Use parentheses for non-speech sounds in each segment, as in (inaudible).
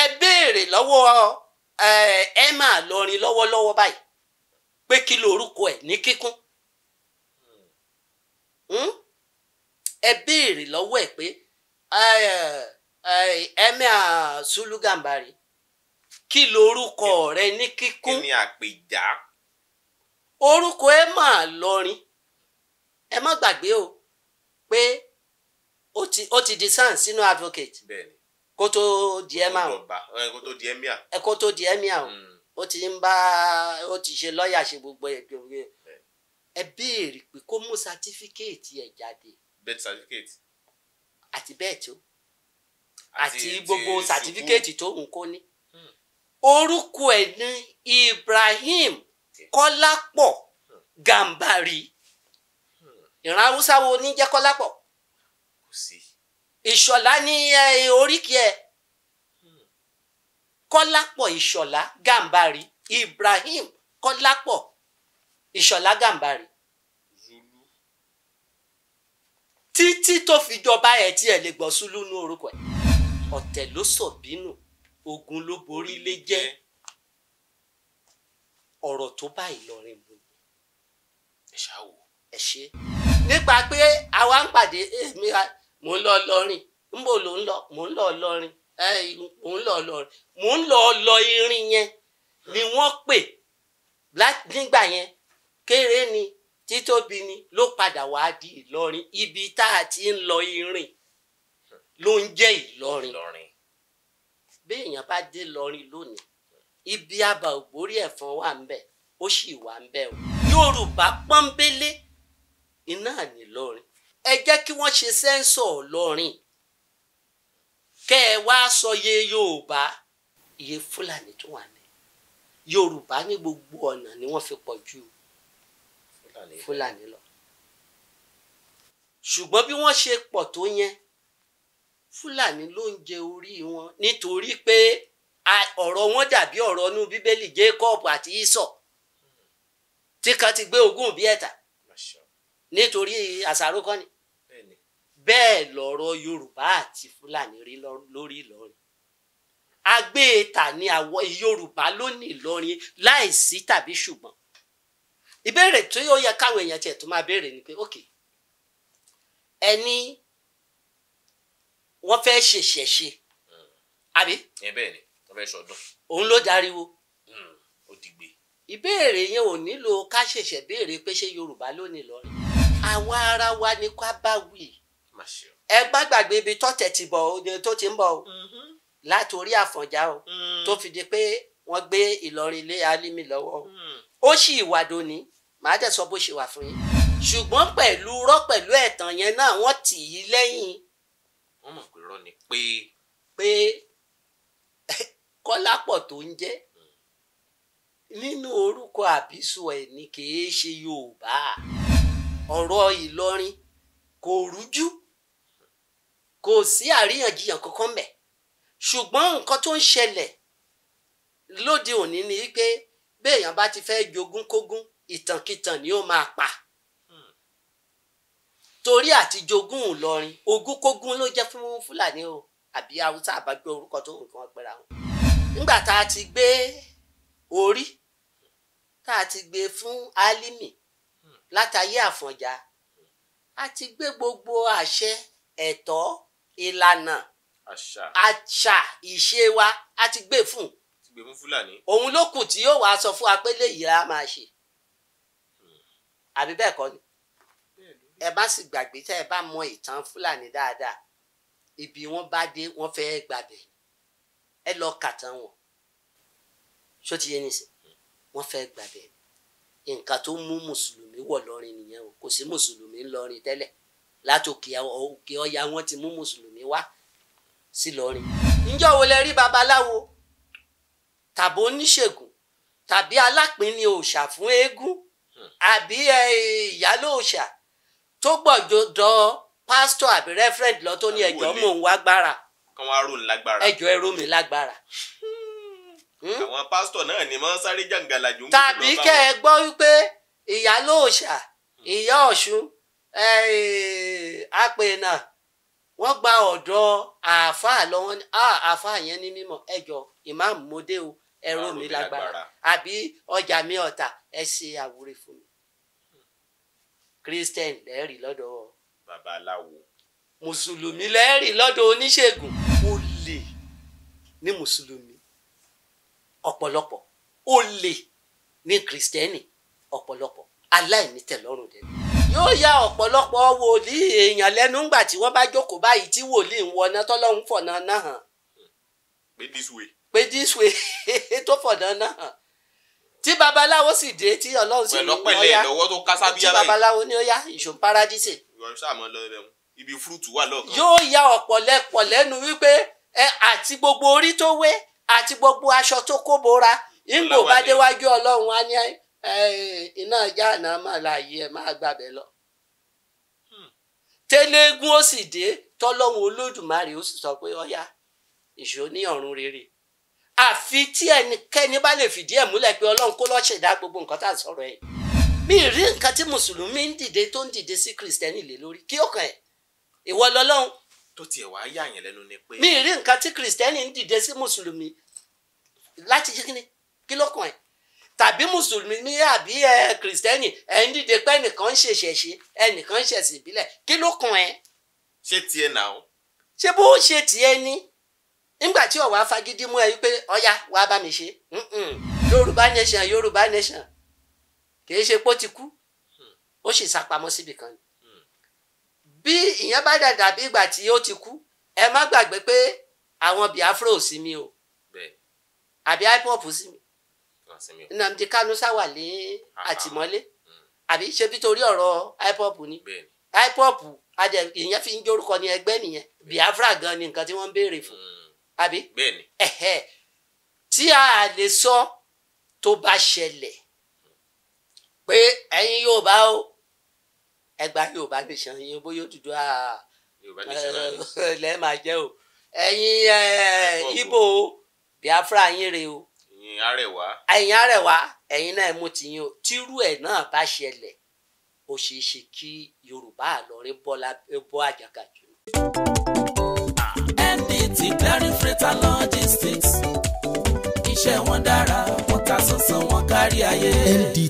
ẹ béèrè lọ́wọ́ Emma lọrin lọ́wọ́lọ́wọ́ báyìí pé kí lorúkọ ní kíkún hmm? ẹ béèrè lọ́wọ́ ẹ̀ pé Emma Sùlùgàǹbarì kí lorúkọ rẹ ní kíkún kí ni àpèjá lọrin ẹ má gbàgbé o pé ó ti di sáà kó tó di ẹ márùn kó tó di ẹ mìà kó tó di ẹ mìà o ó ti ń bá ó ti ṣe lọ́ọ̀yà ṣe gbogbo ẹ̀ ẹ béèrè pé kó mú sátífíkèètì ẹ̀ jáde. birth certificate. àti bẹ́ẹ̀ tó àti gbogbo sátífíkèètì tó ń kó ní. Hmm. orúkọ ẹ̀ ní Ibrahim Kọ́lápọ̀ hmm. Gàmbàrí hmm. ìran haúsá wo ní jẹ́ Kọ́lápọ̀. kò sí ìṣọ̀lá ní oríkì ẹ̀ kọ́lápọ̀ ìṣọ̀lá gàǹbarì ibrahim kọ́lápọ̀ ìṣọ̀lá gàǹbarì títí tó fi jọba ẹ̀ tí ẹ̀ lè gbọ́ sùlù ní orúkọ ẹ̀ ọ̀tẹ̀ ló sọ̀bínú ogun ló borí lé jẹ́ ọ̀rọ̀ tó bá Ìlọrin mu ẹ ṣe nípa pé àwa ń pàdé mò ń lọ lọrin ńbò ló ń lọ mò ń lọ lọrin mò ń lọ lọrin mò ń lọ lọ irin yẹn ni wọ́n pè nígbà yẹn kéré ni títóbi ni ló padà wàá di ìlọrin ibi tá a ti ń lọ irin ló ń jẹ́ ìlọrin béèyàn bá dé lọrin lónìí ibi àbà ògbórí ẹ̀fọn wà ń bẹ̀ ó sì wà ń bẹ̀ o yorùbá pọ́nbélé iná nìlọrin ẹ jẹ́ kí wọ́n ṣe sẹ́ńsọ̀ ọlọ́rin kẹ́ ẹ wá sọ iye yorùbá iye fúlàní tó wà ní yorùbá ní gbogbo ọ̀nà ni wọ́n fi pọ̀ ju fúlàní lọ ṣùgbọ́n bí wọ́n ṣe pọ̀ tó yẹn fúlàní ló ń jẹ orí wọn nítorí pé ọ̀rọ̀ wọn dàbí ọ̀rọ̀ inú bíbélì jacob àti isọ tí kan ti gbé ogún bí ẹ̀ta nítorí àṣàrò kan ni bẹ́ẹ̀ lọ̀rọ̀ yorùbá àti fúlàní rí lórí ìlọrin agbẹ́ẹ̀ta ni àwọn yorùbá ló ní ìlọrin láìsí tàbí ṣùgbọ́n ìbéèrè tó yóò yẹ káwọn èèyàn tiẹ̀ tó máa béèrè ni pé ok ẹni wọ́n fẹ́ ṣẹ̀ṣẹ̀ ṣe àbí. ni wọ́n fẹ́ sọdún. òun ló dariwo. Hmm, ó ti gbé. ìbéèrè yẹn ò nílò ká ṣẹ̀ṣẹ̀ béèrè pé ṣé yorùbá ló ìlọrin àwa ara wa ni ká bá wí ẹ gbá gbàgbé ibi tọ́tẹ̀ ti bọ̀ tó ti ń bọ̀ o mm-hmm. láti orí àfọ̀njá o mm. tó fi di pé wọ́n gbé Ìlọrin lé Alimi lọ́wọ́ o mm. ó sì wà dòní màá dẹ̀ sọ bó ṣe wà fún yín ṣùgbọ́n pẹ̀lú rọ́ pẹ̀lú ẹ̀tàn yẹn náà wọ́n tì í lẹ́yìn. wọ́n mọ̀ pé rọ́ ni pé. pé (laughs) Kọ́lápọ̀ tó ń jẹ́ mm. nínú orúkọ àbísù ẹ̀ ni kì í ṣe Yorùbá ọ̀rọ̀ Ìlọrin kò rújú kò sí àríyànjiyàn kankan mbẹ ṣùgbọ́n nǹkan tó ń ṣẹlẹ̀ lóde òní ni pé béèyàn bá ti fẹ́ jogún kógún ìtànkìtàn ni ó máa pa hmm. torí àti jogún Ìlọrin ogúnkógún ló jẹ́ fún Fúlàní o àbí Haúsá àbájọ orúkọ tó nǹkan pẹ̀lú àwọn. nígbà tá a ti gbé orí tá a ti gbé fún Álímì hmm. látàyé Àfọ̀njá a ti gbé gbogbo àṣẹ ẹ̀tọ́ ìlànà àṣà ìṣe wa a ti gbé fún òun ló kù tí yóò wá sọ fún wa pé léyìí la máa ṣe hmm. àbí bẹ́ẹ̀ kọ́ ni ẹ bá sì gbàgbé tẹ́ ẹ bá mọ ìtàn fúlàní dáadáa ibi wọ́n bá dé wọ́n fẹ́ gbàbẹ̀ ẹ lọ kàtàn wọn ṣó ti yé nìsín hmm. wọ́n fẹ́ gbàbẹ̀ nǹkan tó mú mùsùlùmí wọ̀ lọ́rin nìyẹn o kò sí mùsùlùmí ńlọrin tẹ́lẹ̀ láti òkè ọya wọn ti mú mùsùlùmí wá sí lọrin ǹjọ́ wo lẹ rí babaláwo tàbí oníṣègùn tàbí alápínlẹ̀ òòṣà fún eégún àbí ìyálò òòṣà tó gbọ̀jọ dọ pásítọ̀ àbí rẹ́fẹ̀rẹ̀ǹdì lọ tó ní ẹjọ́ mò ń wá gbára ẹjọ́ ẹrú mi lágbára. Hmm? àwọn pásítọ̀ náà ni wọ́n sáré jàǹgàlà jù. tàbí kẹ́ ẹ gbọ́ wípé ìyálò òòṣà ìyá ọ̀ṣun apèèna wọ́n gba ọ̀dọ̀ àáfàá lọ́wọ́ ní àáfàá yẹn ní mímọ́ ẹjọ́ ìmáàmù mọ́dé o ẹ̀rọ mi lágbára àbí ọjà mi ọ̀tà ẹ ṣe àwúre fún mi christian lẹ́ẹ̀rì lọ́dọ̀ babaláwo mùsùlùmí lẹ́ẹ̀rì lọ́dọ̀ oníṣègùn olè ní mùsùlùmí ọ̀pọ̀lọpọ̀ olè ní kristẹni ọ̀pọ̀lọpọ̀ aláìnítẹ̀lọ́rùn dẹni yóò ya ọ̀pọ̀lọpọ̀ wòlíì èèyàn lẹ́nu ńgbà tí wọ́n bá jókòó báyìí tí wòlíì ń wọná tọ́lọ́hún fọ̀nà náà hàn. pé this way. pé this way (laughs) tó fọ̀nà náà hàn. tí babaláwo sì dé tí ọlọ́run sì ní ọ̀yá pẹ̀lọ́pẹ̀lẹ̀ lọ́wọ́ tó ká sábíyá báyìí. tí babaláwo ní ọ̀yá ìṣó paradíṣe. ibi fúrúùtù wà lọ́ọ̀kan. yóò ya ọ̀pọ̀lọpọ̀ lẹ́nu wípé ẹ àti gbogbo orí tó wé àti gbogbo aṣọ tó kó bora ìgbò bá déwájú ọlọ́run á ní iná jáàná mà láàyè ẹ máa gbàbẹ lọ hmm. tẹlẹgùn ó sì dé tọlọ́hun olódùmarè ó sì sọ pé ọyá ìṣó ní ọ̀run rere àfi tí ẹnikẹ́ni bá lè fìdí ẹ̀ múlẹ̀ pé ọlọ́run kó lọ́ọ́ ṣẹ̀dá gbogbo nǹkan tá à ń sọ̀rọ̀ ẹ̀ mi rí nǹkan tí mùsùlùmí ń dìde tó ń dìde sí kìrìsìtẹ́nì lé lórí kí ó kàn ẹ́ ìwọ lọ́lọ́run. tó tiẹ̀ wá yà yẹn lẹ́nu ni pé. mi rí nǹkan tí kìrìsìtẹ́nì ń dìde sí mùsùlùmí láti ṣe kíni kí ló kàn ẹ́ tàbí mùsùlùmí àbí ẹ kìrìsìtẹ́nì ẹ ń dìde pé ẹnìkan ń ṣèṣẹ̀ṣe ẹnìkan ń ṣẹ̀sìn ìbílẹ̀ kí ló kàn ẹ́. ṣé tiẹ̀ náà. ṣé bó ṣe tiẹ̀ ni nígbà tí ọ̀wá fagídí mú ẹ wípé ọ̀ya wàá bá mi ṣe yorùbá nation yorùbá nation kì í ṣe pó ti kú ó sì sápamọ́ síbi kan ni bí ìyẹn bá dàda bí ìgbà tí ó ti kú ẹ má gbàgbé pé àwọn Biafra ò sí mi o àbí IPOB sí mi Nnamdi Kanu sáwà lé àtìmọ́lé hmm. àbí ṣe bí torí ọ̀rọ̀ IPOB ni IPOB ìyẹn fi ń jórúkọ ní ẹgbẹ́ nìyẹn Biafra gan ni nǹkan tí wọ́n ń béèrè fún hmm. àbí tí a lè sọ tó bá ṣẹlẹ̀ pé ẹ̀yin Yorùbá o ẹgbà Yorùbá nation yín bóyá òdùdú à lẹ́ẹ̀ máa jẹ́ o ẹ̀yin Ìgbò Biafra yín rèé o ẹ̀yin arẹwà. ẹ̀yin arẹwà ẹ̀yin náà mú tiyín o tírú ẹ̀ náà bá ṣẹlẹ̀ ó ṣeé ṣe kí yorùbá àlọ́rẹ́ bọ́ àjàkà jù. ẹni tí clearing freighter logistics iṣẹ́ wọn dára wọn ta sọ́sọ́ wọn kárí ayé. MD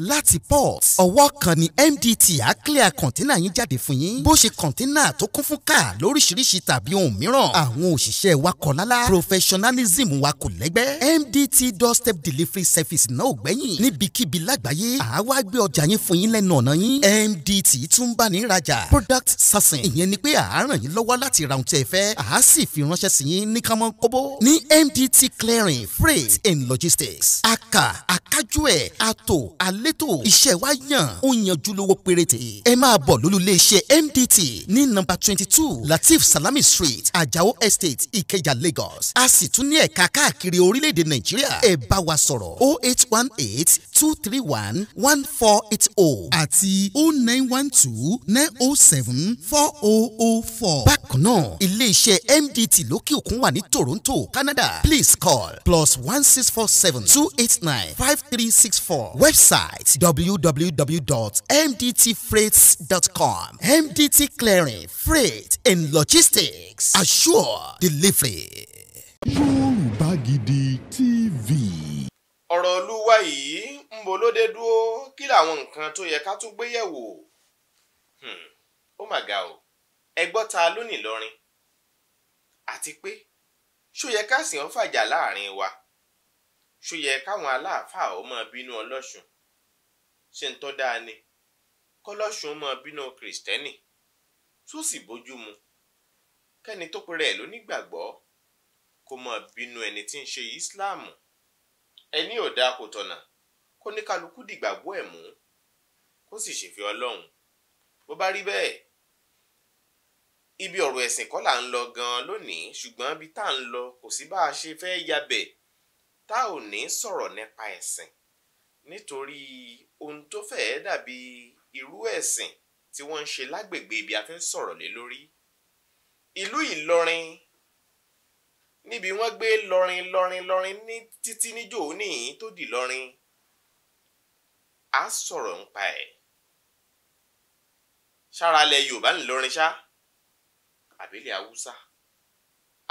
láti port ọwọ́ kan ni MDT á clear kọ̀ńténà yín jáde fún yín bó ṣe kọ̀ńténà tó kún fún káà lóríṣiríṣi tàbí ohun mìíràn àwọn òṣìṣẹ́ wa kọ̀ lálá professionalism wa kò lẹ́gbẹ́ MDT doorstep delivery service náà ò gbẹ́yìn níbikíbi lágbàáyé àá wá gbé ọjà yín fún yín lẹ́nu ọ̀nà yín MDT tún bá ní rajà product sourcing ìyẹn ni pé àá ràn yín lọ́wọ́ láti ra ohun tí ẹ fẹ́ àá sì fi ránṣẹ́ sí yín ní kánmọ́ kóbó ní MDT clearing freight and logistics aka akájú ẹ̀ ato alẹ́ létò iṣẹ́ wa yàn ó yanjú lówó péréte ẹ máa bọ̀ lólùléeṣẹ́ MDT ní nọ́mbà twenty two Latif Salami Street Ajao Estate Ikeja Lagos a sì tún ní ẹ̀ka káàkiri orílẹ̀-èdè Nàìjíríà ẹ bá wa sọ̀rọ̀ o oh eight one eight two three one one four eight oh àti o oh nine one two nine oh seven four oh oh four. bákan náà iléeṣẹ́ MDT lókè òkun wà ní Toronto Canada please call plus one six four seven two eight nine five three six four website website www.mdtfreights.com. MDT Clearing, Freight and Logistics. Assure delivery. Yorùbá Gidi TV. ọ̀rọ̀ olúwa yìí ń bo lóde dúró kí làwọn nǹkan tó yẹ ká tún gbé yẹ̀wò. Hmm, ó mà ga o ẹgbọ́ ta ló ní lọ́rin àti pé ṣó yẹ ká sìn ọ́ fàjà láàrin wa ṣó yẹ káwọn aláàfáà ọmọ bínú ọlọ́sùn ṣe ń tọ́ dáa ni kọ́lọ́ṣùn máa bínú kìrìsìtẹ́nì tó sì bójú mu kẹ́ni tó pèrè ẹ̀ lónígbàgbọ́ kó máa bínú ẹni tí ń ṣe ìsìláàmù ẹni ò dáa kò tọ̀nà kó ní kálukú dìgbàgbọ́ ẹ̀ mú kó sì ṣèfẹ́ ọlọ́run bó bá rí bẹ́ẹ̀ ibi ọ̀rọ̀ ẹ̀sìn kọ́ là ń lọ gan-an lónìí ṣùgbọ́n ibi tá à ń lọ kò sí bá a ṣe fẹ́ yabẹ̀ tá ò ní sọ̀rọ̀ nípa ẹ̀sìn nítorí ohun tó fẹ́ẹ́ dàbí irú ẹ̀sìn tí wọ́n ń ṣe lágbègbè ibi a ti ń sọ̀rọ̀ lé lórí ìlú Ìlọrin níbi wọ́n gbé lọrin lọrin lọrin ní títí níjò níyìn tó di lọrin a sọ̀rọ̀ nípa ẹ̀ sára ilẹ̀ Yorùbá ńlọrin ṣá àbílẹ̀ Haúsá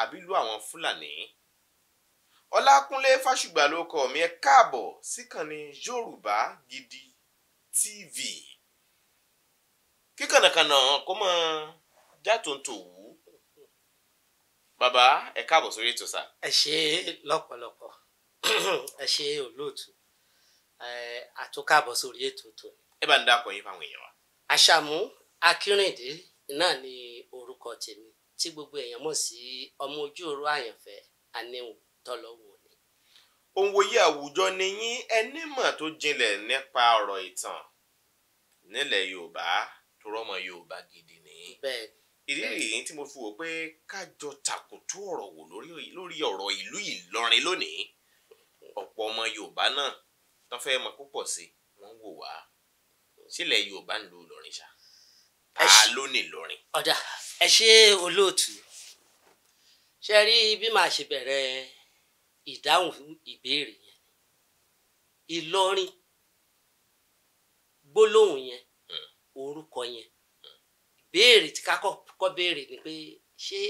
àbílú àwọn Fúlàní ọlákúnlé fásùgbà ló kọ mi ẹ káàbọ̀ síkànnì yorùbá gidi tv kí kànàkànà kó mọ jàtòǹtò wù bàbá ẹ káàbọ̀ sórí ètò sá. ẹ ṣe lọ́pọ̀lọpọ̀ ẹ ṣe olóòtú àtúkàbọ̀ sórí ètò tó. ẹ bá ń dákọ yín fáwọn èèyàn wa. àṣàmú akínrìndé náà ni orúkọ tèmi tí gbogbo èèyàn mọ̀ sí ọmọ ojú òru àyànfẹ́ aníhùn tọ́lọ́wọ́ ni. òǹwòye àwùjọ ni yín ẹni mọ̀ tó jinlẹ̀ nípa ọ̀rọ̀ ìtàn nílẹ̀ yorùbá tó rọ́mọ yorùbá gidi ni. ìdí rèé tí mo fi wò pé kájọ tàkùtù ọ̀rọ̀ wò lórí ọ̀rọ̀ ìlú ìlọrin lónìí ọ̀pọ̀ ọmọ yorùbá náà tó fẹ́ mọ púpọ̀ sí wọ́n wò wá sílẹ̀ yorùbá ń lu ṣá ta ló ní ọ̀dà ẹ ṣe olóòtú ṣe rí bí màá ṣe bẹ̀rẹ̀ ìdáhùn fún ìbéèrè yẹn Ìlọrin gbólóhùn yẹn hmm. orúkọ yẹn béèrè tí kakọ béèrè ni pé ṣé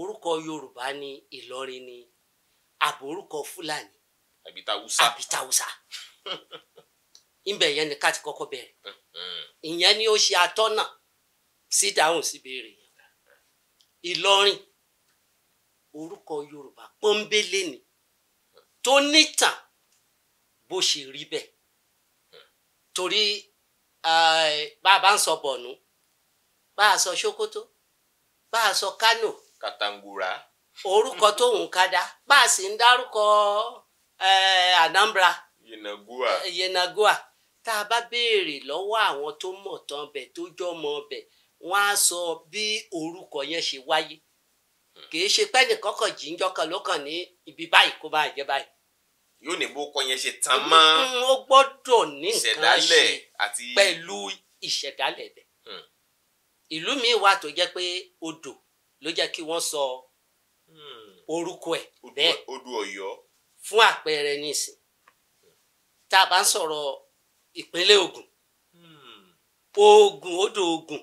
orúkọ Yorùbá ni Ìlọrin ni àbórúkọ Fúlàní àbítawúsá àbítawúsá ńbẹ (laughs) yẹn ni ká ti kọ́kọ́ bẹ̀rẹ̀ hmm. ìyẹn ni ó ṣe atọ́nà sí dáhùn sí béèrè yẹn Ìlọrin orúkọ Yorùbá pọ́nbélé ni tó nítàn bó ṣe rí bẹ́ẹ̀ torí eh, bá a bá ń sọ bọ̀nú bá a sọ ṣókótó bá a sọ kano katangura orúkọ tóun ká dá bá a sì ń dárúkọ eh, Anambra yenagua eh, yenagua tá a bá béèrè lọ́wọ́ àwọn tó mọ̀ tán bẹ̀ tó jọ́ mọ bẹ̀ wọ́n á sọ bí orúkọ yẹn ṣe wáyé hmm. kì í ṣe pẹ́ẹ́nì kọ́kànjí ń jọ́kàn ló kàn ní ibi báyìí kó máa jẹ́ báyìí yóò ní bó kọ yẹn ṣe tán mọ́ mm-hmm, ó gbọ́dọ̀ ní nǹkan ṣe pẹ̀lú ìṣẹ̀dálẹ̀ bẹ̀ hmm. ìlú mi wà tó jẹ́ pé odò ló jẹ́ kí wọ́n sọ hmm. orúkọ ẹ̀ bẹ́ẹ̀ odò Ọ̀yọ́ fún àpẹẹrẹ nísìn tá a bá ń sọ̀rọ̀ ìpínlẹ̀ Ògùn hmm. Ògùn odò Ògùn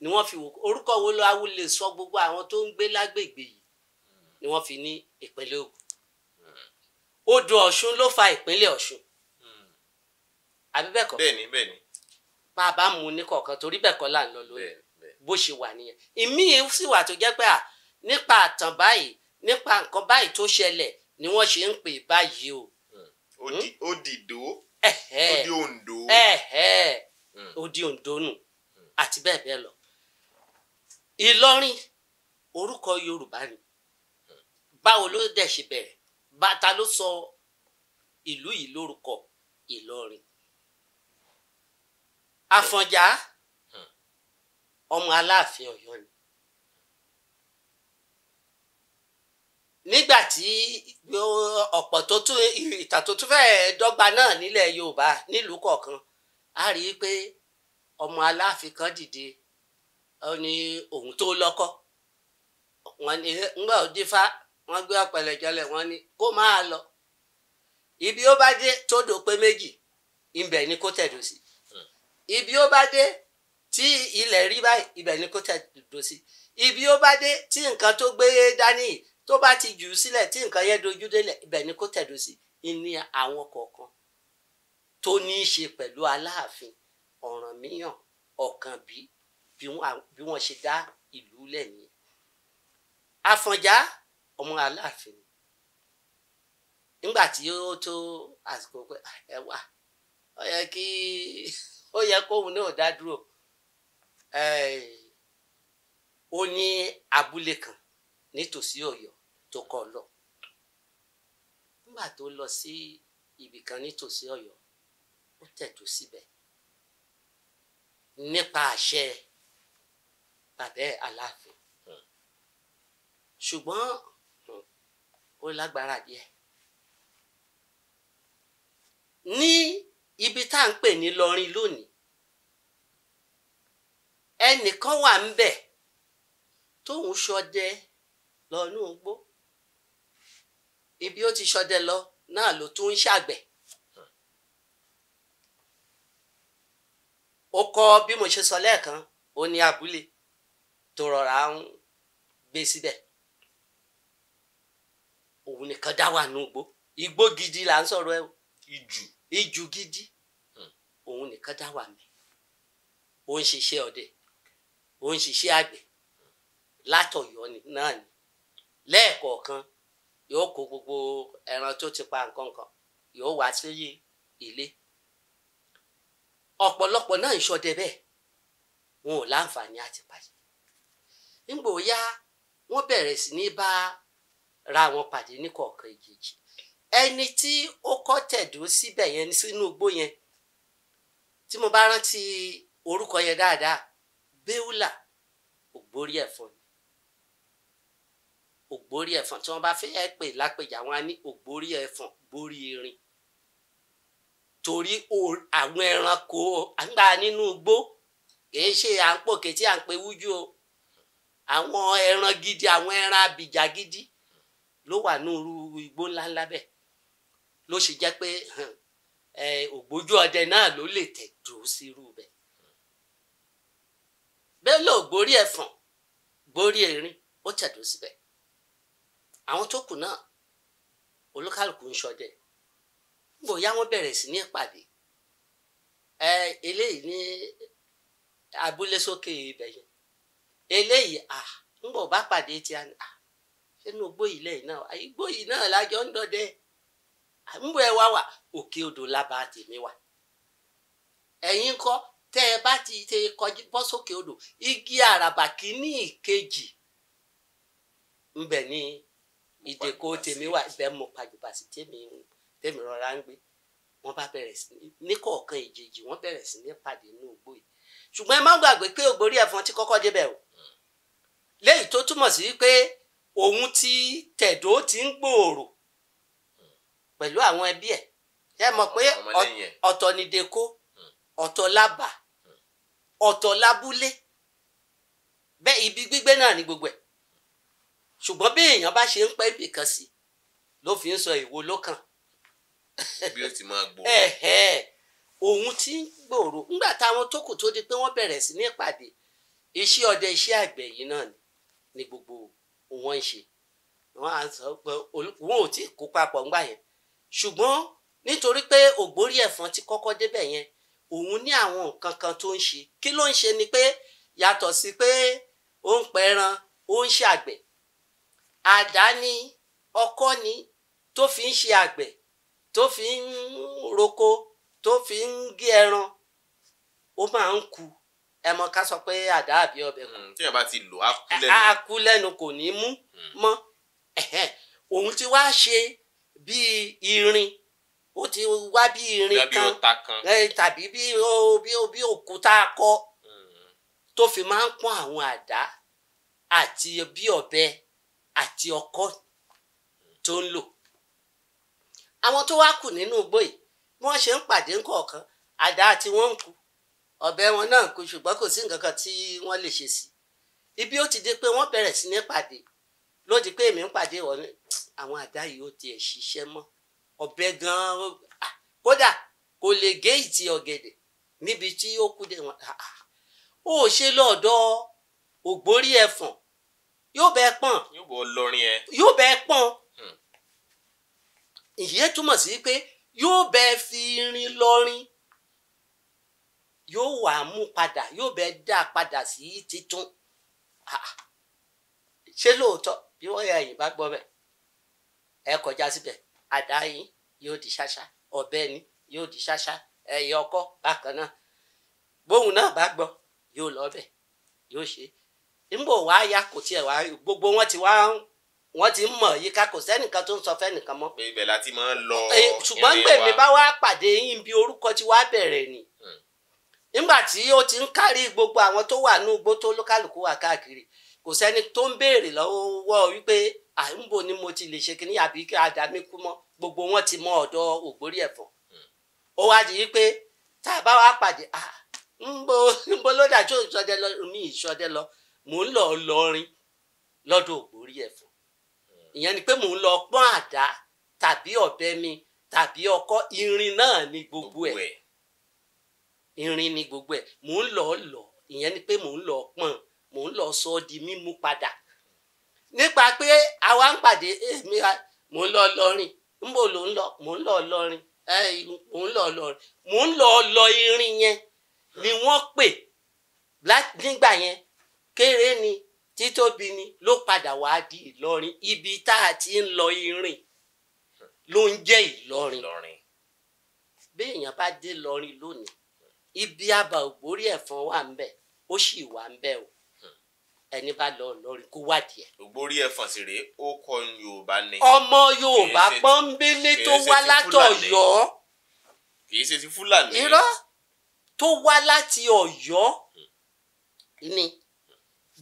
ni wọ́n fi wò orúkọ wo ló awúlé sọ gbogbo àwọn tó ń gbé lágbègbè yìí ni wọ́n fi ní ìpínlẹ̀ Ògùn odò ọ̀ṣun ló fa ìpínlẹ̀ ọ̀ṣun hmm. àbí bẹ́ẹ̀ kọ́ bẹ́ẹ̀ni bẹ́ẹ̀ni máa bá mu ní kọ̀ọ̀kan torí bẹ́ẹ̀ kọ́ là ń lọ lónìí bó ṣe wà nìyẹn ìmíì sì wà tó jẹ́ pé à nípa àtàn báyìí nípa nǹkan báyìí tó ṣẹlẹ̀ ni wọ́n ṣe ń pè báyìí o. odìdó hmm. odi ondo hmm? odi ondo nù àti bẹ́ẹ̀ bẹ́ẹ̀ lọ. ìlọrin orúkọ yorùbá ni báwo ló dẹ̀ ṣe bẹ̀rẹ̀ bata ló sọ ìlú yìí lórúkọ Ìlọrin Àfọ̀njá hmm. ọmọ Aláàfin Ọ̀yọ́ ni nígbà tí ọ̀pọ̀ tó tún ìtàn tó tún fẹ́ẹ́ dọ́gba náà nílẹ̀ Yorùbá nílùú kọ̀ọ̀kan a rí i pé ọmọ Aláàfin kan dìde ní tó wọn ni wọ́n gbé ọ̀pẹ̀lẹ̀jọlẹ̀ wọ́n ní kó máa lọ ibi ó bá dé tó dò pé méjì ibẹ̀ ni kó tẹ̀dó sí ibi ó bá dé tí ilẹ̀ rí báyìí ibẹ̀ ni kó tẹ̀dó sí ibi ó bá dé tí nǹkan tó gbé dání tó bá ti jù ú sílẹ̀ tí nǹkan yẹn dojú délẹ̀ ibẹ̀ ni kó tẹ̀dó sí ní àwọn kọ̀ọ̀kan tó ní í ṣe pẹ̀lú aláàfin Ọ̀rànmíyàn Ọ̀kànbí bí wọ́n ṣe dá ìlú lẹ̀ nìyẹn. Àfọ̀njá ọmọ aláàfin nígbà tí ó tó àsìkò pé ẹ wà ó yẹ kí ó yẹ kóun náà dá dúró ó ní abúlé kan nítòsí Ọ̀yọ́ tó kọ lọ nígbà tó lọ sí ibì kan nítòsí Ọ̀yọ́ ó tẹ̀tò síbẹ̀ nípa àṣẹ bàbá Aláàfin ṣùgbọ́n. Hmm ó lágbára díẹ̀ ní ibi tá à ń pè ní lọrin lónìí ẹnìkan wà ń bẹ tóun ṣọdẹ lọnú igbó ibi ó ti ṣọdẹ lọ náà ló tún ń ṣàgbẹ̀ ó kọ́ bí mo ṣe sọ lẹ́ẹ̀kan ó ní abúlé tó rọra ń gbé síbẹ̀. Si òun nìkan dá wà nù gbó igbó gidi là ń sọ̀rọ̀ ẹ ìjù ìjù gidi hmm. òun nìkan dá wà mí ó ń ṣiṣẹ́ ọdẹ ó ń ṣiṣẹ́ àgbẹ̀ látọ̀yọ́ náà ni lẹ́ẹ̀kọ̀ọ̀kan yóò kó gbogbo ẹran tó ti pa nǹkan kan yóò wá sí ilé ọ̀pọ̀lọpọ̀ náà ń ṣọdẹ bẹ́ẹ̀ wọn ò láǹfààní àti pàṣẹ nígbò yá wọ́n bẹ̀rẹ̀ sí ní bá ra wọn pàdé ní kọ̀ọ̀kan ìjèjì ẹni tí ó kọ́ tẹ̀dó síbẹ̀ yẹn sínú igbó yẹn tí mo bá rántí orúkọ yẹn dáadáa béúlà ògbórí ẹ̀fọn ògbórí ẹ̀fọn tí wọ́n bá fẹ́ pè lápèjà wọn á ní ògbórí ẹ̀fọn gbórí irin torí àwọn ẹranko àgbà nínú igbó kìí ṣe à ń pòkè tí à ń pe wújú o àwọn ẹran gidi àwọn ẹran abìjà gidi ló wà ní irú igbó ńláńlá bẹ́ẹ̀ ló ṣe jẹ́ pé ògbójú ọdẹ náà ló lè tẹ̀ dúró sí irú bẹ́ẹ̀ bẹ́ẹ̀ ló gborí ẹ̀fọ̀n gborí erin ó tẹ̀dó síbẹ̀ àwọn tó kù náà olúkálùkù ń ṣọdẹ gbòòyà wọn bẹ̀rẹ̀ sí ní pàdé ẹ eléyìí ní abúlé sókè ibẹ̀ yẹn eléyìí à ń bá pàdé tí a ní sínú igbó yìí lẹ́yìn náà igbó yìí náà lájọ ń dọdẹ àmúbọ̀ ẹ wá wà òkè odò lába tèmi wà ẹ̀yin kọ́ tẹ́ ẹ bá ti ṣe kọjú bọ́ sókè odò igi àràbà kìíní ìkejì ńbẹ ní ìdèkò tèmi wà ibẹ̀ mo pàjùbà sí tèmi tèmi rọra ń gbé wọ́n bá bẹ̀rẹ̀ sí ní kọ̀ọ̀kan ìjèjì wọ́n bẹ̀rẹ̀ sí ní pàdé inú igbó yìí ṣùgbọ́n ẹ má gbàgbé pé ògbórí ẹ̀fọn ti kọ́kọ́ débẹ̀ o léyìí tó túmọ̀ sí pé òun tí tẹ̀dó ti ń gbòòrò pẹ̀lú àwọn ẹbí ẹ̀ ṣe mọ̀ pé ọ̀tọ̀ ni deko hmm. ọ̀tọ̀ lába ọ̀tọ̀ lábúlé bẹ́ẹ̀ ibi gbígbé náà ni gbogbo ẹ̀ ṣùgbọ́n bí èèyàn bá ṣe ń pẹ́ ibìkan sí ló fi ń sọ èwo lọ́kàn. bí o ti máa gbòòrò. òun (laughs) ti ń gbòòrò nígbà táwọn tó kù tó di pé wọ́n bẹ̀rẹ̀ sí ní ìpàdé iṣẹ́ ọdẹ iṣẹ́ àgbẹ̀ yìí náà ni gbogbo wọ́n ń ṣe wọ́n á sọ pé wọn ò tí kó papọ̀ ńgbà yẹn ṣùgbọ́n nítorí pé ògbórí ẹ̀fọn ti kọ́kọ́ débẹ̀ yẹn òun ní àwọn nǹkan kan tó ń ṣe kí ló ń ṣe ni pé yàtọ̀ sí pé ó ń pẹran ó ń ṣe àgbẹ̀ àdá ni ọkọ́ ni tó fi ń ṣe àgbẹ̀ tó fi ń roko tó fi ń gé ẹran ó máa ń ku ẹ mọ ká sọ pé àdá àbí ọbẹ̀ kù. Mm, tíyẹn bá ti lò á kú lẹ́nu. á kú lẹ́nu kò ní mú mm. mọ́ òun ti wá ṣe bíi irin ó ti wá bí irin kan tàbí bí òkúta akọ mm. tó fi máa ń pọ́n àwọn àdá àti bí ọ̀bẹ àti ọkọ tó ń lò àwọn tó wá kù nínú igbó yìí bí wọ́n ṣe ń pàdé ńkọ̀ọ̀kan àdá tí wọ́n ń kú ọ̀bẹ wọn náà kò ṣùgbọ́n kò sí nǹkan kan tí wọ́n lè ṣe sí ibi ó ti di pé wọ́n bẹ̀rẹ̀ sí ní pàdé ló di pé èmi ń pàdé wọn àwọn àdá yìí ó tiẹ̀ ṣiṣẹ́ mọ́ ọ̀bẹ gan-an ah, kódà kò lè gé ìtì ọ̀gẹ̀dẹ̀ níbi tí ó kú dé wọn ah, ah, ó ṣe lọ́ọ̀dọ̀ ògbórí ẹ̀fọ̀n yóò bẹ́ẹ̀ pọ̀n yóò bẹ́ẹ̀ pọ̀n hmm. ìyẹn túmọ̀ sí pé yóò bẹ́ẹ̀ fi irin lọ́rin yóò wà mú padà yóò bẹ dá padà sí títún ah, ṣé lóòótọ́ bí wọ́n yà yín bá gbọ́ bẹ̀ ẹ kọjá síbẹ̀ àdá yín yóò di ṣáṣá ọ̀bẹ ni yóò di ṣáṣá ẹ̀yẹ ọkọ́ bákan náà gbóhùn náà bá gbọ́ yóò lọ bẹ̀ yóò ṣe nígbà wàá ya kò tiẹ̀ wá gbogbo wọn ti wá wọn ti ń mọ̀ yíká kò sẹ́nìkan tó ń sọ fẹ́nìkan mọ́. ibẹ̀ la máa ń lọ. ṣùgbọ́n gbèmí bá wá pàdé yín bí orúkọ ti wá bẹ̀rẹ̀ ni nígbà tí ó ti ń kárí gbogbo àwọn tó wà ní igbó tó lókàlùkù wà káàkiri kò sẹ́ni tó ń béèrè lọ́wọ́ wípé à ń bò ni mo ti lè ṣe kíní àbí kí àdá mi kú mọ́ gbogbo wọn ti mọ ọ̀dọ̀ Ògbórí Ẹ̀fọ̀n hmm. ó wá di wípé tá a bá wá pàdé à ń bo ń bo lódà tó ìṣọdẹ lọ mi ìṣọdẹ lọ mò ń lọ lọrin lọ́dọ̀ Ògbórí Ẹ̀fọ̀n hmm. ìyẹn ni pé mò ń lọ pọ́n àdá tàbí ọ̀bẹ mi tàbí ọkọ́ irin náà ni gbogbo ẹ̀ irin ni gbogbo ẹ mò ń lọ lọ ìyẹn ni pé mò ń lọ pọ́n mò ń lọ sọ di mímú padà nípa pé àwa ń pàdé èmi mò ń lọ lọrin ń bò ló ń lọ mò ń lọ lọrin mò ń lọ lọrin mò ń lọ lọ irin yẹn ni wọ́n pè nígbà yẹn kéré ni títóbi ni ló padà wá di Ìlọrin ibi tá a ti ń lọ irin ló ń jẹ́ Ìlọrin béèyàn bá dé Ìlọrin lónìí ibi àbà ògbórí ẹ̀fọn wà ń bẹ̀ ó sì wà ń bẹ̀ o hmm. ẹni bá lọ Ìlọrin kó wádìí ẹ. ògbórí ẹ̀fọn sì rèé ó kọ Yorùbá ni. ọmọ Yorùbá pọ́nbélé tó wá látọ̀yọ́. kì í ṣe ti Fúlàní. irọ́ tó wá láti Ọ̀yọ́ hmm. ni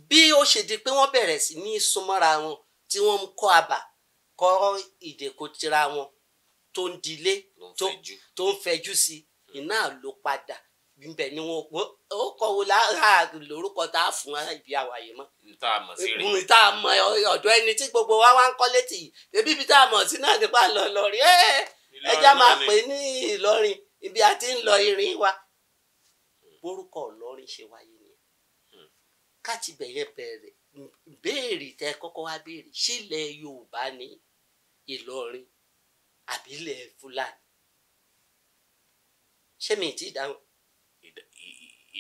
bí ó ṣe di pé wọ́n bẹ̀rẹ̀ sí ní súnmọ́ra wọn tí wọ́n ń kọ́ àbà kọ́ ìdèkòtira wọn tó ń dilé tó ń fẹjú sí hmm. iná ló padà bíbẹ ni wọn pé ó kọ wo lára lórúkọ tá a fún ibi àwàyè mọ. tá a mọ̀ sí rè. ohun tá a mọ̀ ọ̀dọ̀ ẹni tí gbogbo wa wá ń kọ́ létí ebi ibi tá a mọ̀ sí náà nípa lọ lọrin ẹ ẹja máa pè ní Ìlọrin ibi a ti ń lọ irin wa. bórúkọ Ìlọrin ṣe wáyé ni hmm. káàtì bẹ̀yẹn bẹ̀rẹ̀ béèrè tẹ kọ́kọ́ wá béèrè sílẹ̀ Yorùbá ni Ìlọrin àbílẹ̀ Fúlàní ṣé mi ti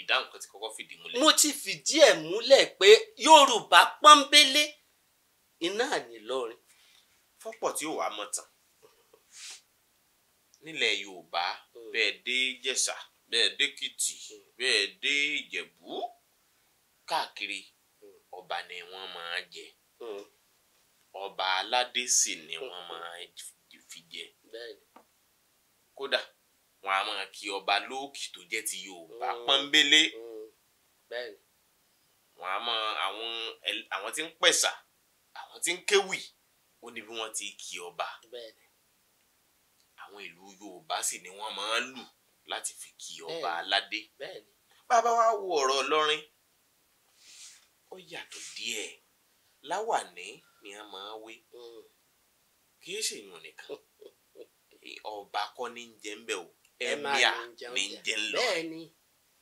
ìdáhùn kan ti kọ́kọ́ fìdí múlẹ̀. mo ti fìdí ẹ̀ múlẹ̀ pé yorùbá pọ́nbélé iná ànílọrin. fọ́pọ̀ tí ó wàá mọ̀ tán nílẹ̀ yorùbá hmm. bẹ́ẹ̀ dé jẹ̀ṣà bẹ́ẹ̀ dé kìtì hmm. dé ìjẹ̀bú káàkiri hmm. ọba ni wọ́n máa jẹ ọba aládé sì ni wọ́n máa fi jẹ kódà wọn a máa kí ọba lóòkì tó jẹ́ ti Yorùbá mm. pọ́nbélé mm. wọn a máa àwọn àwọn tí ń pẹ̀sà àwọn tí ń kéwì ó ní bí wọ́n ti kí ọba àwọn ìlú Yorùbá sì ni wọ́n máa ń lù láti fi kí ọba aládé bàbá wa wo ọ̀rọ̀ Ọlọ́rin ó yàtọ̀ díẹ̀ láwàní ni a máa wé mm. kì í ṣèyàn nìkan (laughs) ọba kọ́ ní jẹ́ ń bẹ̀ o Emi à ní ń jẹ lọ. bẹ́ẹ̀ni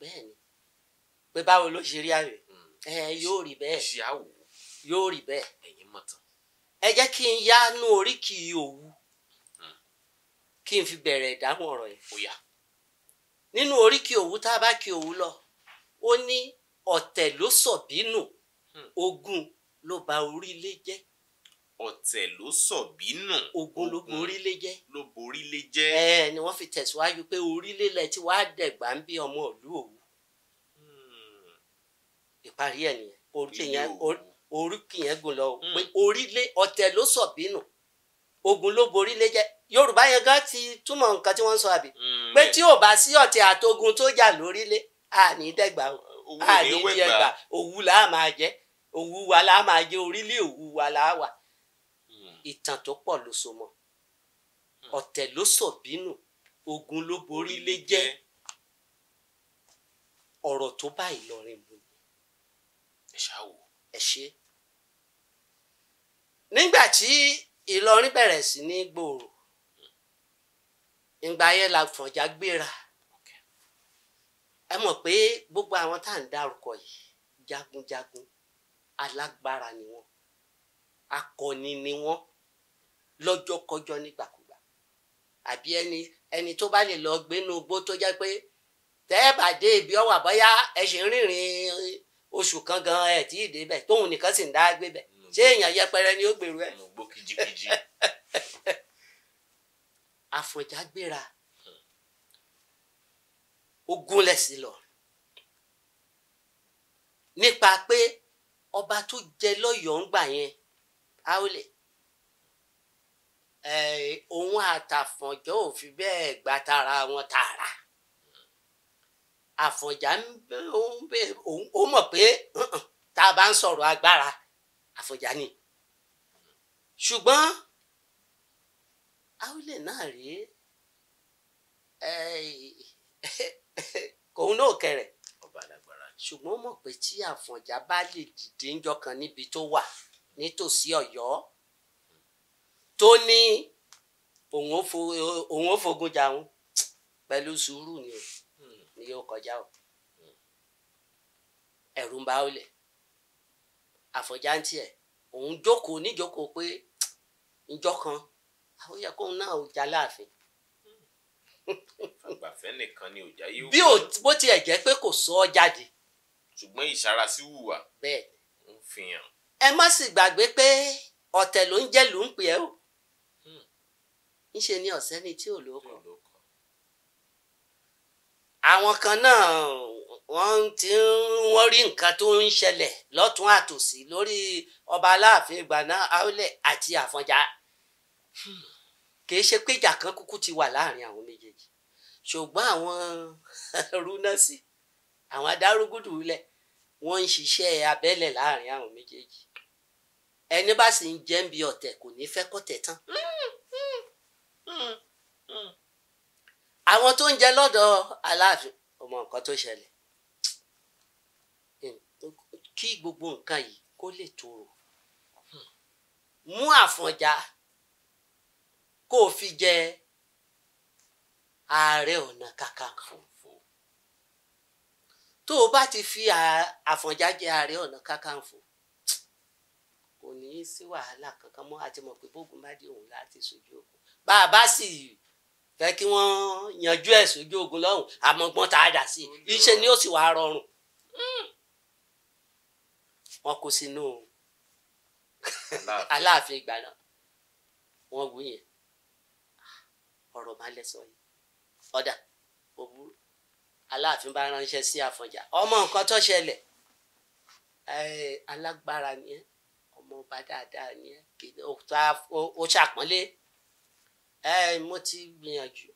bẹ́ẹ̀ni pé báwo ló ṣe rí àwẹ hmm. ẹ yóò rí yóò rí ẹ jẹ́ kí n yá nú òwú hmm. kí n fi bẹ̀rẹ̀ ìdáhùn ọ̀rọ̀ yìí nínú oríkì òwú tá a bá kí òwú lọ ó ní ọ̀tẹ̀ hmm. ogun ló ba orílẹ̀ jẹ́ ọ̀tẹ̀ ló sọ̀bí nù. ogun ló borí lé jẹ́. ló borí lé jẹ́. ẹ ni wọ́n fi tẹ̀síwájú pé orílẹ̀-èdè tí wàá dẹ̀gbà ń bí ọmọ ìlú òwú. Hmm. ìparí ẹ̀ nìyẹn oríkì yẹn gùn lọ hmm. pé orílẹ̀ ọ̀tẹ̀ ló sọ̀bí nù ogun ló borí lé jẹ́ yorùbá yẹn gan ti túmọ̀ nǹkan tí wọ́n ń sọ àbí. Hmm, pé tí ò bá sí ọ̀tẹ̀ àtogun tó jà lórílẹ̀ àní dẹ̀gbà àní o òwú làá máa jẹ́ òwú wa làá máa jẹ́ ìtàn tó pọ̀ ló so mọ́ hmm. ọ̀tẹ̀ ló sọ bínú ogun ló borí lé jẹ́ ọ̀rọ̀ tó bá Ìlọrin mu ni. ẹ ṣáwó. ẹ ṣe. nígbà tí Ìlọrin bẹ̀rẹ̀ sí ní gbòòrò ìgbà yẹn la Fọ̀njá gbéra ẹ mọ̀ pé gbogbo àwọn tá à ń dárúkọ yìí jagunjagun alágbára ni wọ́n akọni ni wọ́n lọ́jọ́kọjọ́ nígbàkúgbà àbí ẹni ẹni tó bá lè lọ gbénú igbó tó jẹ́ pé tẹ́ ẹ bá dé ibi ọwà bóyá ẹ ṣe ń rìnrìn oṣù kan gan ẹ tí ì débẹ̀ tóun nìkan sì ń dá gbé bẹ̀ ṣé èèyàn yẹpẹrẹ ni ó gbèrú ẹ. mo gbó kìjikìji. (laughs) àfọ̀njá gbéra ó gúnlẹ̀ sí lọ nípa pé ọba tó jẹ lọ́yọ̀ọ́ ń gbà yẹn a ó lè òun àtàfọ̀njọ́ ò fi bẹ́ẹ̀ gba tara wọn tààrà àfọ̀njá ó mọ̀ pé tá a bá ń sọ̀rọ̀ agbára àfọ̀njá ni ṣùgbọ́n àwílẹ̀ náà rèé (laughs) kòun náà kẹrẹ̀ ṣùgbọ́n mọ̀ pé tí àfọ̀njá bá lè dìde ńjọ́ kan níbi tó wà nítòsí ọ̀yọ́ tó ní òun ó fogun jà wọn pẹ̀lú sùúrù ni hmm. ni yóò kọjá o ẹ̀rù ń bá ó lẹ̀ àfọ̀já ń tiẹ̀ òun jókòó níjókòó pé njọ́ kan àwọn yẹ kóun náà ò já àgbàfẹ́ nìkan ni òjá yóò. bí bó tiẹ̀ jẹ́ pé kò sọ ọ́ jáde. ṣùgbọ́n ìṣara sí hùwà. bẹ́ẹ̀ ń fi hàn. ẹ má sì gbàgbé pé ọ̀tẹ̀ ló ń jẹ́ lù ń pè ẹ́ o ńṣe ni ọ̀sẹ́ni tí ò lóko àwọn kan náà wọ́n ti wọ́n rí nǹkan tó ń ṣẹlẹ̀ lọ́tún àtòsí lórí ọba aláàfin ìgbàna Awólẹ̀ àti Àfọ̀njá kì í ṣe pé ìjà kan kúkú ti wà láàrin àwọn méjèèjì ṣùgbọ́n àwọn (laughs) runasi àwọn adárúgúdù ilẹ̀ wọ́n ń ṣiṣẹ́ abẹ́lẹ̀ láàrin àwọn méjèèjì ẹni bá sì ń jẹ́ ń ọ̀tẹ̀ kò ní fẹ́ kọ́tẹ̀ tán àwọn tó ń jẹ lọ́dọ̀ aláàfin ọmọ nǹkan tó ṣẹlẹ̀ kí gbogbo nǹkan yìí kó lè tòrò mú àfọ̀njá kó o fi jẹ ààrẹ ọ̀nà kakanfò tó o bá ti fi àfọ̀njá jẹ ààrẹ ọ̀nà kakanfò kò ní í sí wàhálà kankan mọ́ àti mọ̀ pé bógun bá dé òun láti sojú òkú bá a bá sì fẹ́ kí wọ́n yanjú ẹ̀ sójú ogun lọ́hùn àmọ́gbọ́n tá a dà sí i iṣẹ́ ni ó sì wàá rọrùn wọ́n kó sínú aláàfin ìgbà náà wọ́n wú yẹn ọ̀rọ̀ máa lẹ́sọ̀ yìí ọ̀dà òwúrò aláàfin bá ránṣẹ́ sí àfọ̀njá ọmọ nǹkan tó ṣẹlẹ̀ alágbára ni ẹ ọmọ ọba dáadáa ni ẹ ó ṣàpọ́nlé ẹ mo ti gbìyànjú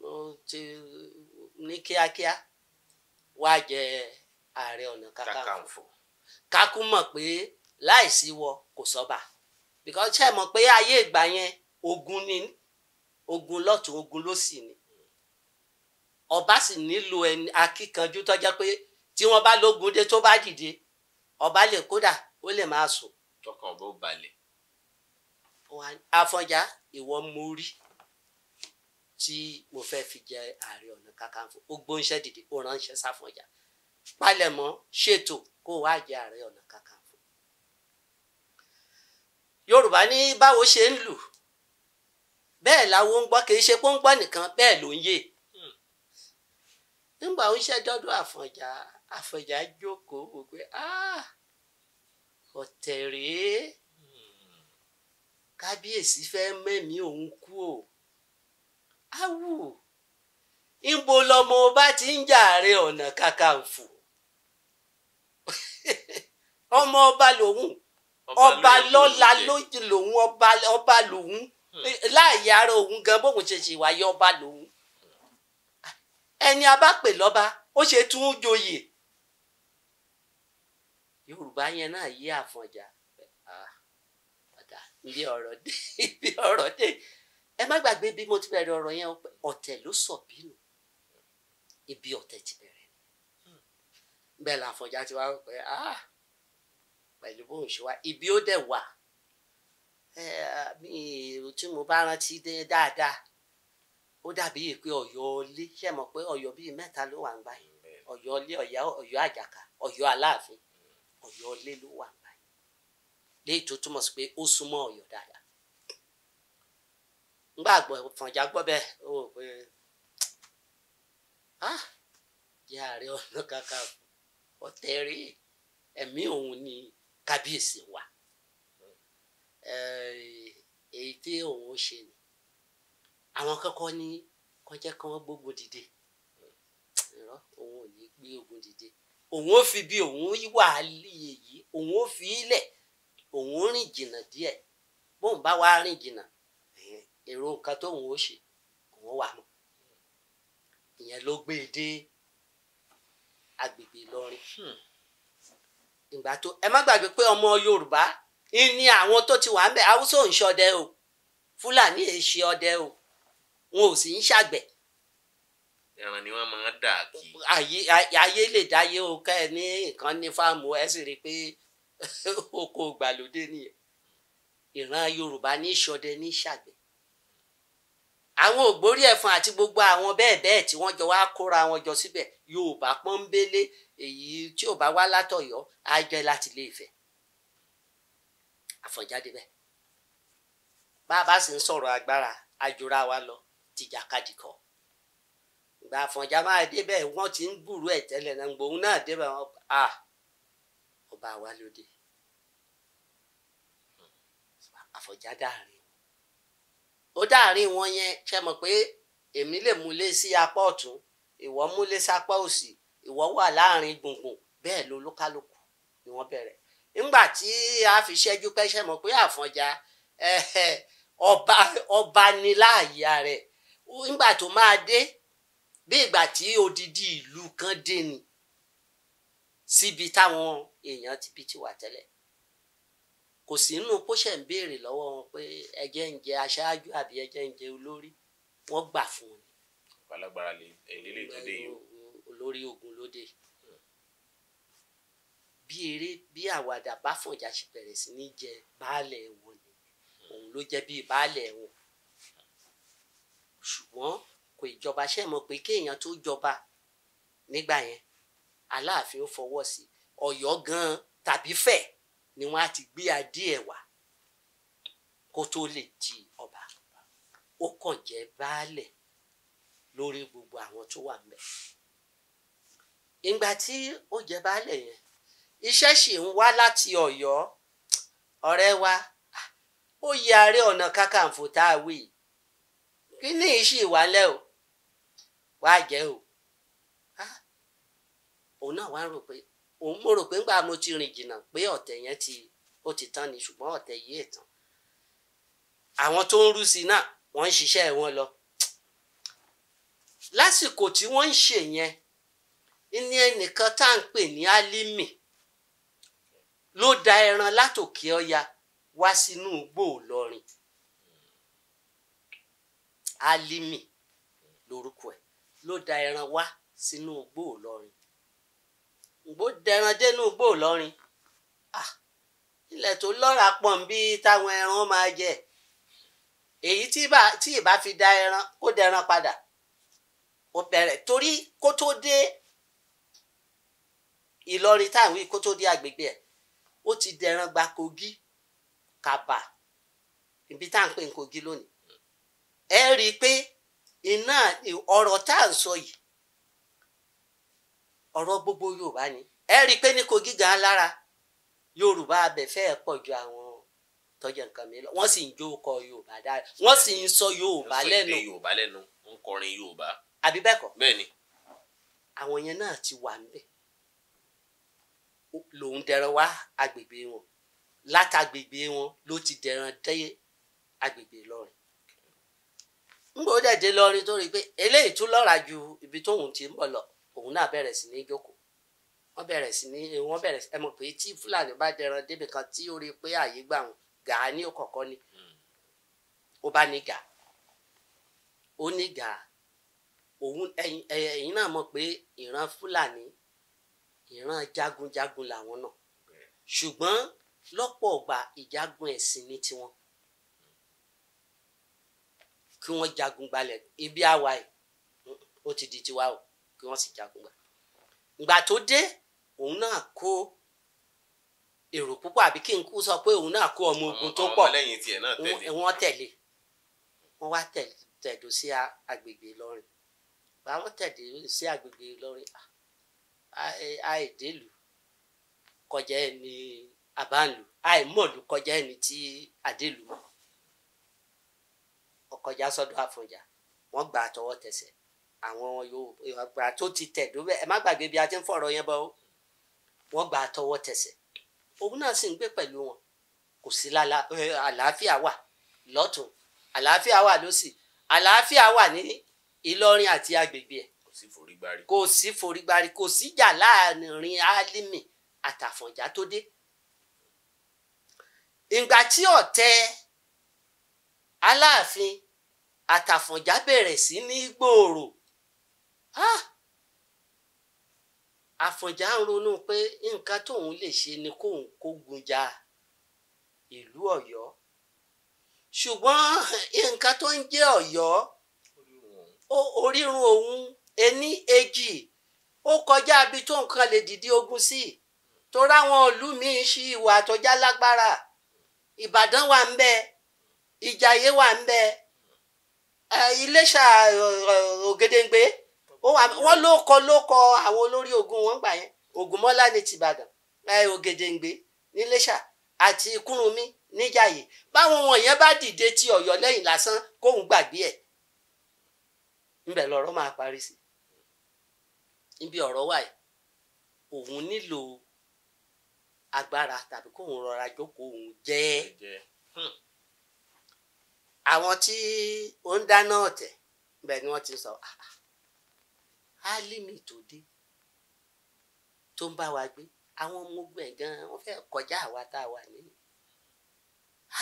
mo ti ní kíákíá wá jẹ ààrẹ ọ̀nà kakanfò kakú mọ̀ pé láìsí wọ kò sọ́ba because ṣe mọ̀ pé ayé ìgbà yẹn ogun ni ogun lọ́tún ogun ló sì ni ọba sì nílò ẹni akíkanjú tó jẹ́ pé tí wọ́n bá lógun dé tó bá dìde ọba lè kódà ó lè máa sùn. tọkàn bó balẹ̀. Afọ̀njá ìwọ mórí tí mo fẹ́ fi jẹ Ààrẹ Ọ̀nà Kakanfò ó gbóúnṣẹ́ dìde ó ránṣẹ́ sáfọ̀njá palẹ̀mọ́ ṣètò kó wá jẹ Ààrẹ Ọ̀nà Kakanfò. Yorùbá ní báwo ṣe ń lù bẹ́ẹ̀ làwọn ń gbọ́ kì í ṣe pé ó ń gbọ́ nìkan bẹ́ẹ̀ ló ń yè hmm. nígbà ó ṣe dọ́dọ̀ àfọ̀njá àfọ̀njá jókòó wò pé ọ̀tẹ̀ kábíyèsí fẹ́ mẹ́mí òun kú o ibo ìbò lọmọ ọba ti ń jàre ọ̀nà kàkàǹfò (laughs) ọmọ ọba lòun ọba lọ́la lòun ọba lòun hmm. láàyè ara òun gan bóun ṣe ṣe wáyé ọba lòun ẹni a bá pè lọ́ba ó ṣe tún joyè yorùbá yẹn náà yé àfọ̀njá. ibi ọ̀rọ̀ dé (laughs) ibi ọ̀rọ̀ dé ẹ má gbàgbé bí mo ti bẹ̀rẹ̀ ọ̀rọ̀ yẹn ọ̀tẹ̀ ló sọ bínú ibi ọ̀tẹ̀ ti bẹ̀rẹ̀ bẹ́ẹ̀ làfọ̀njá ti wá pé ah pẹ̀lú bóun ṣe wá ibi ó dẹ̀ wà tí mo bá rántí dáadáa ó dàbí pé Ọ̀yọ́ ilé ṣe mọ̀ pé Ọ̀yọ́ bíi mẹ́ta ló wà ń báyìí mm. Ọ̀yọ́ ilé Ọ̀yọ́ Àjàká Ọ̀yọ́ Aláàfin Ọ̀yọ́ ilé ló wà ń léyìí tó túmọ̀ sí pé ó súnmọ́ ọ̀yọ́ dáadáa ngbà àgbọ̀ fànjà gbọ́ ah ìyá rẹ òun ni kábíyèsí wa èyí tí òun ṣe ni àwọn kọ́kọ́ ní kọjá kan gbogbo dìde òun ò ogun dìde òun fi bí òun yi wa yìí òun fi í òun rìn jìnnà díẹ̀ bóun bá wá rìn jìnnà èrò nǹkan tóun ó ṣe òun wà mọ́ ìyẹn ló gbé e dé agbègbè Ìlọrin hmm. ìgbà tó ẹ má gbàgbé pé ọmọ Yorùbá ni àwọn tó ti wà ń bẹ Haúsá ò ń ṣọdẹ o Fúlàní è ṣe ọdẹ o wọn ò sì ń ṣàgbẹ̀. ẹran ni wọn máa ń dà kí. ayé lè dáyé o kẹ́ ní nǹkan ní fáàmù ẹ sì rí i pé (laughs) oko ìgbàlódé nìyẹn ìran yorùbá ní ìṣọdẹ ní ìṣàgbẹ̀ àwọn ògbórí ẹ̀fọn àti gbogbo àwọn bẹ́ẹ̀ bẹ́ẹ̀ tí wọ́n jọ wá kóra wọn jọ síbẹ̀ yorùbá pọ́nbélé èyí tí ò bá wá látọ̀yọ́ á jẹ́ láti ilé Ifẹ̀ àfọ̀njáde bẹ́ẹ̀ bá a bá sì ń sọ̀rọ̀ agbára ajura wa lọ tìjàkadì kọ ìgbà àfọ̀njá máa débẹ̀ wọ́n ti ń gbúrú ẹ̀ tẹ́lẹ̀ náà gbòun náà débẹ̀ wọn Ah bá wa lóde àfọ̀já dàrin ó dàrin wọn yẹn ṣe mọ̀ pé èmi lè múlé sí apá ọ̀tún ìwọ múlé sápá òsì ìwọ wà láàrin gbùngbùn bẹ́ẹ̀ ló lókàlùkù ni wọ́n bẹ̀rẹ̀ ńgbà tí a fi ṣẹ́jú pẹ́ ṣe mọ̀ pé àfọ̀njá ọba ọba ni láàyè ààrẹ ńgbà tó máa dé bí ìgbà tí odidi ìlú kan dé ni síbi táwọn èèyàn ti bí ti wà tẹ́lẹ̀ kò sí inú kó ṣẹ̀ ń béèrè lọ́wọ́ wọn pé ẹjẹ́ ń jẹ aṣáájú àbí ẹjẹ́ ń jẹ olórí wọ́n gbà fún un. alágbára lè ẹ̀lẹ́lẹ́ tó dé yìí. olórí ogun ló dé bí eré bí àwàdà báfọ̀njà ṣe bẹ̀rẹ̀ sí ní jẹ baálẹ̀ wọn ni òun ló jẹ́ bíi baálẹ̀ wọn ṣùgbọ́n kò ìjọba ṣe mọ̀ pé kéèyàn tó jọba nígbà yẹn aláàfin ó fọwọ́ sí Ọ̀yọ́ gan tàbí Ifẹ̀ ni wọ́n á ti gbé adé ẹ̀ wá kó tó lè di ọba ó kàn jẹ́ baálẹ̀ lórí gbogbo àwọn tó wà ńbẹ̀ ìgbà tí ó jẹ́ baálẹ̀ yẹn iṣẹ́ sì ń wá láti Ọ̀yọ́ ọ̀rẹ́ wa ó yẹ Ààrẹ Ọ̀nà Kakanfò tá a wí kí ni ìṣe ìwálẹ̀ o wàá jẹ́ o òun náà wá rò pé òun mo rò pé ńgbà mo ti rìn jìnnà pé ọ̀tẹ̀ yẹn ti ó ti tán ni ṣùgbọ́n ọ̀tẹ̀ yìí ẹ̀ tán àwọn tó ń rú sí náà wọ́n ń ṣiṣẹ́ wọn lọ lásìkò tí wọ́n ń ṣe yẹn ní ẹnìkan tá à ń pè ní alimi ló da ẹran látòkè ọya wá sínú igbó Ìlọrin Álímì lórúkọ ẹ̀ ló da ẹran wá sínú igbó Ìlọrin ìgbó dẹran dénú igbó lọrin ah, ilẹ̀ tó lọ́ra pọ̀ ń bí táwọn ẹran máa jẹ èyí tí ìbá fi da ẹran kó dẹran padà ó bẹ̀rẹ̀ torí kó tó dé Ìlọrin táwọn yìí kó tó dé agbègbè ẹ̀ ó ti dẹran gba Kogi Kàbà ibi tá à ń pè ní Kogi lónìí ẹ rí i pé iná ọ̀rọ̀ tá à ń sọ yìí ọ̀rọ̀ gbogbo yorùbá ni ẹ rí i pé ní kogi gan lára yorùbá abẹ fẹ́ẹ̀ pọ̀ ju àwọn tọ́jà nǹkan mi lọ wọ́n sì ń jó kọ yorùbá dára wọ́n sì ń sọ yorùbá lẹ́nu. ń sọ yorùbá lẹ́nu ń kọrin yorùbá. àbí bẹ́ẹ̀ kọ́. bẹ́ẹ̀ ni. àwọn yẹn náà ti wà níbẹ̀ lòun dẹran wá agbègbè wọn látàgbègbè wọn ló ti dẹran dé agbègbè lọrin ngbọ́dọ̀ dé lọrin tó rí i pé eléyìí tún lọ́ra ju ibi tóun ti ń bọ̀ lọ òun náà bẹ̀rẹ̀ sí ní jókòó wọ́n bẹ̀rẹ̀ sí ní wọ́n bẹ̀rẹ̀ ẹ mọ̀ pé tí fúlàní bá dẹran débi kan tí ó rí i pé àyè gbà wọn gàá ní òkọ̀kọ́ ni hmm. ó bá ní gàá ó ní gàá òun ẹ̀yin náà mọ̀ pé ìran fúlàní ìran jagunjagun làwọn náà ṣùgbọ́n lọ́pọ̀ ọgbà ìjagun ẹ̀sìn ní tiwọn kí wọ́n jagun gbalẹ̀ ibi àwa yìí ó ti di tiwa o kí wọ́n sì jagun gbà ìgbà tó dé òun náà kó èrò púpọ̀ àbí kí n kú sọ pé òun náà kó ọmọ ogun tó pọ̀ wọ́n tẹ̀lé wọ́n wá tẹ̀dó sí agbègbè Ìlọrin báwọn tẹ̀dó sí agbègbè e, Ìlọrin àìdèlù kọjá ẹni àbáǹlù àìmọ̀lù kọjá ẹni tí àdèlù mọ̀ ọkọjá sọ́dọ̀ Àfọ̀njá wọ́n gbà àtọwọ́ tẹsẹ̀ àwọn Yorùbá tó ti tẹ̀dó bẹ́ẹ̀ ẹ má gbàgbé bí a ti ń fọ̀rọ̀ yẹn bọ́ wọ́n gba àtọwọ́ tẹsẹ̀ òun náà sì ń gbé pẹ̀lú wọn kò sí àlàáfíà wà lọ́tún àlàáfíà wà lọ́sì àlàáfíà wà ní Ìlọrin àti agbègbè ẹ̀ kò sí forígbárí kò síjà láàrin Álímì àtàfọ̀njá tó dé ìgbà tí ọ̀tẹ̀ Aláàfin àtàfọ̀njá bẹ̀rẹ̀ sí ní gbòòrò Ah! àfọ̀njá ń ronú pé nǹkan tóun lè ṣe ni kóun kógun ja ìlú ọ̀yọ́ ṣùgbọ́n nǹkan tó ń jẹ́ ọ̀yọ́ orírun òun ení èjì ó kọjá bí tó nǹkan lè dìde ogun sí tó ráwọn ìlú míín sí ìwà àtọjá lágbára ìbàdàn wà ń bẹ ìjàyè wà ń bẹ iléṣà ògèdèǹgbé wọ́n ló kọ ló kọ àwọn olórí ogun wọn gbà yẹn ògúnmọ́lá ní tìbàdàn ògèdèǹgbé níléṣà àti kúrúnmí níjàyè báwọn wọ̀nyẹn bá dìde ti ọ̀yọ́ lẹ́yìn lásán kóun gbàgbé ẹ̀ ńbẹ̀ lọ́rọ̀ máa parí sí níbi ọ̀rọ̀ wà yìí òun nílò agbára tàbí kóun rọra jókòó òun jẹ́ hmm. àwọn tí ó ń dáná ọ̀tẹ̀ bẹ́ẹ̀ ni wọ́n ti sọ ah, ah, hálímì tó dé tó ń bá wa gbé àwọn ọmọ ogun ẹ̀ gan wọ́n fẹ́ kọjá àwa tá a wà ní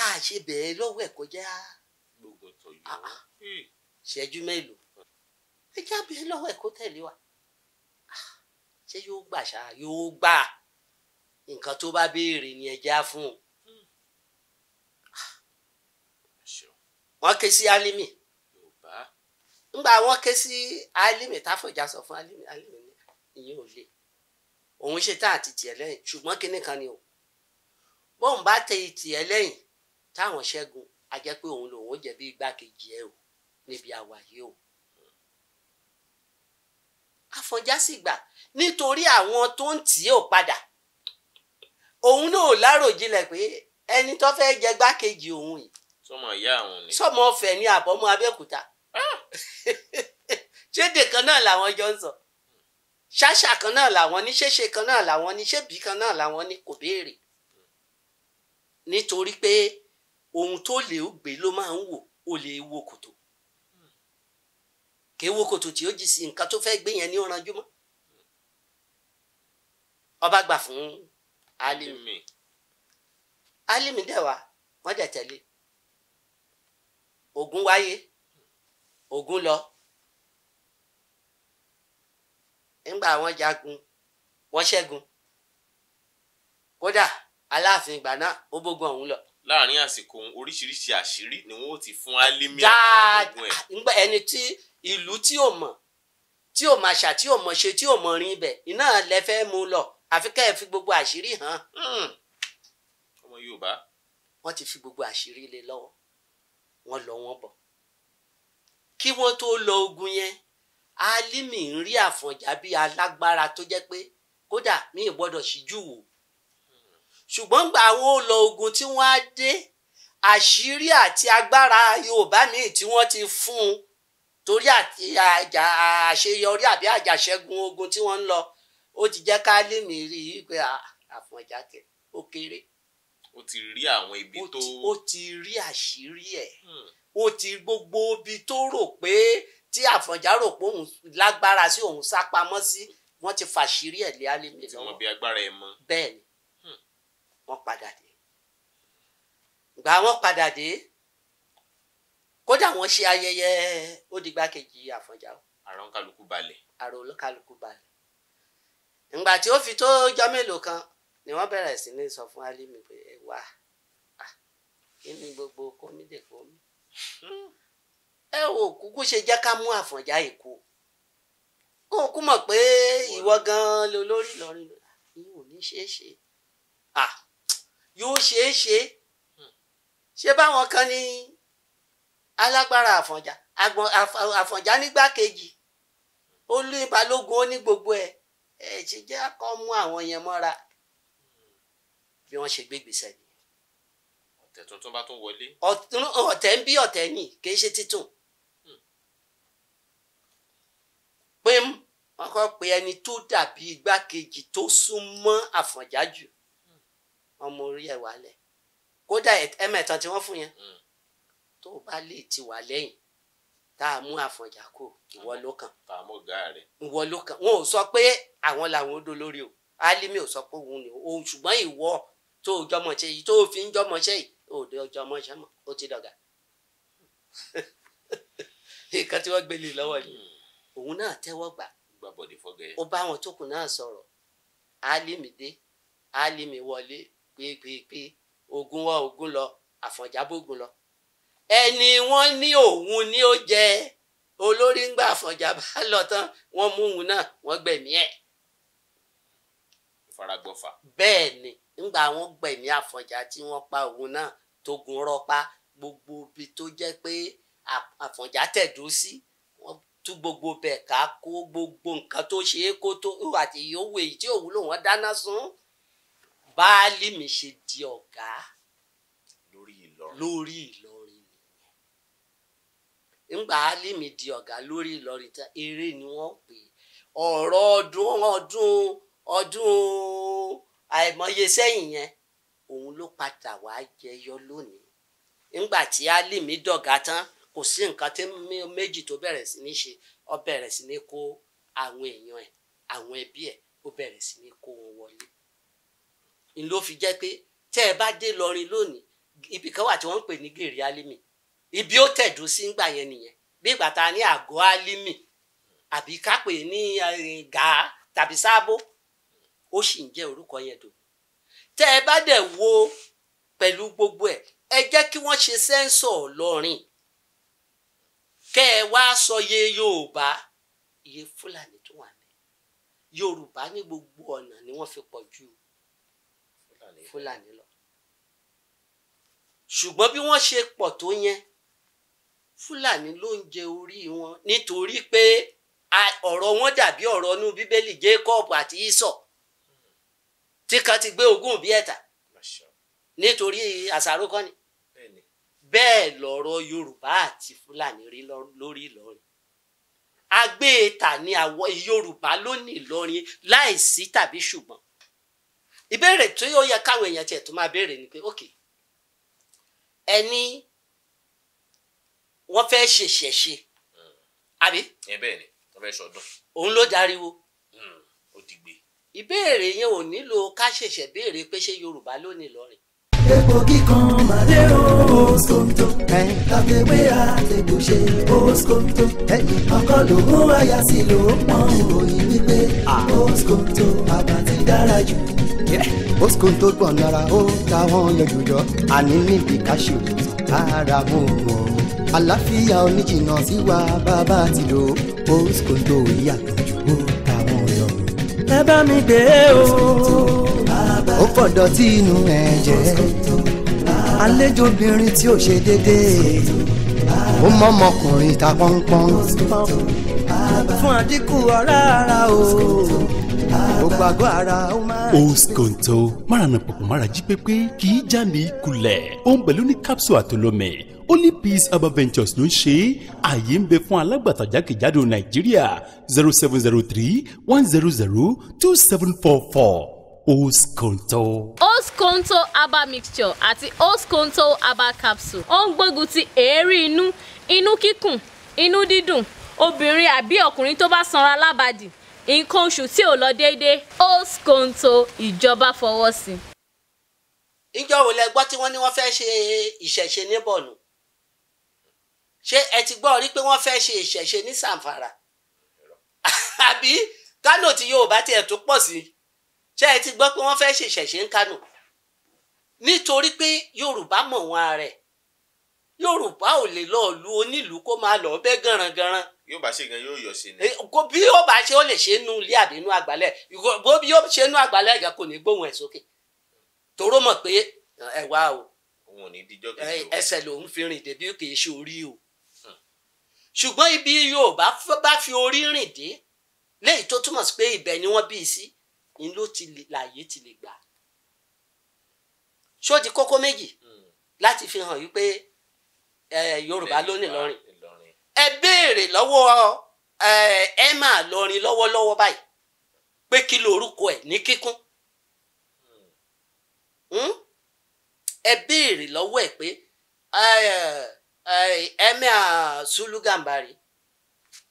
a ṣe bẹ̀ẹ́ lọ́wọ́ ẹ̀ kọjá ah, ah. ṣẹ́jú mélòó ẹ já bẹ̀ẹ́ lọ́wọ́ ẹ̀ kó tẹ̀lé wa ah, ṣé yóò gbà ṣá yóò gbà nǹkan tó bá béèrè ni ẹ já fún un hmm. wọ́n ké sí hálímì ńgbà wọn ké sí alimi táfọ̀já sọ fún alimi alimi ní ìyẹn ò le òun ṣe tán àti tiẹ̀ lẹ́yìn ṣùgbọ́n kinní kan ni o bóun bá tẹ tiẹ̀ lẹ́yìn táwọn ṣẹ́gun a jẹ́ pé òun lòun ó jẹ́ bí igbákejì ẹ o níbi àwàyé o Àfọ̀njá sì gbà nítorí àwọn tó ń tì í ò padà òun náà láròjinlẹ̀ pé ẹni tó fẹ́ jẹ igbákejì òun yìí sọmọ ìyá òun ni sọmọ ọ̀fẹ́ ní àbọ̀mọ́ Abẹ́òkúta ṣéde (laughs) kan náà làwọn jọ ń sọ ṣáṣà kan náà làwọn ní ṣéṣe kan náà làwọn ní ṣébí kan náà làwọn ní kò béèrè nítorí pé ohun tó lè ó gbé ló máa ń wò ó lè wo kòtò kí wo kòtò tí ó jì sí nǹkan tó fẹ́ gbé yẹn ní ọ̀ranjú mọ́ ọba gbà fún alimi alimi dẹ̀ wá wọ́n dẹ̀ ogun wáyé Ògún lọ ńgbà wọ́n jagun wọ́n ṣẹ́gun kódà aláàfin ìgbà náà ó bógun ọ̀hún lọ. láàrin àsìkò oríṣiríṣi àṣírí ni wọn ó ti fún Álímì àwọn ọmọ ẹni tí ìlú tí ò mọ̀ tí ò mà ṣà tí ò mọ̀ ṣe tí ò mọ̀ rin ibẹ̀ iná lẹ fẹ́ mú lọ àfi kẹ́ ẹ fi gbogbo àṣírí hàn. Hmm. ọmọ Yorùbá. wọ́n ti fi gbogbo àṣírí lé lọ́wọ́ wọ́n lọ wọ́n bọ̀ kí wọ́n tó lọ ogun yẹn Álímì ń rí Àfọ̀njá bí alágbára tó jẹ́ pé kódà mi ì gbọ́dọ̀ ṣíjú wò ṣùgbọ́n gbà wo lọ ogun tí wọ́n á dé àṣírí àti agbára Yorùbá míì tí wọ́n ti fún un torí àṣeyọrí àbí àjàṣẹ́gun ogun tí wọ́n ń lọ ó ti jẹ́ ká lè mí rí i pé ah, Àfọ̀njá kẹ ó kéré. ó ti rí àwọn ibi tó. ó ti rí àṣírí ẹ̀. Hmm ó ti gbogbo ibi tó rò pé tí Àfọ̀njá rò pé òun lágbára sí òun sá pamọ́ sí wọ́n ti fàṣírí ẹ̀ lé Àlímì lọ́wọ́. tí wọ́n bí agbára ẹ̀ mọ́. bẹ́ẹ̀ ni hmm. wọ́n padà dé gbà wọ́n padà dé kódà wọ́n ṣe ayẹyẹ ó di Àfọ̀njá o. àrùn kálukú balẹ̀. àrùn kálukú balẹ̀ ìgbà tí ó fi tó ọjọ́ mélòó kan ni wọ́n bẹ̀rẹ̀ sí ní sọ fún Àlímì pé ẹ wá kí ni gbogbo kọ́mídé kọ́mí ẹ ò kúkú ṣe jẹ́ ká mú àfọ̀njá èkó kó o kú mọ̀ pé ìwọ gan-an lolórí lọ́rin ìyẹn ò ní ṣeé ṣe yóò ṣeé ṣe ṣé báwọn kan ní alágbára àfọ̀njá àfọ̀njá nígbàkejì ó lé balógun ó ní gbogbo ẹ̀ ẹ̀ ṣe jẹ́ kó mú àwọn yẹn mọ́ra bí wọ́n ṣe gbé ni ọ̀tẹ̀ tuntun bá tún wọlé. ọ̀tẹ̀ ń bí ọ̀tẹ̀ nì kì í ṣe títún. Hmm. pim wọn kọ pé ẹni tó dàbí igbákejì tó súnmọ́ àfọ̀njá jù hmm. ọmọ orí ẹ̀ wálẹ̀ kódà ẹ̀mẹ̀tàn tí wọ́n fún yẹn hmm. tó bá lè ti wà lẹ́yìn tá a mú àfọ̀njá kò ìwọ ló kàn. ìwọ ló kàn wọn ò sọ pé àwọn làwọn ó dolórí o alimi ò sọ pé òun ni o ṣùgbọ́n ìwọ tó o yìí tó fi ń jọmọ yìí òde ọjọ́ ọmọ ṣáà mọ̀ ó ti dọ̀gà nǹkan tí wọ́n gbé lè lọ́wọ́ ni òun náà tẹ́wọ́ gbà ó bá àwọn tó kù náà sọ̀rọ̀ álímìdé álímìwọlé pépépé ogun wa ogun lọ àfọ̀njábógun lọ ẹni wọ́n ní òun ni ó jẹ olórí ń gbà àfọ̀njá bá lọ tán wọ́n mú òun náà wọ́n gbẹ̀mí ẹ̀. ìfaragbọ́fà. bẹ́ẹ̀ ni. ńgbà àwọn gbẹ̀mí àfọ̀njá tí wọ́n pa òun náà tógun rọpa gbogbo ibi tó jẹ́ pé àfọ̀njá tẹ̀dú sí wọ́n tú gbogbo bẹ̀ ká kó gbogbo nǹkan tó ṣe é kó tó àti èyí tí òwúlò wọn dáná sun baálé mi ṣe di ọ̀gá lórí Ìlọrin mi di ọ̀gá lórí Ìlọrin tán eré ni wọ́n pè ọ̀rọ̀ ọdún ọdún ọdún àìmọye sẹ́yìn yẹn òun ló padà wá jẹyọ lónìí ńgbà tí Álímì dọ̀gá tán kò sí nǹkan tí méjì tó bẹ̀rẹ̀ sí ní ṣe ó bẹ̀rẹ̀ sí ní kó àwọn èèyàn ẹ̀ àwọn ẹbí ẹ̀ ó bẹ̀rẹ̀ sí ní kó wọn wọlé n ló fi jẹ́ pé tẹ́ ẹ bá dé lọrin lónìí ibì kan wà tí wọ́n ń pè ní gèrè Álímì ibi ó tẹ̀dó sí ńgbà yẹn nìyẹn bí ìgbà ta ní àgọ́ Álímì àbí ká ní eh, gàá tàbí sábó ó sì ń jẹ́ orúkọ yẹn dò tẹ́ ẹ bá dẹ̀ wo pẹ̀lú gbogbo ẹ̀ ẹ jẹ́ kí wọ́n ṣe sẹ́ńsọ̀ ọlọ́rin kẹ́ ẹ wá sọ iye yorùbá iye fúlàní tó wà ní yorùbá ní gbogbo ọ̀nà ni wọ́n fi pọ̀ ju fúlàní lọ ṣùgbọ́n bí wọ́n ṣe pọ̀ tó yẹn fúlàní ló ń jẹ orí wọn nítorí pé ọ̀rọ̀ wọn dàbí ọ̀rọ̀ inú bíbélì jacob àti esau tí kan ti gbé ogún bí ẹ̀ta nítorí àṣàrò kan ni bẹ́ẹ̀ lọ̀rọ̀ Yorùbá àti Fúlàní rí lórí Ìlọrin agbẹ́ẹ̀ta ni àwọn Yorùbá ló ní Ìlọrin láìsí tàbí ṣùgbọ́n ìbéèrè tó yóò yẹ káwọn èèyàn tiẹ̀ tó máa béèrè ni pé ok ẹni wọ́n fẹ́ ṣẹ̀ṣẹ̀ ṣe àbí. ẹ bẹ́ẹ̀ ni wọ́n fẹ́ sọdún. òun ló dariwo. Hmm, ìbéèrè yẹn ò nílò ká ṣẹ̀ṣẹ̀ béèrè pé ṣé Yorùbá ló ní Ìlọrin. epo kíkan màdé o oskomto kàkéwé àtẹ̀gbò ṣe oskomto ọkọ lòún àyà sí ló pọn òyìn wípé oskomto bàbá ti dára jù. oskomto gbọ̀n nara ó táwọn yọjú yọ àní níbi káṣíò ara mú wọn àlàáfíà oníjìnnà sí wa bàbá àtìlò oskomto ìyá jù ú ẹ bá mi gbé o. ó fọ̀dọ̀ tí inú ẹ̀ jẹ́ àlejò obìnrin tí ò ṣe déédéé ó mọ́mọkùnrin ta pọ́npọ́n fún àdínkù ọ̀rá ara o oskonto Mara na mára Mara pépé ki Jani Kule. ní kulẹ̀ ó ń Only Peace Herbal Ventures ló ń ṣe é ààyè ń bẹ fún alágbàtà jákèjádò Nàìjíríà zero seven zero three one zero zero two seven four four oskonto. oskonto herbal mixture àti oskonto herbal capsule ó ń gbógun ti èérí inú inú kíkùn inú dídùn obìnrin àbí ọkùnrin tó bá sanra lábàdì nǹkan oṣù tí ò lọ déédéé oskonto ìjọba fọwọ́ sí. ìjọ wo lẹ gbọ́ tí wọ́n ní wọ́n fẹ́ ṣe ìṣẹ̀ṣe níbọ̀ nù ṣé ẹ ti gbọ́ rí pé wọ́n fẹ́ ṣe ìṣẹ̀ṣe ní sàǹfàrà (laughs) àbí kánò tí yorùbá tiẹ̀ tó pọ̀ sí ṣé ẹ ti gbọ́ pé wọ́n fẹ́ ṣe ìṣẹ̀ṣe ní kánò nítorí pé yorùbá mọ̀ wọn rẹ̀ yorùbá ò lè lọ lu onílùú kó máa lọ bẹ́ garangaran. yóò bá ṣe gan yóò yọ sí ni. Eh, kó bí yóò bá ṣe ó lè ṣe nu ilé àbí nu àgbálẹ̀ bó bí yóò ṣe nu àgbálẹ̀ ìgbà kò ní gbóhùn ẹ̀ sókè toró mọ̀ pé ẹ wá o eh, ẹsẹ̀ lòún fi rìn débi kì í ṣe orí o ṣùgbọ́n ibi Yorùbá bá fi orí rìn dé léyìí tó túmọ̀ sí pé ibẹ̀ ni wọ́n bí sí ni ló ti lè láàyè ti lè gbà ṣó di kókó méjì hmm. láti fi hàn yí pé Yorùbá ló ní Ìlọrin ẹ béèrè lọ́wọ́ ẹ máa lọrin lọ́wọ́lọ́wọ́ báyìí pé kí lorúkọ ẹ̀ ní kíkún hmm. Hmm? ẹ béèrè lọ́wọ́ ẹ̀ pé. Eh, emir Sulu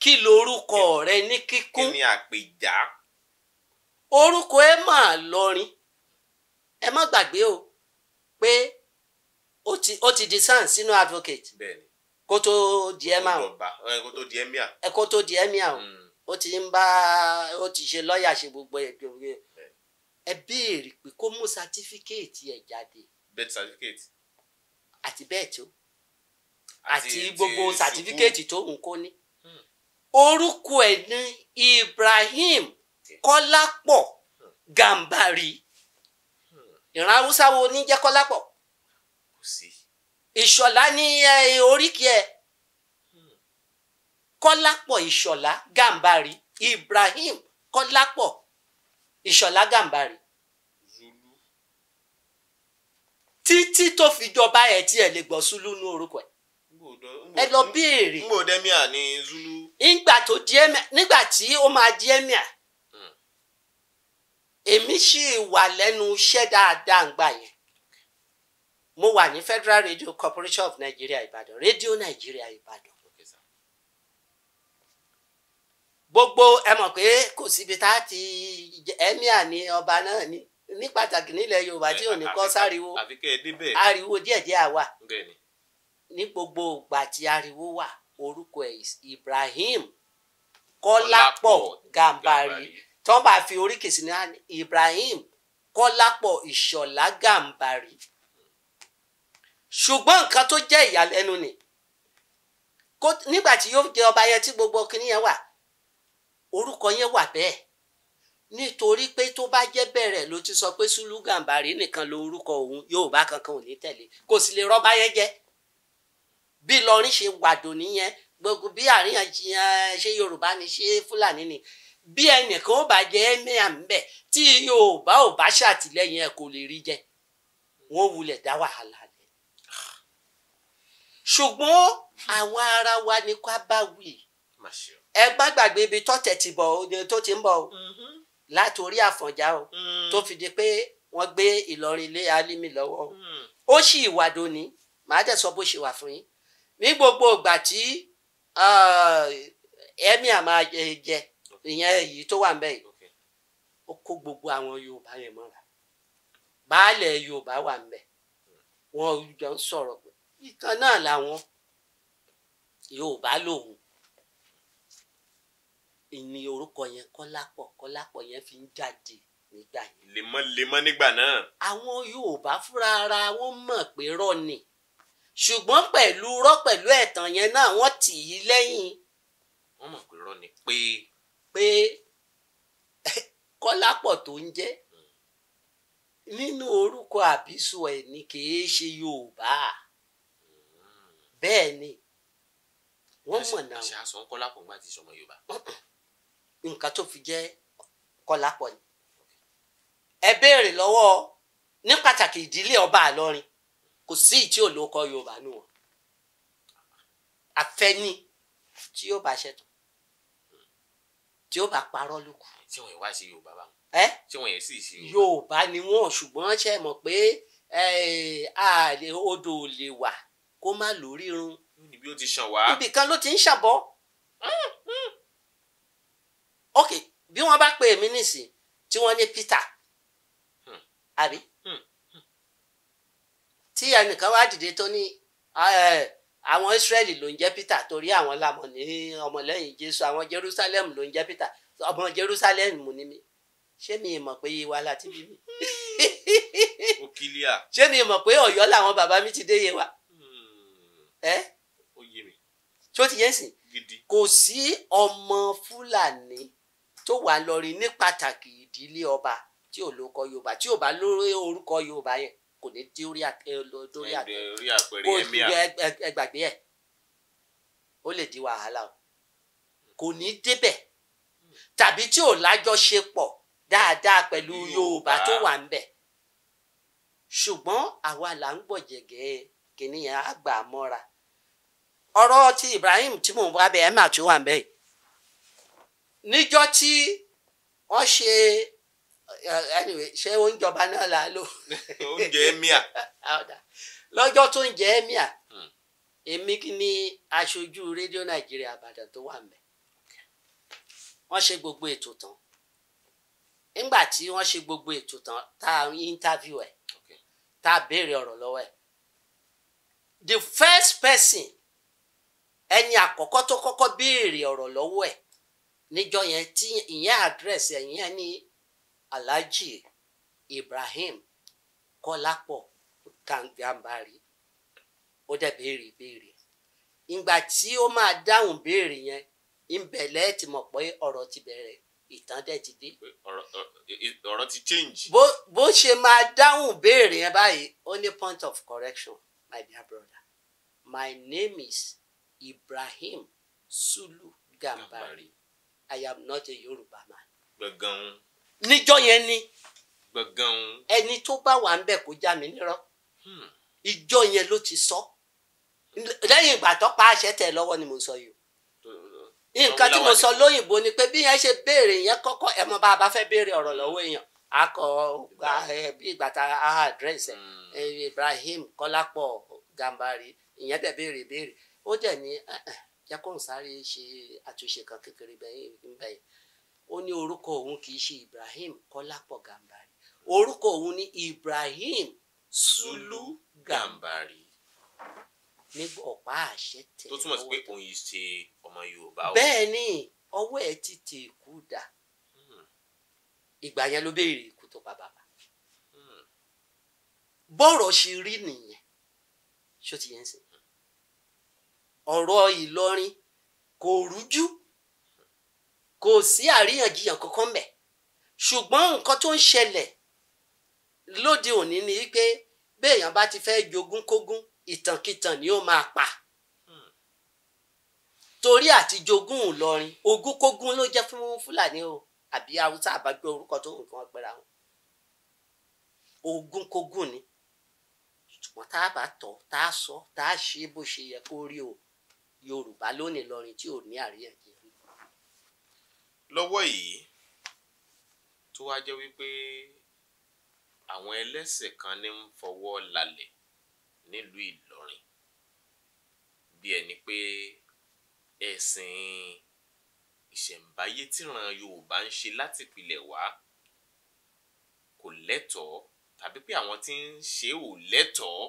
kí lorúkọ rẹ ní kíkún. oruko orúkọ ẹ máa lọrin o ti di sàn sínú advocate. ko kó di ẹ o di ẹ kó tó di o hmm. ó ti ń bá ó ti ṣe lọ́ọ̀yà ṣe gbogbo ẹ̀ gbogbo ẹ béèrè pé kó mú jáde. àti bẹ́ẹ̀ tó. àti gbogbo sàtífíkẹ́ẹ̀tì tó ń kó ní. Hmm. orúkọ ẹ̀ ní Ibrahim hmm. Kọ́lápọ̀ hmm. Gambari. ìran haúsá wo ní jẹ́ Kọ́lápọ̀ ìṣọ̀lá ní oríkì ẹ̀ Kọ́lápọ̀ ìṣọ̀lá Gàmbàrí Ibrahim Kọ́lápọ̀ ìṣọ̀lá Gambari. títí tó fi jọba ẹ̀ tí ẹ̀ lè gbọ́ sùlù ní orúkọ ẹ̀. ẹ lọ béèrè. ngbò dẹ́míà ní zulu. tó di ẹ̀míà nígbà tí ó máa di ẹ̀míà hmm. èmi sì wà lẹ́nu iṣẹ́ dáadáa ńgbà yẹn mo wà ní Federal Radio Corporation of Nigeria Ìbàdàn Radio Nigeria Ìbàdàn gbogbo ẹ mọ̀ pé kò síbi tá a ti ẹ̀míà ni ọba náà ní pàtàkì nílẹ̀ Yorùbá tí ò ní kọ́ sáriwo ariwo díẹ̀díẹ̀ àwa. ní gbogbo ìgbà tí ariwo wà orúkọ ẹ̀ Ibrahim Kọ́lápọ̀ Gàǹbarì tí wọ́n bá fi oríkì sí ní Ibrahim Kọ́lápọ̀ Ìṣọ̀lá Gàǹbarì ṣùgbọ́n nǹkan tó jẹ́ ìyàlẹ́nu ni nígbà tí yóò jẹ ọba yẹn tí gbogbo kinní yẹn wà orúkọ yẹn wà bẹ́ẹ̀ nítorí pé tó bá jẹ́ bẹ̀rẹ̀ ló ti sọ pé Sùlù Gàǹbarì nìkan lo orúkọ òun Yorùbá kankan ò ní tẹ̀lé kò sì lè rọ́bá yẹn jẹ́ bí Ìlọrin ṣe wàdò nìyẹn gbogbo bí àríyànjiyàn ṣe Yorùbá ni ṣe Fúlàní ni bí ẹnìkan ó bá jẹ ẹmíà ńbẹ tí Yorùbá ò bá ṣàtìlẹ́yìn ẹ kò lè rí jẹ wọn wulẹ̀ dá wàhálà ni ṣùgbọ́n àwọn ara wa ni ká bá wí ẹ gbàgbàgbé ibi tọ́tẹ̀ ti bọ̀ tó ti ń bọ̀ mm-hmm. látòrí Àfọ̀njá o mm. tó fi di pé wọ́n gbé Ìlọrin lé Alímì lọ́wọ́ mm. ó sì ìwà dòní màá dẹ̀ sọ bó ṣe wà fún yín ní gbogbo ìgbà tí uh, ẹ̀mí àmà jẹ ìyẹn èyí tó wà ńbẹ̀ yìí ó kó gbogbo àwọn Yorùbá yẹn mọ́ra baálẹ̀ Yorùbá wà ńbẹ̀ wọn jọ ń sọ̀rọ̀ pé ìkan náà làwọn Yorùbá lòun ìní orúkọ yẹn Kọ́lápọ̀ Kọ́lápọ̀ yẹn fi ń jáde nígbà yẹn. lemọ́lemọ́ nígbà náà. àwọn Yorùbá fúnra ara wọn mọ̀ pé rọ́ ṣùgbọ́n pẹ̀lú rọ́ pẹ̀lú ẹ̀tàn yẹn náà wọ́n tì í lẹ́yìn. wọ́n mọ̀ pé rọ́ ni pé. pé kọ́lápọ̀ tó ń jẹ́ nínú orúkọ ẹ̀ ni kì í ṣe Yorùbá bẹ́ẹ̀ ni wọ́n mọ̀ náà. sọmọ Yorùbá. (coughs) nǹkan tó fi jẹ́ ni ẹ béèrè lọ́wọ́ ní pàtàkì ìdílé ọba àlọ́rin kò sí tí ò lóko yorùbá nù wọn àfẹni tí yóò bá ṣẹtàn tí yóò bá parọ́ lóko. tí wọn yẹn wá sí yorùbá bá wọn. ẹ tí wọn yẹn sì sí yorùbá. yorùbá ni wọn ṣùgbọ́n ṣe mọ̀ pé odò ò lè wà kó má lórí irun. níbi ó ti ṣàn wá. ibì kan ló ti ń ṣàbọ̀. ok bí wọ́n bá pè mí nísìn tí wọ́n ní Peter hmm. àbí. Hmm tí ẹnìkan wá dìde tó ní àwọn Ísírẹ́lì ló ń jẹ́ Peter torí àwọn làmọ̀ ní ọmọlẹ́yìn Jésù àwọn Jerusalem ló ń jẹ́ Peter ọmọ Jerusalem ni mí ṣé mi mọ̀ pé Yewa láti bí mi òkìlíà. (laughs) ṣé ni mọ̀ pé ọ̀yọ́ làwọn bàbá mi ti dé Yewa. Hmm. ẹ ó yé mi. tí ó ti yẹn sìn. gidi. kò sí ọmọ fúlàní tó wà lọ́rin ní pàtàkì ìdílé ọba tí ò lóko yorùbá tí ò bá lórí orúkọ yorùbá yẹn kò ní dé orí lórí ẹgbàgbé ẹ ó lè di wàhálà o kò ní débẹ̀ tàbí tí ò lájọṣepọ̀ dáadáa pẹ̀lú Yorùbá tó wà ń bẹ̀ ṣùgbọ́n àwa là ń gbọ̀jẹ̀gẹ́ kìnìyàn àgbà mọ́ra ọ̀rọ̀ ti Ibrahim tí mò ń wá bẹ̀ ẹ́ mà tó wà ń bẹ̀ níjọ́ tí wọ́n ṣe anyway ṣé oúnjọba náà là á lò. (laughs) oúnjẹ emir. (laughs) lọ́jọ́ tó ń jẹ́ emir hmm. èmi ní aṣojú rédíò nàìjíríà àbàdàn tó wà mẹ́ wọ́n ṣe gbogbo ètò tán nígbà tí wọ́n ṣe gbogbo ètò tán tá a interview ẹ̀ tá a béèrè ọ̀rọ̀ lọ́wọ́ ẹ̀ the first person ẹni àkọ́kọ́ tó kọ́kọ́ béèrè ọ̀rọ̀ lọ́wọ́ ẹ̀ níjọ́ yẹn tí ìyẹn address ẹ̀yìn ẹni alhaji ibrahim kọlápọ̀ kàǹgbàǹbarì ó dẹ̀ béèrè ìbéèrè ìgbà tí ó máa dáhùn béèrè yẹn ìbẹ̀lẹ̀ ti mọ̀ pé ọ̀rọ̀ ti bẹ̀rẹ̀ ìtàn dẹ̀ ti dé. ọ̀rọ̀ ti change. bó bó ṣe máa dáhùn béèrè yẹn báyìí ó point of correction my dear brother my name is Ibrahim Sulu Gambari. I am not a Yoruba man. gbẹ̀gàn níjọ́ yẹn ni gbọ̀ngàn ẹni tó bá wà ń bẹ̀ kó já mi nírọ́ hmm. ìjọ yẹn ló ti sọ lẹ́yìn ìgbà tó pa àṣẹ tẹ̀ lọ́wọ́ ni mo sọ yìí nǹkan tí mo sọ lóyìnbó ni pé bí yẹn ṣe béèrè yẹn kọ́kọ́ ẹ̀ bá a bá fẹ́ béèrè ọ̀rọ̀ lọ́wọ́ èèyàn a kọ bí ìgbà tá hmm. Ibrahim Kọ́lápọ̀ gambari ìyẹn dẹ̀ béèrè béèrè ó dẹ̀ ní jẹ́ kóun sáré ṣe àtúnṣe kan kékeré bẹ́yìn bẹ́yìn ó ní orúkọ òun kì í ṣe Ibrahim Kọ́lápọ̀ gambari orúkọ òun ní Ibrahim Sulu gambari ní ọ̀pá àṣẹ tẹ̀. tó túmọ̀ sí pé òun yìí ṣe ọmọ Yorùbá o. bẹ́ẹ̀ ni ọwọ́ ẹ̀ ti tè kú dà hmm. ìgbà yẹn ló béèrè ikú tó pa bàbá hmm. bọ́rọ̀ ṣe rí nìyẹn ṣó ti yẹn sìn hmm. ọ̀rọ̀ Ìlọrin kò rújú kò sí àríyànjiyàn kankan mẹ́ ṣùgbọ́n nǹkan tó ń ṣẹlẹ̀ lóde òní ni pé béèyàn bá ti fẹ́ jogún kógún ìtànkìtàn ni ó máa pa torí àti jogún Ìlọrin ogún kógún ló jẹ́ fún Fúlàní o àbí Haúsá àbájọ orúkọ tó nǹkan pẹ̀lú àwọn ogún kógún ni ṣùgbọ́n tá a bá tọ̀ tá a sọ tá a ṣe bó ṣe yẹ kó rí o Yorùbá lónìí lọrin tí ò ní àríyànjiyàn lọ́wọ́ yìí tó wá jẹ́ wípé àwọn ẹlẹ́sẹ̀ kan ní ń fọwọ́ lálẹ̀ nílùú Ìlọrin bí ẹni pé ẹ̀sìn ìṣẹ̀ǹbáyé tíran Yorùbá ń ṣe láti pilẹ̀ wá kò lẹ́tọ̀ọ́ tàbí pé àwọn tí ń ṣe ò lẹ́tọ̀ọ́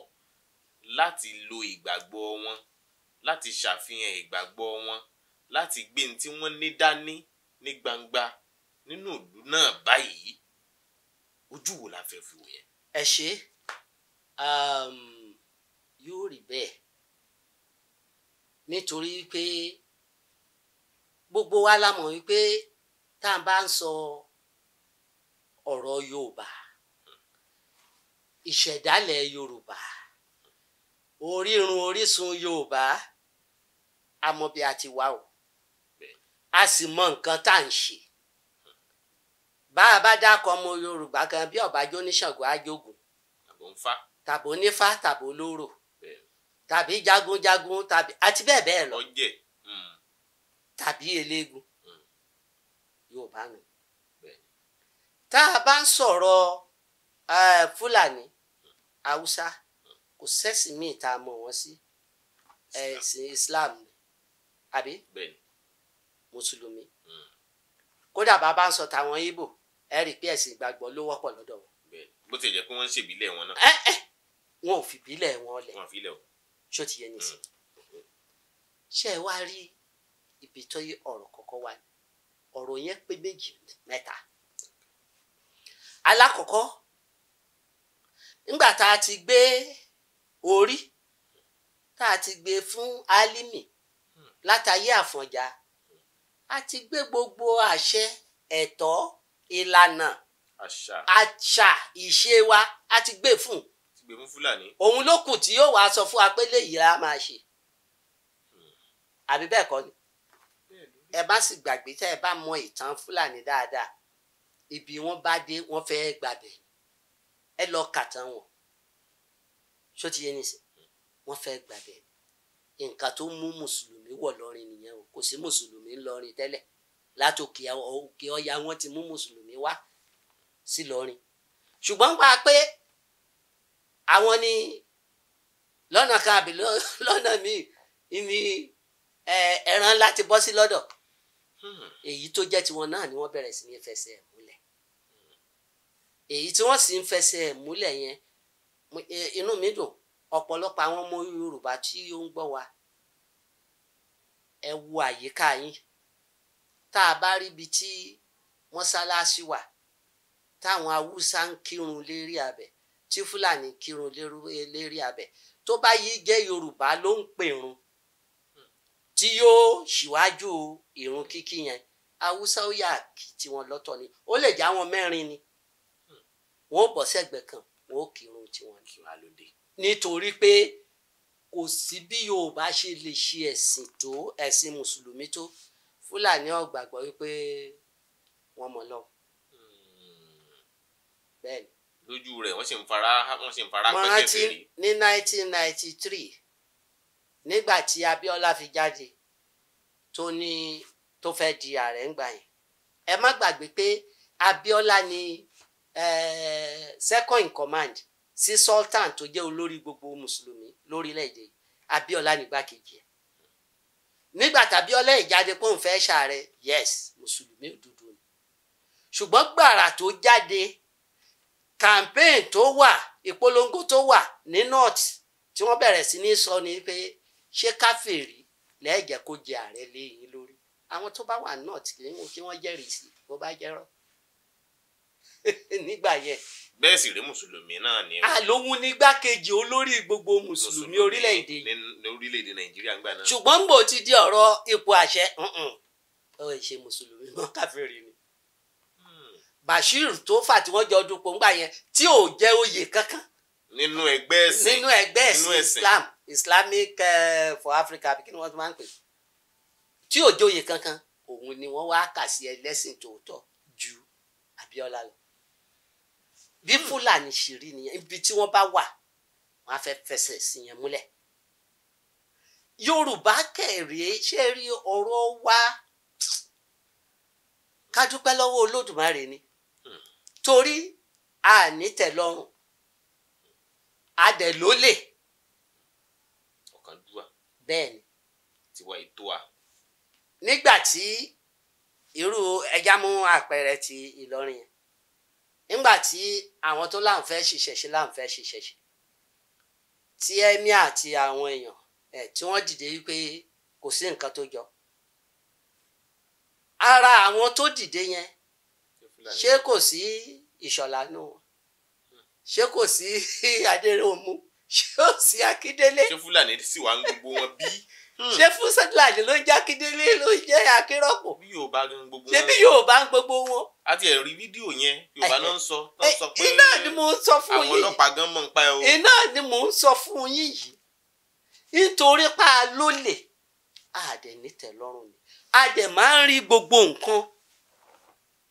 láti lo ìgbàgbọ́ wọn láti ṣàfihàn ìgbàgbọ́ wọn láti gbé ní tí wọ́n ní dání ní gbangba nínú ìlú náà báyìí ojú wo la fẹ́ fi wò yẹn. ẹ ṣe um, yóò rí bẹ́ẹ̀ nítorí pé gbogbo wa la mọ̀ wípé tá a bá ń sọ ọ̀rọ̀ Yorùbá ìṣẹ̀dálẹ̀ Yorùbá orírun orísun Yorùbá a mọ̀ bí o a sì mọ nǹkan tá à ń ṣe bá a bá dákọ ọmọ yorùbá kan bí ọba jóníṣàngó ajogun tàbó nífá tàbó lóró tàbí jagunjagun tàbí àti bẹ́ẹ̀ bẹ́ẹ̀ lọ hmm. tàbí eléégún hmm. yorùbá nù tá a bá ń sọ̀rọ̀ eh, fúlàní haúsá kò sẹ́sìn míì tá a mọ̀ wọ́n sí ẹ̀sìn islam àbí. bẹ́ẹ̀ni mùsùlùmí hmm. kódà bàbá ń sọ tàwọn ibo ẹ rí i pé ẹ̀sìn ìgbàgbọ́ ló wọ́pọ̀ lọ́dọ̀ wọn. bó ti jẹ́ pé wọ́n ń ṣèbílẹ̀ wọn náà. ẹ ẹ wọn ò fìbílẹ̀ wọn lẹ̀ ṣó ti yẹ nìsín hmm. ṣé ẹ wá rí ibi tó yí ọ̀rọ̀ kọ̀ọ̀kan wá ọ̀rọ̀ yẹn pé méjì mẹ́ta alákọ̀ọ́kọ́ ńgbà tá a ti gbé orí tá a ti gbé fún álímì hmm. látàyé àfọ̀njá a ti gbé gbogbo àṣẹ ẹ̀tọ́ ìlànà àṣà ìṣe wa a ti gbé fún òun ló kù tí yóò wá sọ fún wa pé léyìí la máa ṣe hmm. àbí bẹ́ẹ̀ kọ́ ni ẹ bá sì gbàgbé tẹ́ ẹ bá mọ ìtàn fúlàní dáadáa ibi wọ́n bá dé wọ́n fẹ́ gbàbẹ̀ ẹ lọ kàtàn wọn ṣó ti yé nìsín hmm. wọ́n fẹ́ gbàbẹ̀ ni nǹkan tó mú mùsùlùmí wọ̀ lọ́rin nìyẹn o kò sí mùsùlùmí ńlọrin tẹ́lẹ̀ láti òkè òkè ọya wọn ti mú mùsùlùmí wá sí lọ́rin ṣùgbọ́n pa pé àwọn ni lọ́nà kan àbí (laughs) lọ́nà míì ni ẹran láti bọ́ sí lọ́dọ̀ èyí tó jẹ́ tiwọn náà ni wọ́n bẹ̀rẹ̀ sí ní fẹsẹ̀ múlẹ̀ èyí tí wọ́n sì ń fẹsẹ̀ múlẹ̀ yẹn inú mi dùn ọ̀pọ̀lọpọ̀ àwọn ọmọ Yorùbá tí ó ń gbọ́ wa ẹ wo àyíká yín tá a bá ríbi tí mọ́sálásí wà táwọn haúsá ń kírun lérí abẹ tí fúlàní kírun lérí abẹ tó bá yí jẹ́ Yorùbá ló ń pèrun tí yóò ṣíwájú ìrun kíkí yẹn haúsá ó yà kí tiwọn lọ́tọ̀ ni ó lè jẹ́ àwọn mẹ́rin ni wọn ò bọ́ sẹ́gbẹ̀ẹ́ kan wọn ò kírun tiwọn nítorí pé kò sí bí Yorùbá ṣe lè ṣe ẹ̀sìn tó ẹ̀sìn mùsùlùmí tó Fúlàní ò gbàgbọ́ wípé wọ́n mọ̀ lọ́wọ́ hmm. bẹ́ẹ̀ ni lójú rẹ̀ wọ́n sì ń fara wọ́n sì ń fara pẹ́kẹ́ fèrè. ní nineteen nígbà tí Abíọ́lá fi jáde tó ní tó fẹ́ di ààrẹ ńgbà yẹn ẹ má gbàgbé pé Abíọ́lá ni eh, second in command sí sultan tó jẹ́ olórí gbogbo mùsùlùmí lórílẹ̀‐èdè abíọ́lá nígbàkejì ẹ̀ nígbà tàbíọ́lá ìjáde pé òun fẹ́ ṣàárẹ̀ yes mùsùlùmí òdodo ni ṣùgbọ́n gbàrà tó jáde campaign tó wà ìpolongo tó wà ní north tí wọ́n bẹ̀rẹ̀ sí ní sọ ni pé ṣé káfíìrì lẹ́ẹ̀jẹ̀ kó jẹ ààrẹ léyìn lórí àwọn tó bá wà north kí wọ́n jẹ́rìí sí bó bá jẹ́rọ́ (laughs) nígbà yẹn bẹ́ẹ̀ sì rí mùsùlùmí náà ni. àlòun ni igbákejì olórí gbogbo mùsùlùmí orílẹ̀-èdè. ní orílẹ̀-èdè nàìjíríà ń gbà náà. ṣùgbọ́n gbò ti di ọ̀rọ̀ ipò àṣẹ ọ̀ ìṣe mùsùlùmí mọ́ káfíìrì ni. Hmm. bashir tó fà tí wọ́n jọ dupò ńgbà yẹn tí ò jẹ́ oyè kankan. nínú ẹgbẹ́ ẹ̀sìn nínú ẹgbẹ́ ẹ̀sìn islam islamic uh, for africa kí ni wọ́n ti máa ń pè tí ò jẹ́ oyè kankan òun ni wọ́n wá kà sí ẹlẹ́sìn tòótọ́ ju abiola lọ bí hmm. fúlàní ṣe rí nìyẹn ibi tí wọ́n bá wà wọ́n á fẹ́ fẹsẹ̀ sí yẹn múlẹ̀ yorùbá kẹrìí ṣe rí ọ̀rọ̀ wa ká dúpẹ́ olódùmarè ni hmm. torí a ní tẹ́lọ́rùn a dẹ̀ ló lè. Hmm. ọ̀kánjúwà. bẹ́ẹ̀ ni. tiwa ètò a. nígbà tí irú ẹja mú àpẹẹrẹ ti Ìlọrin yẹn nígbà tí àwọn tó láǹfẹ́ ṣiṣẹ́ ṣe láǹfẹ́ ṣiṣẹ́ ṣe tí ẹ̀mí àti àwọn èèyàn ẹ̀ tí wọ́n dìde wípé kò sí nǹkan tó jọ ara àwọn tó dìde yẹn ṣé kò sí ìṣọ̀lá nù wọn ṣé kò sí adéròmù ṣé kò sí akíndélé ṣé fúlàní sì wà ń gbogbo wọn bí Hmm. ṣé fún sẹ́dílàjì ló ń jẹ́ akíndélé ló ń jẹ́ akérọ́pọ̀. bí yorùbá ń gbogbo wọn. ṣé bí yorùbá ń gbogbo wọn. a ti rí fídíò yẹn yorùbá ló ń eh, sọ pé iná ni mò ń sọ fún yín àwọn ọlọ́pàá gan mọ̀ ń pa ẹ o. iná ni mò ń sọ fún yín yìí nítorí pa lólè àdẹ̀ nítẹ̀lọ́rùn ni àdẹ̀ máa ń rí gbogbo nǹkan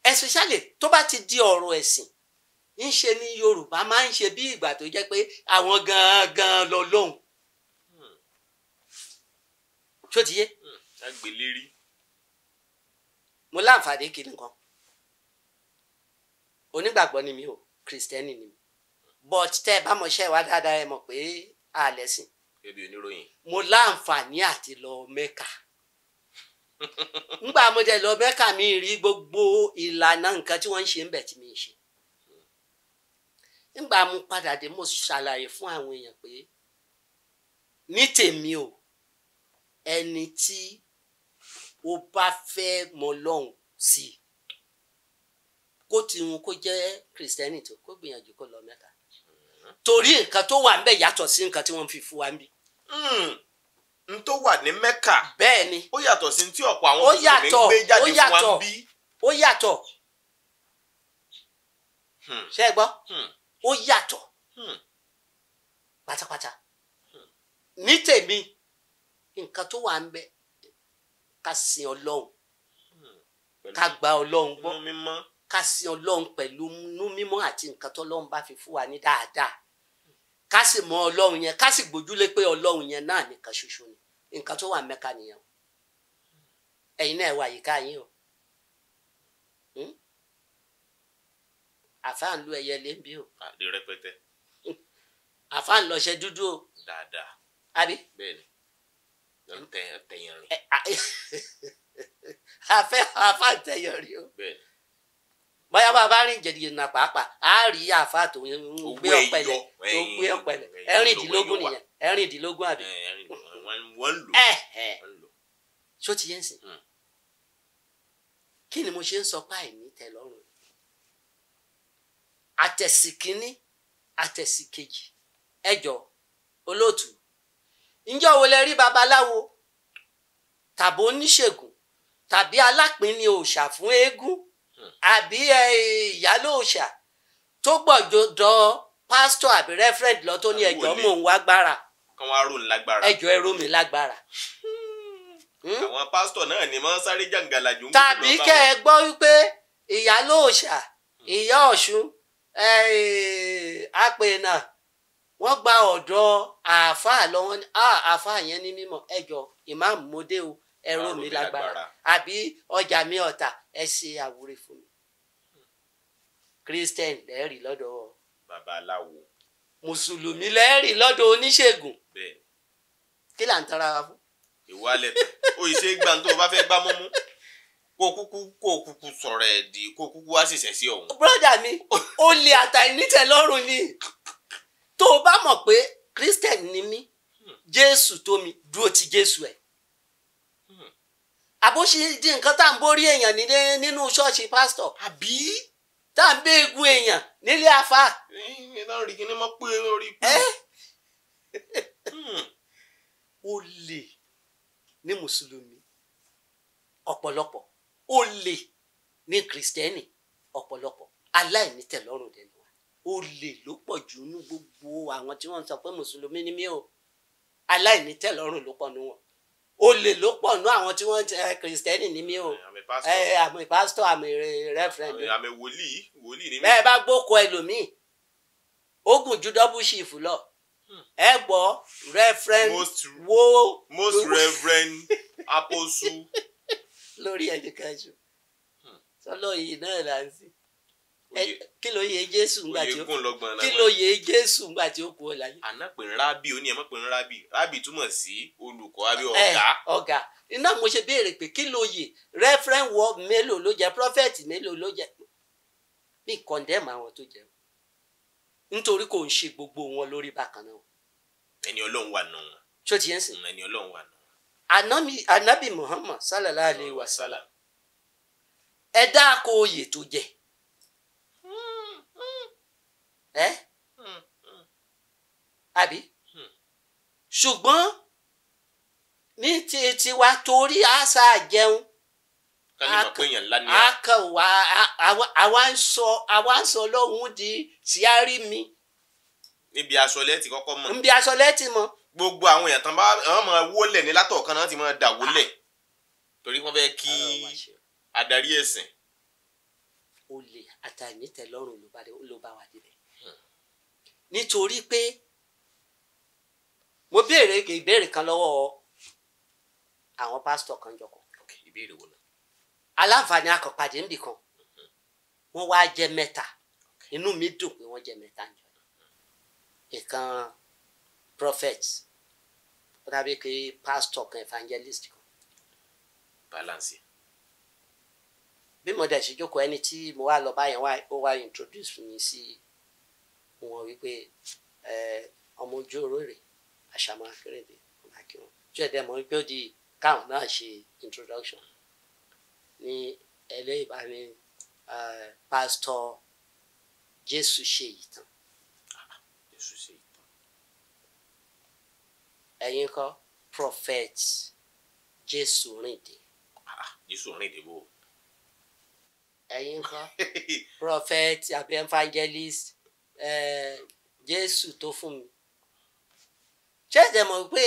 especially tó bá ti di ọ̀rọ̀ ẹ̀sìn ńṣe ni yorùbá máa ń ṣe bí ìgbà tó jẹ́ pé àwọn gangan lọ lóhùn tó ti yé. Hmm, agbèlérí. mo láǹfààní kí nǹkan onígbàgbọ́ ni mi o kìrìsìtẹ́nì ni mi but tẹ́ ẹ bá mọ̀ iṣẹ́ wa dáadáa ẹ mọ̀ pé a lẹ̀ sìn. ebi oníròyìn. mo láǹfààní àti lọ mẹ́ka ngbà mo jẹ lọ mẹ́ka mi rí gbogbo ìlànà nǹkan tí wọ́n ń ṣe ń bẹ̀ tí mi ń ṣe nígbà mo padà dé mo ṣàlàyé fún àwọn èèyàn pé ní tèmi o ẹni tí o bá fẹ́ mọ lọ́hùn sí i kó tiwọn kó jẹ́ kìrìsìtẹ́nì tó kó gbìyànjú kó lọ mẹ́ka torí nǹkan tó wà ńbẹ̀ yàtọ̀ sí nǹkan tí wọ́n fi fún wa ńbí. Hmm. n tó wà ní mẹ́ka bẹ́ẹ̀ ni ó yàtọ̀ sí tí ọ̀pọ̀ àwọn mùsùlùmí ń gbé jáde fún wa ńbí. ó yàtọ̀ hmm. ṣé ẹ gbọ́ hmm. ó yàtọ̀ pátápátá ní tèmi. Hmm nǹkan tó wà ń bẹ ká sin ọlọ́run hmm, ká gba ọlọ́run gbọ́ ká sin ọlọ́run pẹ̀lú inú mímọ́ àti nǹkan tó ọlọ́run bá fi fún wa ní dáadáa ká sì mọ ọlọ́run yẹn ká sì gbójúlé pé ọlọ́run yẹn náà nìkan ṣoṣo ni nǹkan tó wà mẹ́ka nìyẹn ẹ̀yin náà wà yíká yín o hmm? àfa ń lo ẹyẹ lẹ́ńbí o. àdé hmm. àfa ń lọ ṣe dúdú o. dáadáa. àbí. bẹ́ẹ̀ni ló tẹ àtẹyàn rìn. àfẹ́ (laughs) àfa àtẹyàn rìn o. bóyá bá a bá rìn jẹ̀dìjẹ̀ nà pàápàá á rí àfa tó ń gbé ọ̀pẹ̀lẹ̀ tó ń gbé ọ̀pẹ̀lẹ̀ ẹ̀rìndínlógún nìyẹn ẹ̀rìndínlógún àbí. wọ́n lò wọ́n lò. ṣó ti yẹn sìn. Hmm. kí ni mo ṣe ń sọ páì ní tẹ́lọ́rùn àtẹ̀sí kínní àtẹ̀sí kejì ẹjọ́ olóòtú ǹjẹ́ òun lè rí babaláwo tàbí oníṣègùn tàbí alápínní òòṣà fún eégún hmm. àbí ìyálò òòṣà tó gbọ́dọ̀ dọ pásítọ̀ àbí rẹ́fẹ̀rẹ̀d lọ tó ní ẹjọ́ mò ń wá gbára ẹjọ́ ẹrú mi lágbára. Hmm? àwọn pásítọ̀ náà ni wọ́n sáré jàǹgàlà jù. tàbí kẹ́ ẹ gbọ́ wípé ìyálò òòṣà hmm. ìyá ọ̀ṣun àpè náà wọ́n gba ọ̀dọ̀ àáfàá lọ́wọ́ ní àáfàá yẹn ní mímọ̀ ẹjọ́ ìmáàmù mọ́dé o ẹ̀rọ mi lágbára àbí ọjà mi ọ̀tà ẹ ṣe àwúre fún mi. Christian lẹ́ẹ̀rì lọ́dọ̀ babaláwo mùsùlùmí lẹ́ẹ̀rì lọ́dọ̀ oníṣègùn kí là ń tara wa fún. ìwálẹ̀ o ì ṣe gbà tó o bá fẹ́ gbá mọ́mú kó kúkú kó kúkú sọ̀rọ̀ ẹ̀ di kó kúkú wá sì ṣẹ̀ sí ọ̀hún. brọ́dà mi ó lè àtàìnítẹ̀ lọ́rùn ni tó o bá mọ̀ pé christian ni mí jésù tó mi dúró ti jésù ẹ̀ àbóṣe di nǹkan tá à ń borí èèyàn nílé nínú ṣọ́ọ̀ṣì pásítọ̀ àbí tá à ń bẹ egun èèyàn nílé afa. ẹ náà rí kíní mọ́ pé orí pé. olè ní mùsùlùmí ọ̀pọ̀lọpọ̀ olè ní kìrìsìtẹ́nì ọ̀pọ̀lọpọ̀ aláìnítẹ̀lọ́rùn dẹnu olè ló pọ̀ jù nú gbogbo àwọn tí wọ́n ń sọ pé mùsùlùmí ni mí o aláìní tẹ́lọ́rùn ló pọ̀ nú wọn olè ló pọ̀ nú àwọn tí wọ́n ẹ kìrìsìtẹ́nì ni mí o ẹ àmì pásítọ̀ àmì rẹ́fẹ̀rẹ́ndì àmì wòlíì wòlíì ni mí. bẹ́ẹ̀ bá gbóko ẹlòmíì ogun ju double shift lọ hmm. ẹ gbọ́ referent wo most reverend (laughs) apostle. lórí ẹnìkan jù hmm. sọlọ yìí náà là ń sìn. kí yẹ jésù ńgbà tí ó kí ló yẹ jésù ńgbà tí ó kú ọ láyé. ànápè rábì sí olùkọ́ ọ̀gá. ọ̀gá iná mo ṣe béèrè pé kí yẹ referent mélòó ló jẹ prophet mélòó ló jẹ mi àwọn tó jẹ nítorí kò gbogbo wọn lórí bákan náà. ẹni ọlọ́run wà ẹni ọlọ́run wà muhammad sallallahu alayhi wa sallam oyè tó ẹ́ hmm, hmm. àbí hmm. ṣùgbọ́n ní ti tiwa torí àṣà jẹun akàn wá àwa ń sọ àwa ń sọ lóhùn di síárì mi. níbi aṣọ lẹ́tì kọ́kọ́ mọ̀. níbi aṣọ lẹ́tì mọ̀. gbogbo àwọn èèyàn tán bá wọn máa wólẹ̀ ní látọ̀ọ̀kan náà ti máa dà wólẹ̀ torí wọ́n fẹ́ kí adarí ẹ̀sìn. olè àtàní tẹ́lọ́rùn ló bá wà dé nítorí pé mo béèrè ìbéèrè kan lọ́wọ́ àwọn pásítọ̀ kan jọkọ̀. okay ìbéèrè wo la. aláǹfààní akọ̀pàdé níbì kan mhm. wọ́n wá jẹ́ mẹ́ta inú mi dùn pé wọ́n jẹ́ mẹ́ta ń jọ ìkan prophet ó dàbí pé pastor kan evangelist kan. balance. bí mo dẹ̀ ṣe jókòó ẹni tí mo wá lọ báyẹn wá introduce mi sí. Si fún wọn wípé ọmọ ojú orórè àṣàmọ akérèdè lákì wọn tí ẹ̀dẹ̀ mọ̀ wípé ó di káwọn náà ṣe introduction ní ẹlẹ́yìnbá ní pásítọ̀ Jésù ṣe ìtàn. Jésù ṣe ìtàn. ẹ̀yin kọ́ prophet Jésù rìndé. Ah, Jésù rìndé bò. ẹ̀yin kọ́ (laughs) prophet àbí evangelist Eh, jésù tó fún mi ṣẹ̀ṣẹ̀ mọ̀ pé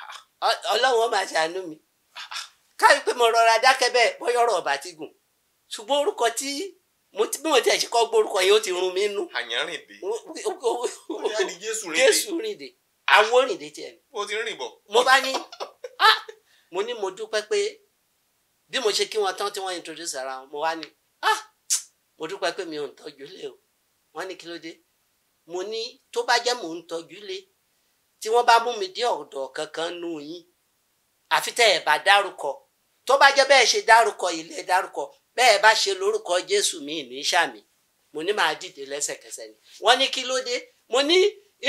ah, ah, ọlọ́run ó máa ṣàánú mi ah, káyọ̀ pé mo rọra dákẹ́ bẹ́ẹ̀ bọ́yọ̀ ọ̀rọ̀ ọ̀bà ti gùn ṣùgbọ́n orúkọ tí mo ti bí mo ti ẹ̀ ṣe kọ́ gbórúkọ yìí ó ti rún mi nú. àyànrìndé jésù rìndé àwọn rìndé tiẹ̀ ni. o ti rìn bọ̀. mo bá ní mo ní mo dúpẹ́ pé bí mo ṣe kí wọn tán tí wọ́n introduce ara wọn mo wá ní mo dúpẹ́ pé mi ò ń tọ́jú lé o wọ́n ní kí ló dé mo ní tó bá jẹ́ mò ń tọ́jú lé tí wọ́n bá mú mi dé ọ̀dọ̀ kankan nù yín àfi tẹ́ ẹ̀ bá dárúkọ tó bá jẹ́ bẹ́ẹ̀ ṣe dárúkọ ilé dárúkọ bẹ́ẹ̀ bá ṣe lórúkọ jésù mi ní sàmì mo ní máa dìde lẹ́sẹ̀kẹsẹ̀ ni wọ́n ní kí ló dé mo ní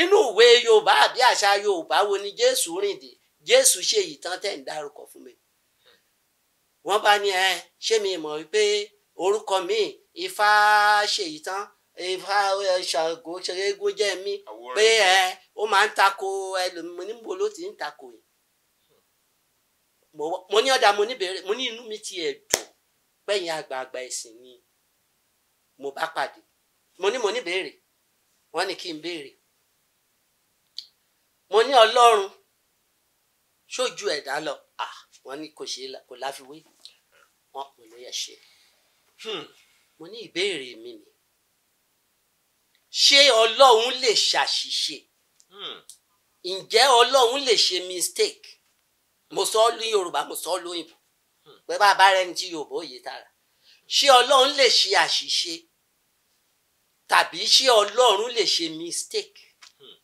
inú ìwé yorùbá àbí àṣà yorùbá wo ni jésù rìn dé jésù ṣe ìtàn tẹ̀ ń dárúkọ fún mi wọ́n bá ní ẹ ṣé mi mọ̀ wípé orúkọ mi ifá ṣe ìtàn ṣàgó uh, ṣerégó jẹ́ mi pé ẹ ó máa ń tako ẹlòmíràn níbo ló ti ń tako yìí mo ní ọ̀dà mo ní bèrè mo ní inú mi ti ẹ̀ dùn pẹ̀yìn àgbààgbà ẹ̀sìn ni mo bá pàdé mo ní mo ní bèrè wọ́n ní kí n béèrè mo ní ọlọ́run ṣojú ẹ̀dá lọ wọ́n ní kò ṣeé kò láfiwé wọ́n pè ló ṣe mo ní ìbéèrè mi ni ṣé ọlọ́run lè ṣàṣìṣe hmm. ǹjẹ́ ọlọ́run lè ṣe mistake mo sọ ọ́ ní yorùbá mo sọ ọ́ lóyìnbó hmm. pé bàbá rẹ ń jí yorùbá òye tara ṣé ọlọ́run lè ṣe àṣìṣe tàbí ṣé ọlọ́run lè ṣe mistake hmm.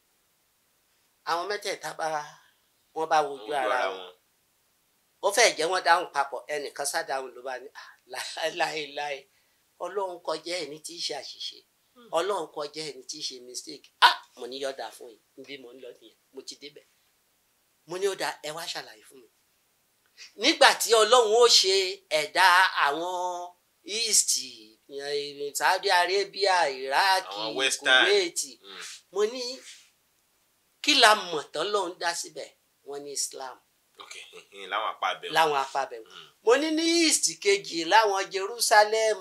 àwọn mẹ́tẹ̀ẹ̀ta bá wọn bá wojú ara wọn ó fẹ́ jẹ́ wọ́n dáhùn papọ̀ ẹnìkan sá dáhùn ló bá ní ah, láéláé ọlọ́run kọjá ẹni tí í ṣe àṣìṣe ọlọ́run kọjá ẹni tí í ṣe mistake ah mo ní yọ̀dà fún yìí níbi mo ń lọ nìyẹn mo ti débẹ̀ mo ní yọ̀dà ẹ wá ṣàlàyé fún mi nígbà tí ọlọ́run ó ṣe ẹ̀dá àwọn east eh, Saudi Arabia Iraq Kuwait hmm. mo ní kí la mọ̀ tọ́lọ́run dá síbẹ̀ wọ́n ní Islam láwọn apá bẹ̀rù láwọn apá bẹ̀rù hmm. mo ní ní east kejì láwọn Jerusalem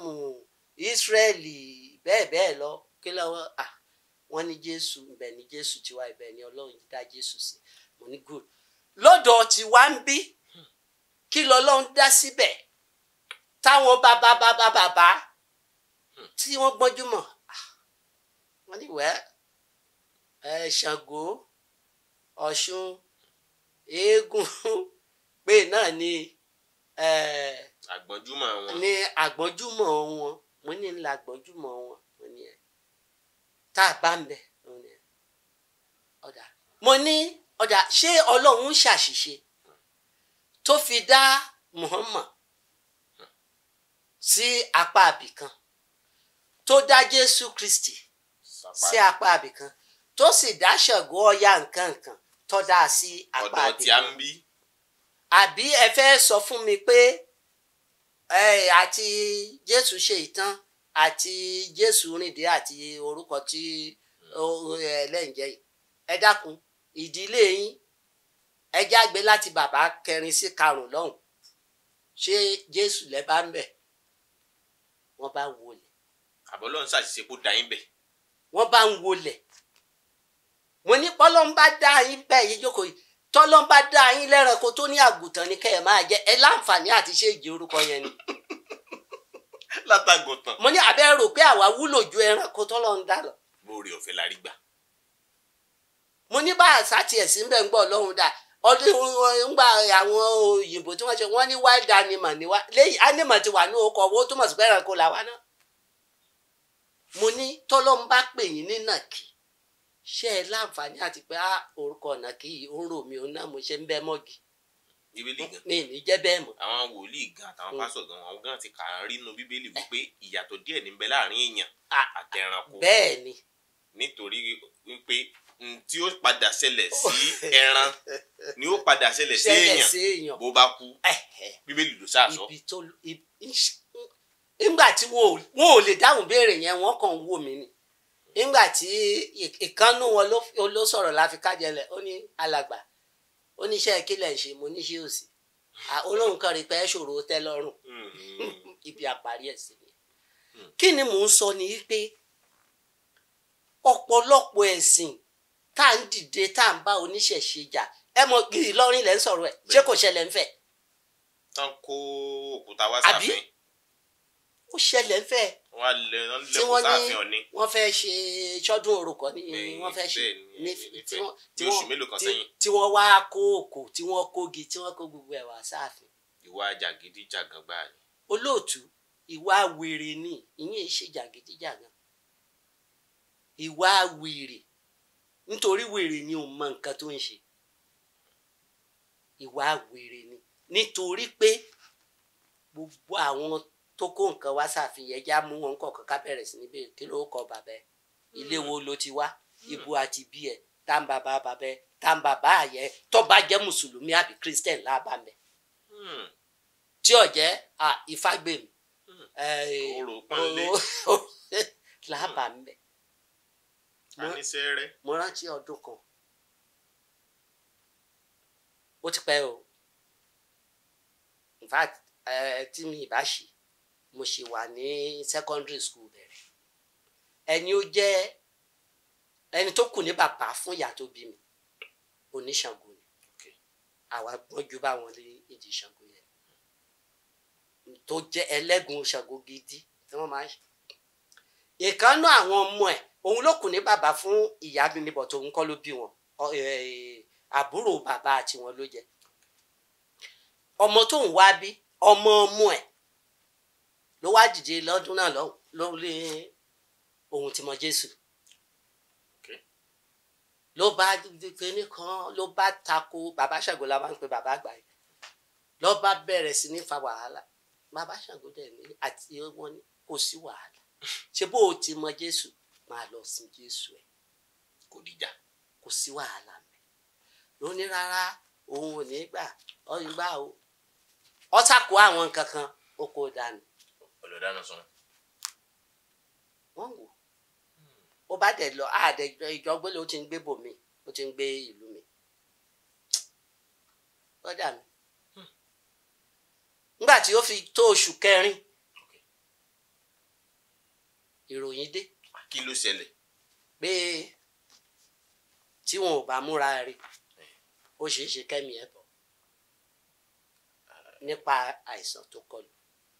Israeli bẹ́ẹ̀ bẹ́ẹ̀ lọ kí lọ́wọ́ à wọ́n ní jésù ibẹ̀ ni jésù ti wá ibẹ̀ ni ọlọ́run dá jésù sí mo ní good lọ́dọ̀ tí wá ń bí kí lọ́lọ́run dá síbẹ̀ táwọn bàbá bàbá bàbá tí wọ́n gbọ́njú mọ̀ wọ́n ní wẹ́ ẹ ṣàngó ọ̀ṣun eégún pé náà ni àgbọ̀njúmọ̀ wọn ni àgbọ̀njúmọ̀ wọn wọ́n ní ńlá gbọ́júmọ̀ wọn wọ́n ní ẹ̀ tá a bá ń bẹ̀ wọ́n ní ẹ̀ ọ̀dà mo ní ọ̀dà ṣé ọlọ́run ṣàṣìṣe tó fi dá Muhammad sí apá abìkan tó dá Jésù Kristi sí apá abìkan tó sì dá Ṣàngó Ọya nǹkan nǹkan tó dá sí apá abìkan àbí ẹ fẹ́ sọ fún mi pé. Eh, àti jésù ṣe ìtàn àti jésù rìndé àti orúkọ tí ẹlẹ́ǹjẹ́ eh, yìí ẹ dákun ìdílé yín ẹ jágbe láti bàbá kẹrin sí karùn lọ́hùn ṣé jésù lẹ bá ń bẹ̀ wọ́n bá wọlé. àbọ̀lọ́ ń ṣàṣìṣe kó da yín bẹ̀. wọ́n bá ń wọlé mo ní pọ́lọ́ ń bá dá yín bẹ́ẹ̀ yín yìí tọ́lọ́n bá dá yín lẹ́ranko tó ní àgùntàn ni kẹ́ ẹ̀ máa jẹ ẹ láǹfààní àti ṣéèjì orúkọ yẹn ni. (laughs) látàgùntàn. mo ní àbẹ́ rò pé àwa wúlò ju ẹranko tọ́lọ́n dá lọ. bóore ọ̀fẹ́ la rí gbà. mo ní bá àṣà tiẹ̀ sí bẹ́ẹ̀ ń gbọ́ ọlọ́run dà ọdún gba àwọn òyìnbó tí wọ́n ṣe wọ́n ní wild animal ni wá lẹ́yìn animal ti wà ní ọkọ̀ owó tó mọ̀ sí pé ẹranko làwa náà. mo ní tọ́lọ́n ṣé ẹ láǹfààní àti pé orúkọ ọ̀nà kì í ń rò mí òun náà mo ṣe ń bẹ́ mọ́gì. bíbélì gan mi ní jẹ́ bẹ́ẹ̀ mọ́. àwọn wòlíì gan àtàwọn hmm. pásọ gan àwọn gan ti kà á rí inú bíbélì eh. wípé ìyàtọ̀ díẹ̀ ní bẹ láàrin èèyàn àtẹranko. bẹ́ẹ̀ ni. nítorí wípé tí ó padà ṣẹlẹ̀ oh. sí ẹran ni ó padà ṣẹlẹ̀ sí èèyàn bó bá kú bíbélì ló sá sọ. nígbà tí wọn ò lè dáhùn béèrè yẹn wọn kàn wò mí ni nígbà tí ìkànnù wọn ló sọ̀rọ̀ la fi kájẹlẹ̀ ó ní alàgbà ó ní iṣẹ́ kílẹ̀ ń ṣe mo ní ṣe òsì olóhùn kan rí pé ẹ ṣòro tẹ́ lọ́rùn mm-hmm. (laughs) ibi àparí ẹ̀ sí ni mm. kí ni mò ń sọ ni pé ọ̀pọ̀lọpọ̀ ẹ̀sìn tá à ń dìde tá à ń bá oníṣẹ̀ṣe jà ẹ mọ gírì lọ́rin lẹ́ ń sọ̀rọ̀ ẹ̀ ṣé kò ṣẹlẹ̀ ń fẹ́. tán kó òkúta wá sáfẹ́. àbí ó ṣẹlẹ̀ ń fẹ́ wọ́n lè kó sáàfin ọ̀ní. wọ́n fẹ́ ṣe ṣọ́dún orúkọ ni wọ́n fẹ́ ṣe ní oṣù mélòó kan sẹ́yìn. tí wọ́n wá kó òkò tí wọ́n kógi tí wọ́n kó gbogbo ẹ̀ wá sáàfin. ìwà jàgídíjàgan gbáà ni. olóòtú ìwà wèrè ni ìyẹn ṣe jàgídíjàgan ìwà wèrè nítorí wèrè ni ò mọ nǹkan tó ń ṣe ìwà wèrè ni nítorí pé gbogbo àwọn tó kó nǹkan wá sàfihàn ẹja mú wọn kọ̀ọ̀kan ká bẹ̀rẹ̀ sí níbẹ̀ kí ló kọ bàbá ẹ ilé hmm. wo ló ti wá hmm. ibo àti bí ẹ tá n bàbá bàbá ẹ àyẹ tó jẹ́ mùsùlùmí àbí christian lábà mẹ́ hmm. tí ò jẹ́ ìfagbèmí òrò pánlé lábà mẹ́ mo rántí ọdún kan ó ti pẹ́ o in fact tí mi ì bá ṣe mo ṣì wà ní secondary school bẹ̀rẹ̀ ẹni ó jẹ́ ẹni tó kù ní bàbá fún ìyá tó bí mi oníṣàngó ni àwa gbọ́n ju báwọn lé ìdí ṣàngó yẹn tó jẹ́ ẹlẹ́gùn ṣàngó gidi tí wọ́n máa ń ṣe ìkànnà àwọn ọmọ ẹ̀ òun ló kù ní bàbá fún ìyá mi níbọ̀ tó ń kọ́ ló bí wọn àbúrò bàbá tiwọn ló jẹ ọmọ tó ń wá bí ọmọ ọmọ ẹ̀ ló wá dìde lọ́dún náà lórí ohun tí mọ Jésù ló bá kíní kan ló bá tako bàbá Ṣàngó la máa ń pe bàbá àgbà yìí ló bá bẹ̀rẹ̀ sí ní fa wàhálà bàbá Ṣàngó dẹ̀ ní àti wọn ní kò sí wàhálà (laughs) ṣé bó o ti mọ Jésù máa lọ sin Jésù ẹ̀ kò dìjà kò sí wàhálà mẹ ló rárá òun ò ní gbà ọyìn gbà o ọtakò àwọn nǹkan kan ó dànù lọ dáná sun. wọ́n wò ó bá dẹ̀ lọ àdẹ ìjọ gbélé ó ti ń gbé bòmí ó ti ń gbé ìlú mi lọ́dà mi hmm. nígbà tí ó fi tó oṣù kẹrin ìròyìn dé. kí ló ṣẹlẹ̀. pé tí wọn ò bá múra rí ó ṣeé ṣe kẹ́mi ẹ̀ bọ̀ ah. nípa àìsàn tó kọlù.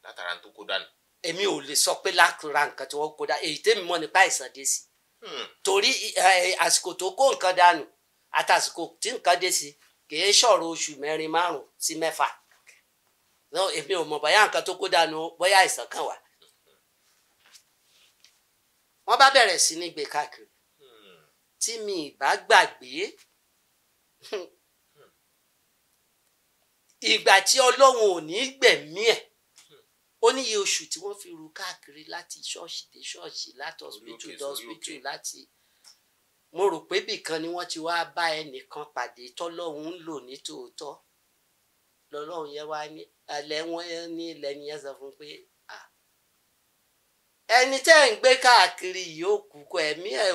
látara tó kó dànù èmi ò lè sọ pé lákùrà nǹkan tí wọ́n kó dá èyí tèmi mọ̀ nípa àìsàn dé sí hmm. torí àsìkò tó kó nǹkan dànù àtàsìkò tí nǹkan dé sí kìí ṣọ̀rọ̀ oṣù mẹ́rin márùn sí mẹ́fà èmi ò mọ̀ bóyá nǹkan tó kó dànù bóyá àìsàn kan wà wọ́n bá bẹ̀rẹ̀ sí ní gbé káàkiri hmm. tí mi ìbá gbàgbé hmm. ìgbà tí ọlọ́run ò ní gbẹ̀mí ẹ̀ ó níye oṣù tí wọ́n fi rù káàkiri láti ṣọ́ọ̀ṣì dé ṣọ́ọ̀ṣì láti hospital dé hospital láti mo rò pé bìkan ni wọ́n ti wá bá ẹnìkan pàdé tọ́lọ́hún ń lò ní tòótọ́ lọ́lọ́hún yẹn wá ní alẹ́ wọn ní ilẹ̀ ni yẹn sọ fún pé ẹni tẹ́ ń gbé káàkiri yìí ó kú kọ ẹ̀mí ẹ̀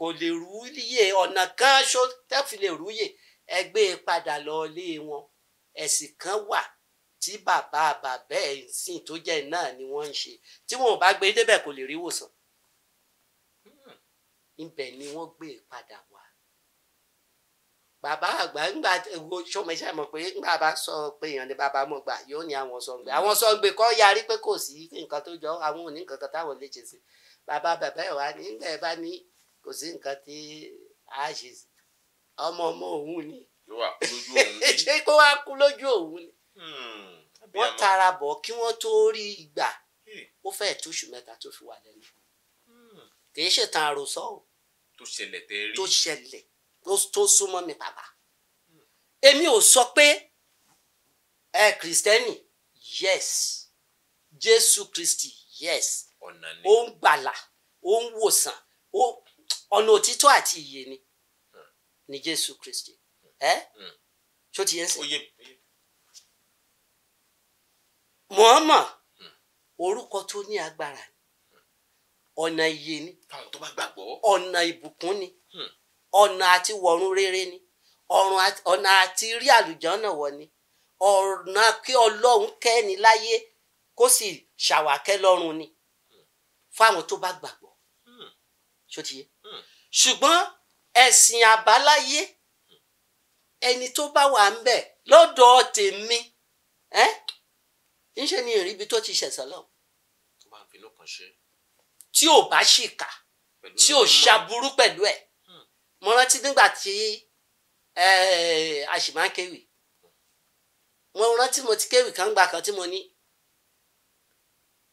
kò lè rúyè ọ̀nà kan ṣó tẹ́fì lè rúyè ẹgbẹ́ e padà lọ ilé wọn ẹ̀sìn kan wà tí bàbá bàbá ẹ̀ ń sìn tó jẹ́ náà ni wọ́n ń ṣe tí wọn ò bá gbé débẹ̀ kò lè rí ìwòsàn hmm. ibẹ̀ ni wọ́n gbé e padà wá bàbá àgbà ńgbà wo sọmọṣẹ mọ̀ pé ńgbà bá sọ pé èèyàn ni bàbá mọ gbà yóò ní àwọn sọǹgbẹ àwọn sọǹgbẹ kò yarí pé kò sí nǹkan tó jọ àwọn ò ní nǹkan kan táwọn lè ṣe sí bàbá bàbá ẹ̀ wá nígbà ẹ̀ bá ní kò sí nǹkan tí a ṣe sí ọmọ ọmọ òun ni (laughs) ṣé kó wá kú lójú òun ni Hmm. wọ́n tara bọ̀ kí wọ́n tó rí ìgbà hmm. ó fẹ́ tóṣù mẹ́ta tó fi wà lẹ́nu hmm. kì í ṣètàn àròsọ o tó ṣẹlẹ̀ tẹ́ rí tó ṣẹlẹ̀ tó súnmọ́ mi bàbá èmi ò sọ pé ẹ kìrìsìtẹ́nì yes jésù kristi yes ó ń gbàlà ó ń wòsàn ọ̀nà òtítọ́ àti ìyè ni ni jésù kristi ẹ tó ti yẹn sè Muhammad hmm. orúkọ tó ní agbára ni hmm. ọ̀nà ìyè ni ọ̀nà ìbùkún ni hmm. ọ̀nà àti wọ̀run rere ni ọ̀nà àti rí àlùjànnà wọ̀ ni ọ̀nà kí ọlọ́run kẹ́ni láyé kó sì ṣàwákẹ́ lọ́run ni fáwọn tó bá gbàgbọ́ ṣòtìyẹ ṣùgbọ́n ẹ̀sìn àbáláyé ẹni tó bá wà ń bẹ̀ lọ́dọ̀ tèmi ńṣe ni ìrìbí tó ti ṣẹ̀sán lọ. tó bá ń fi inú kan ṣe. tí ò bá ṣìkà tí ò ṣàbúrú pẹ̀lú ẹ̀ hmm. mo rántí nígbà tí àṣìmákéwì mo rántí mo ti kéwì kan gbà kan tí mo ní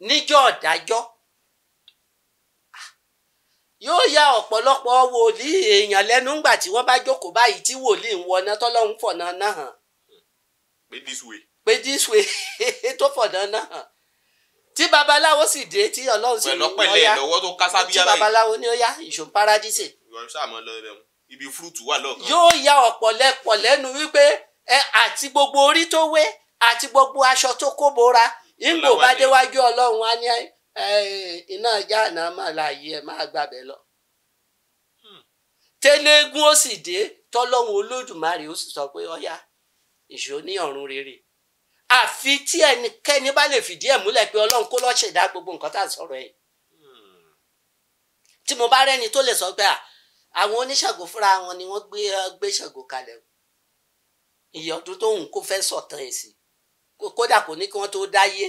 níjọ́ ọ̀dájọ́ ah, yóò ya ọ̀pọ̀lọpọ̀ wòlíì èèyàn lẹ́nu ńgbà tí wọ́n bá jókòó báyìí tí wòlíì ń wọná tọ́lọ́hún fọ̀nà náà hàn. Hmm. pé this way pé Jésù (laughs) tó fọ̀dán náà tí babaláwo sì dé tí Ọlọ́run sì ní ọyá tí babaláwo ní ọyá ìṣó paradíṣe. ibi fúrúùtù wà lọ́ọ̀kan. yóò ya ọ̀pọ̀lọpọ̀ lẹ́nu wípé àti gbogbo orí tó wé àti gbogbo aṣọ tó kó bora ìgbò bá déwájú Ọlọ́run á ní iná ìjà náà máa láàyè ẹ máa gbàbẹ̀ lọ. Hmm. tẹ́lẹ̀gùn ó sì dé tọ́lọ́run Olódùmarè ó sì sọ pé ọyá ìṣó ní ọ̀run rere àfi tí ẹnikẹ́ni bá lè fìdí ẹ̀ múlẹ̀ pé ọlọ́run kó lọ́ọ́ ṣẹ̀dá gbogbo nǹkan tá à sọ̀rọ̀ ẹ̀ tí mo bá rẹ́ni tó lè sọ pé àwọn oníṣàgò fúnra wọn ni wọ́n gbé gbé ṣàgò kalẹ̀ iye ọdún tó ń kó fẹ́ sọ̀tàn ẹ̀ sí kódà kò ní kí wọ́n tó dáyé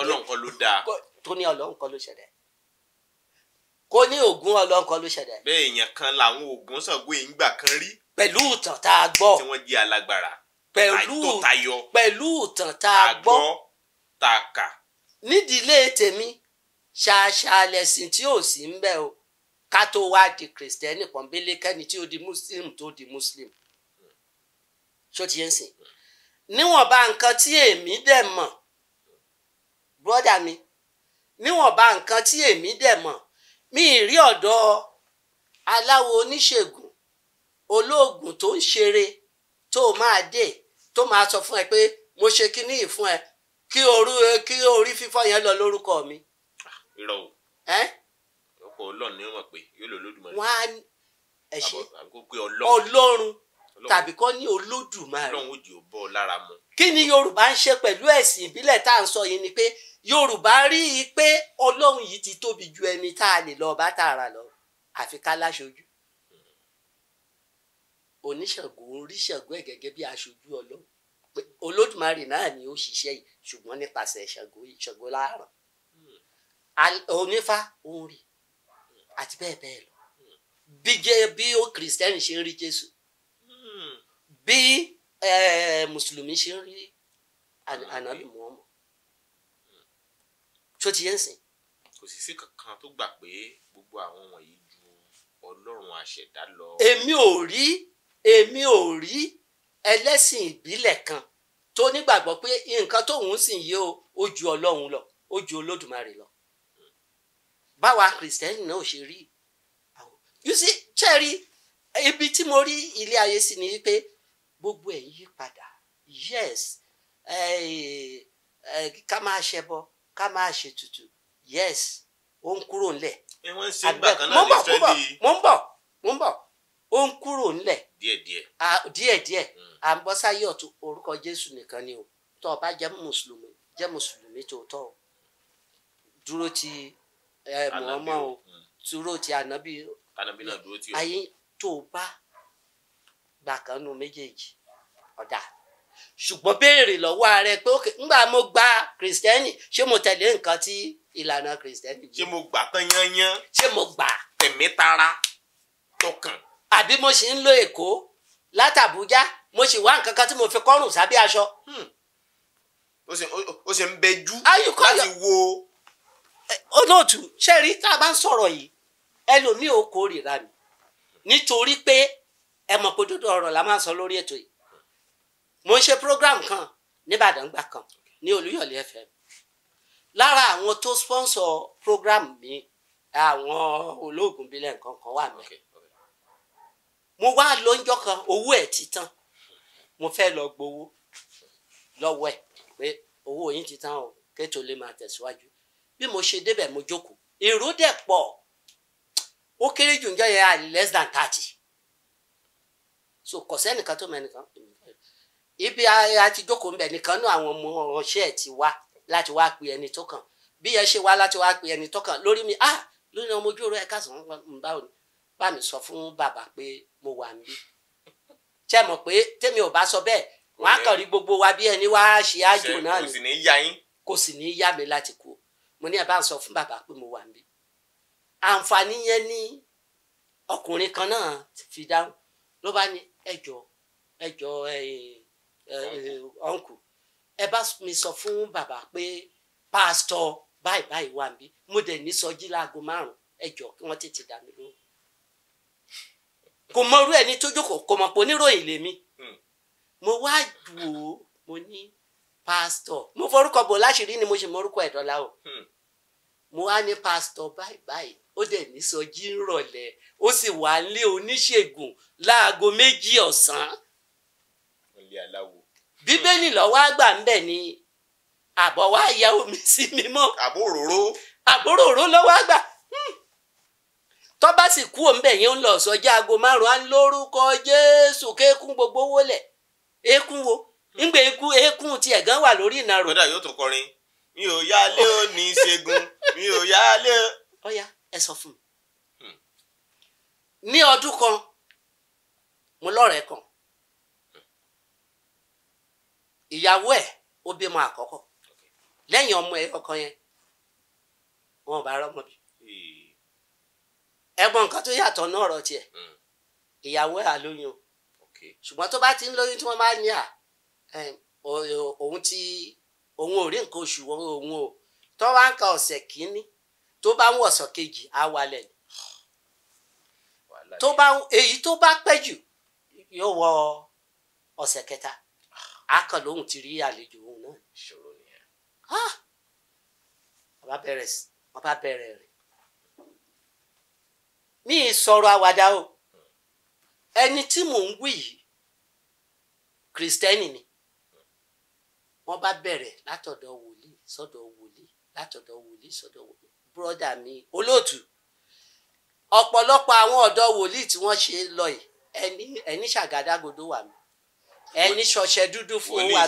ọlọ́run kan ló dáa tó ní ọlọ́run kan ló ṣẹ̀dá kó ní ògún ọlọ́run kan ló ṣẹ̀dá bẹ́ẹ̀ èèyàn kan làwọn ògún Ṣàngó yìí ń gbà kan rí pẹ̀lú ìtàn tá a gbọ́ tí wọ́n di alágbára pẹ̀lú pẹ̀lú ìtàn tá a gbọ́ tá a kà. nídìílé tèmi ṣàṣà lẹ̀sìn tí ò sí ń bẹ̀ o ká tó wá di kìrìsìtẹ́nì pọ̀nbélé kẹ́ni tí ó di muslim tó di muslim ṣó ti ń sìn. níwọ̀nba nǹkan tí èmi dẹ̀ mọ̀ bọ́dà mi níwọ̀nba nǹkan tí èmi dẹ̀ mọ̀ mi ì rí ọ̀dọ́ aláwo oníṣègùn olóògùn tó ń ṣeré tó máa dé tó máa sọ fún ẹ pé mo ṣe kíní yìí fún ẹ kí orí kí orí fífọ́ yẹn lọ lórúkọ mi. Ah, irọ́ o ọkọ̀ ọlọ́run ni wọ́n mọ̀ pé yóò lò lódùmarè. wọ́n á ẹ ṣe ọlọ́run tàbí kọ́ ní olódùmarè. ọlọ́run òjì ò bọ́ ọ lára mu. kí ni yorùbá ń ṣe pẹ̀lú ẹ̀sìn ìbílẹ̀ tá à ń sọ yìí ni pé yorùbá rí i pé ọlọ́run yìí ti tóbi ju ẹni tá a lè lọ bá tààrà lọ àfi ká láṣojú oníṣàngó ń rí ṣàngó ẹ̀ gẹ́gẹ́ bí aṣojú ọlọ́run pé olódùmarè náà ni ó ṣiṣẹ́ yìí ṣùgbọ́n nípasẹ̀ ṣàngó ṣàngó láàrán onífá ó ń rí àti bẹ́ẹ̀ bẹ́ẹ̀ lọ bí jẹ́ bí ó kìrìsìtẹ́nì ṣe ń rí jésù bí eh, mùsùlùmí ṣe ń rí ànábì Muhammad tó ti yẹn sìn. kò sì sí kankan tó gbà pé gbogbo àwọn wọ̀nyí ju ọlọ́run àṣẹ̀dá lọ. èmi ò rí èmi ò rí ẹlẹ́sìn ìbílẹ̀ kan tó nígbàgbọ́ pé nǹkan tóun sìn yìí ó ju ọlọ́run lọ ó ju olódùmarè lọ báwa kìrìsìtẹ́nì náà ṣe rí you see cherry ibi tí mo rí ilé ayé sí ni pé gbogbo ẹ̀ yí padà yes eh, eh, ká máa ṣẹbọ ká máa ṣètùtù yes ó ń kúrò ńlẹ̀ mo ń bọ̀ mo ń bọ̀ mo ń bọ̀ ó ń kúrò ńlẹ̀ díẹ̀díẹ̀. díẹ̀díẹ̀ hmm. à ń bọ́ sáyé ọ̀tún orúkọ jésù nìkan ni o tó o bá jẹ́ mùsùlùmí jẹ́ mùsùlùmí tòótọ́ o dúró ti mọ̀ọ́mọ́ o hmm. dúró ti ànábì o ànábì náà dúró ti o ayé tó o bá gbà kan nu méjèèjì ọ̀dà ṣùgbọ́n béèrè lọ́wọ́ ààrẹ pé ókè ńgbà mo gba kìrìsìtẹ́nì ṣé mo tẹ̀lé nǹkan tí ìlànà kìrìsìtẹ́nì bí. ṣé mo gbà tán yányán. ṣé mo gbà. tẹ̀mí tara tọkàn àbí mo sì ń lo èkó látàbújá mo sì wá nǹkan kan tí mo fi kọ́rùn sábẹ́ aṣọ. Hmm. ó sì ń bẹjú láti wo. Eh, olóòtú oh, ṣẹ́rí tá a bá ń sọ̀rọ̀ yìí ẹlòmíì ò kórìíra mi nítorí pé ẹ mọ̀ pé dúdú ọ̀rọ̀ la máa ń sọ lórí ètò yìí mo ń ṣe program kan nìbàdàn gbà kan ní olúyọ̀lé fm lára àwọn tó sponsor program mi àwọn olóògùn bílẹ̀ nǹkan kan wà mí. Okay mo wá lóúnjọ́ kan owó ẹ̀ ti tán mo fẹ́ lọ gbowó lọ́wọ́ ẹ̀ pé owó yín ti tán o kéètò lè máa tẹ̀síwájú bí mo ṣe débẹ̀ mo jókòó èrò dẹ̀ pọ̀ ó kéré jù njọ́ yẹn àlè less than thirty so kò sẹ́nìkan tó mẹ́nìkan ibi àti jókòó mbẹ̀ nìkan náà àwọn ọmọ ọ̀ṣẹ́ ẹ̀ ti wá láti wá pe ẹni tó kàn bí ẹ ṣe wá láti wá pe ẹni tó kàn lórí mi ah lórí ọmọ ojú ọ̀rọ̀ ẹ káàsán ń bá mi sọ fún bàbá pé mo wà níbí ṣe mọ̀ pé tèmi ò bá sọ bẹ́ẹ̀ wọ́n á kàn rí gbogbo wa bí ẹni wá ṣe àjò náà ni kò sì ní yá yín kò sì ní yá mi láti kú mo ní àbá sọ fún bàbá pé mo wà níbí àǹfààní yẹn ní ọkùnrin kan náà fi dáhùn ló bá ní ẹjọ ẹjọ ọǹkù ẹ bá mi sọ fún bàbá pé pásítọ̀ báyìí báyìí wà níbí mo dẹ̀ ní sọjí láago márùn ẹjọ kí wọ́n tètè dá mi lọ kò mọrú ẹni tó jókòó kò mọ̀ pé oníròyìn lèmi hmm. mo wá wò ó mo ní pásítọ̀ mo forúkọ bò láṣìírí ni mo ṣe morúkọ ẹ̀ o hmm. mo wá ní pásítọ̀ báyìí báyìí ó dẹ̀ ní sọjí ńrọ̀lẹ́ ó sì wà nílé oníṣègùn láago méjì ọ̀sán bíbélì hmm. lọ́wọ́ àgbà ń bẹ̀ ni àbọ̀ wá ya omi sí mímọ́ àbóròró àbóròró lọ́wọ́ àgbà. Hmm. tó bá sì kú òǹbẹ yẹn ń lọ sọjá aago márùn án lórúkọ jésù gbogbo owó lẹ eékún wo hmm. ńgbẹ ikú eékún tiẹ̀ gan wà lórí kódà yóò tún mi ò yálé o ní ṣẹ́gun mi ò yálé ó. ọ̀ya ẹ sọ fún mi hmm. ní ọdún kan mo lọ́rẹ̀ẹ́ kan ìyàwó ẹ̀ ó bímọ ọkọ yẹn wọn ò ẹ̀gbọ́n nǹkan tó yàtọ̀ náà ọ̀rọ̀ tiẹ̀ hmm. ìyàwó ẹ̀ àlóyún ṣùgbọ́n tó bá ti ń lóyún tí wọ́n bá ní à òun ti òun ò rí nǹkan oṣù òun o tó bá ń ka ọ̀sẹ̀ kìíní tó bá ń wọ̀sọ̀ kejì á wálẹ̀ ni tó bá èyí tó bá pẹ́ jù yóò wọ ọ̀sẹ̀ kẹta á kàn lóhùn ti rí àlejò òun náà. ìṣòro nìyẹn. wọ́n bá bẹ̀rẹ̀ rẹ̀ mi ì sọ̀rọ̀ àwàdà o ẹni tí mò ń wí yìí kìrìsìtẹ́nì ni wọ́n bá bẹ̀rẹ̀ látọ̀dọ̀ wòlíì sọ́dọ̀ wòlíì látọ̀dọ̀ wòlíì sọ́dọ̀ wòlíì bùrọ̀dà mi olóòtú ọ̀pọ̀lọpọ̀ àwọn ọ̀dọ́ wòlíì tí wọ́n ṣe lọ yìí ẹni ẹni ṣàgádágodo wà mí ẹni ṣọṣẹ dúdú fún wa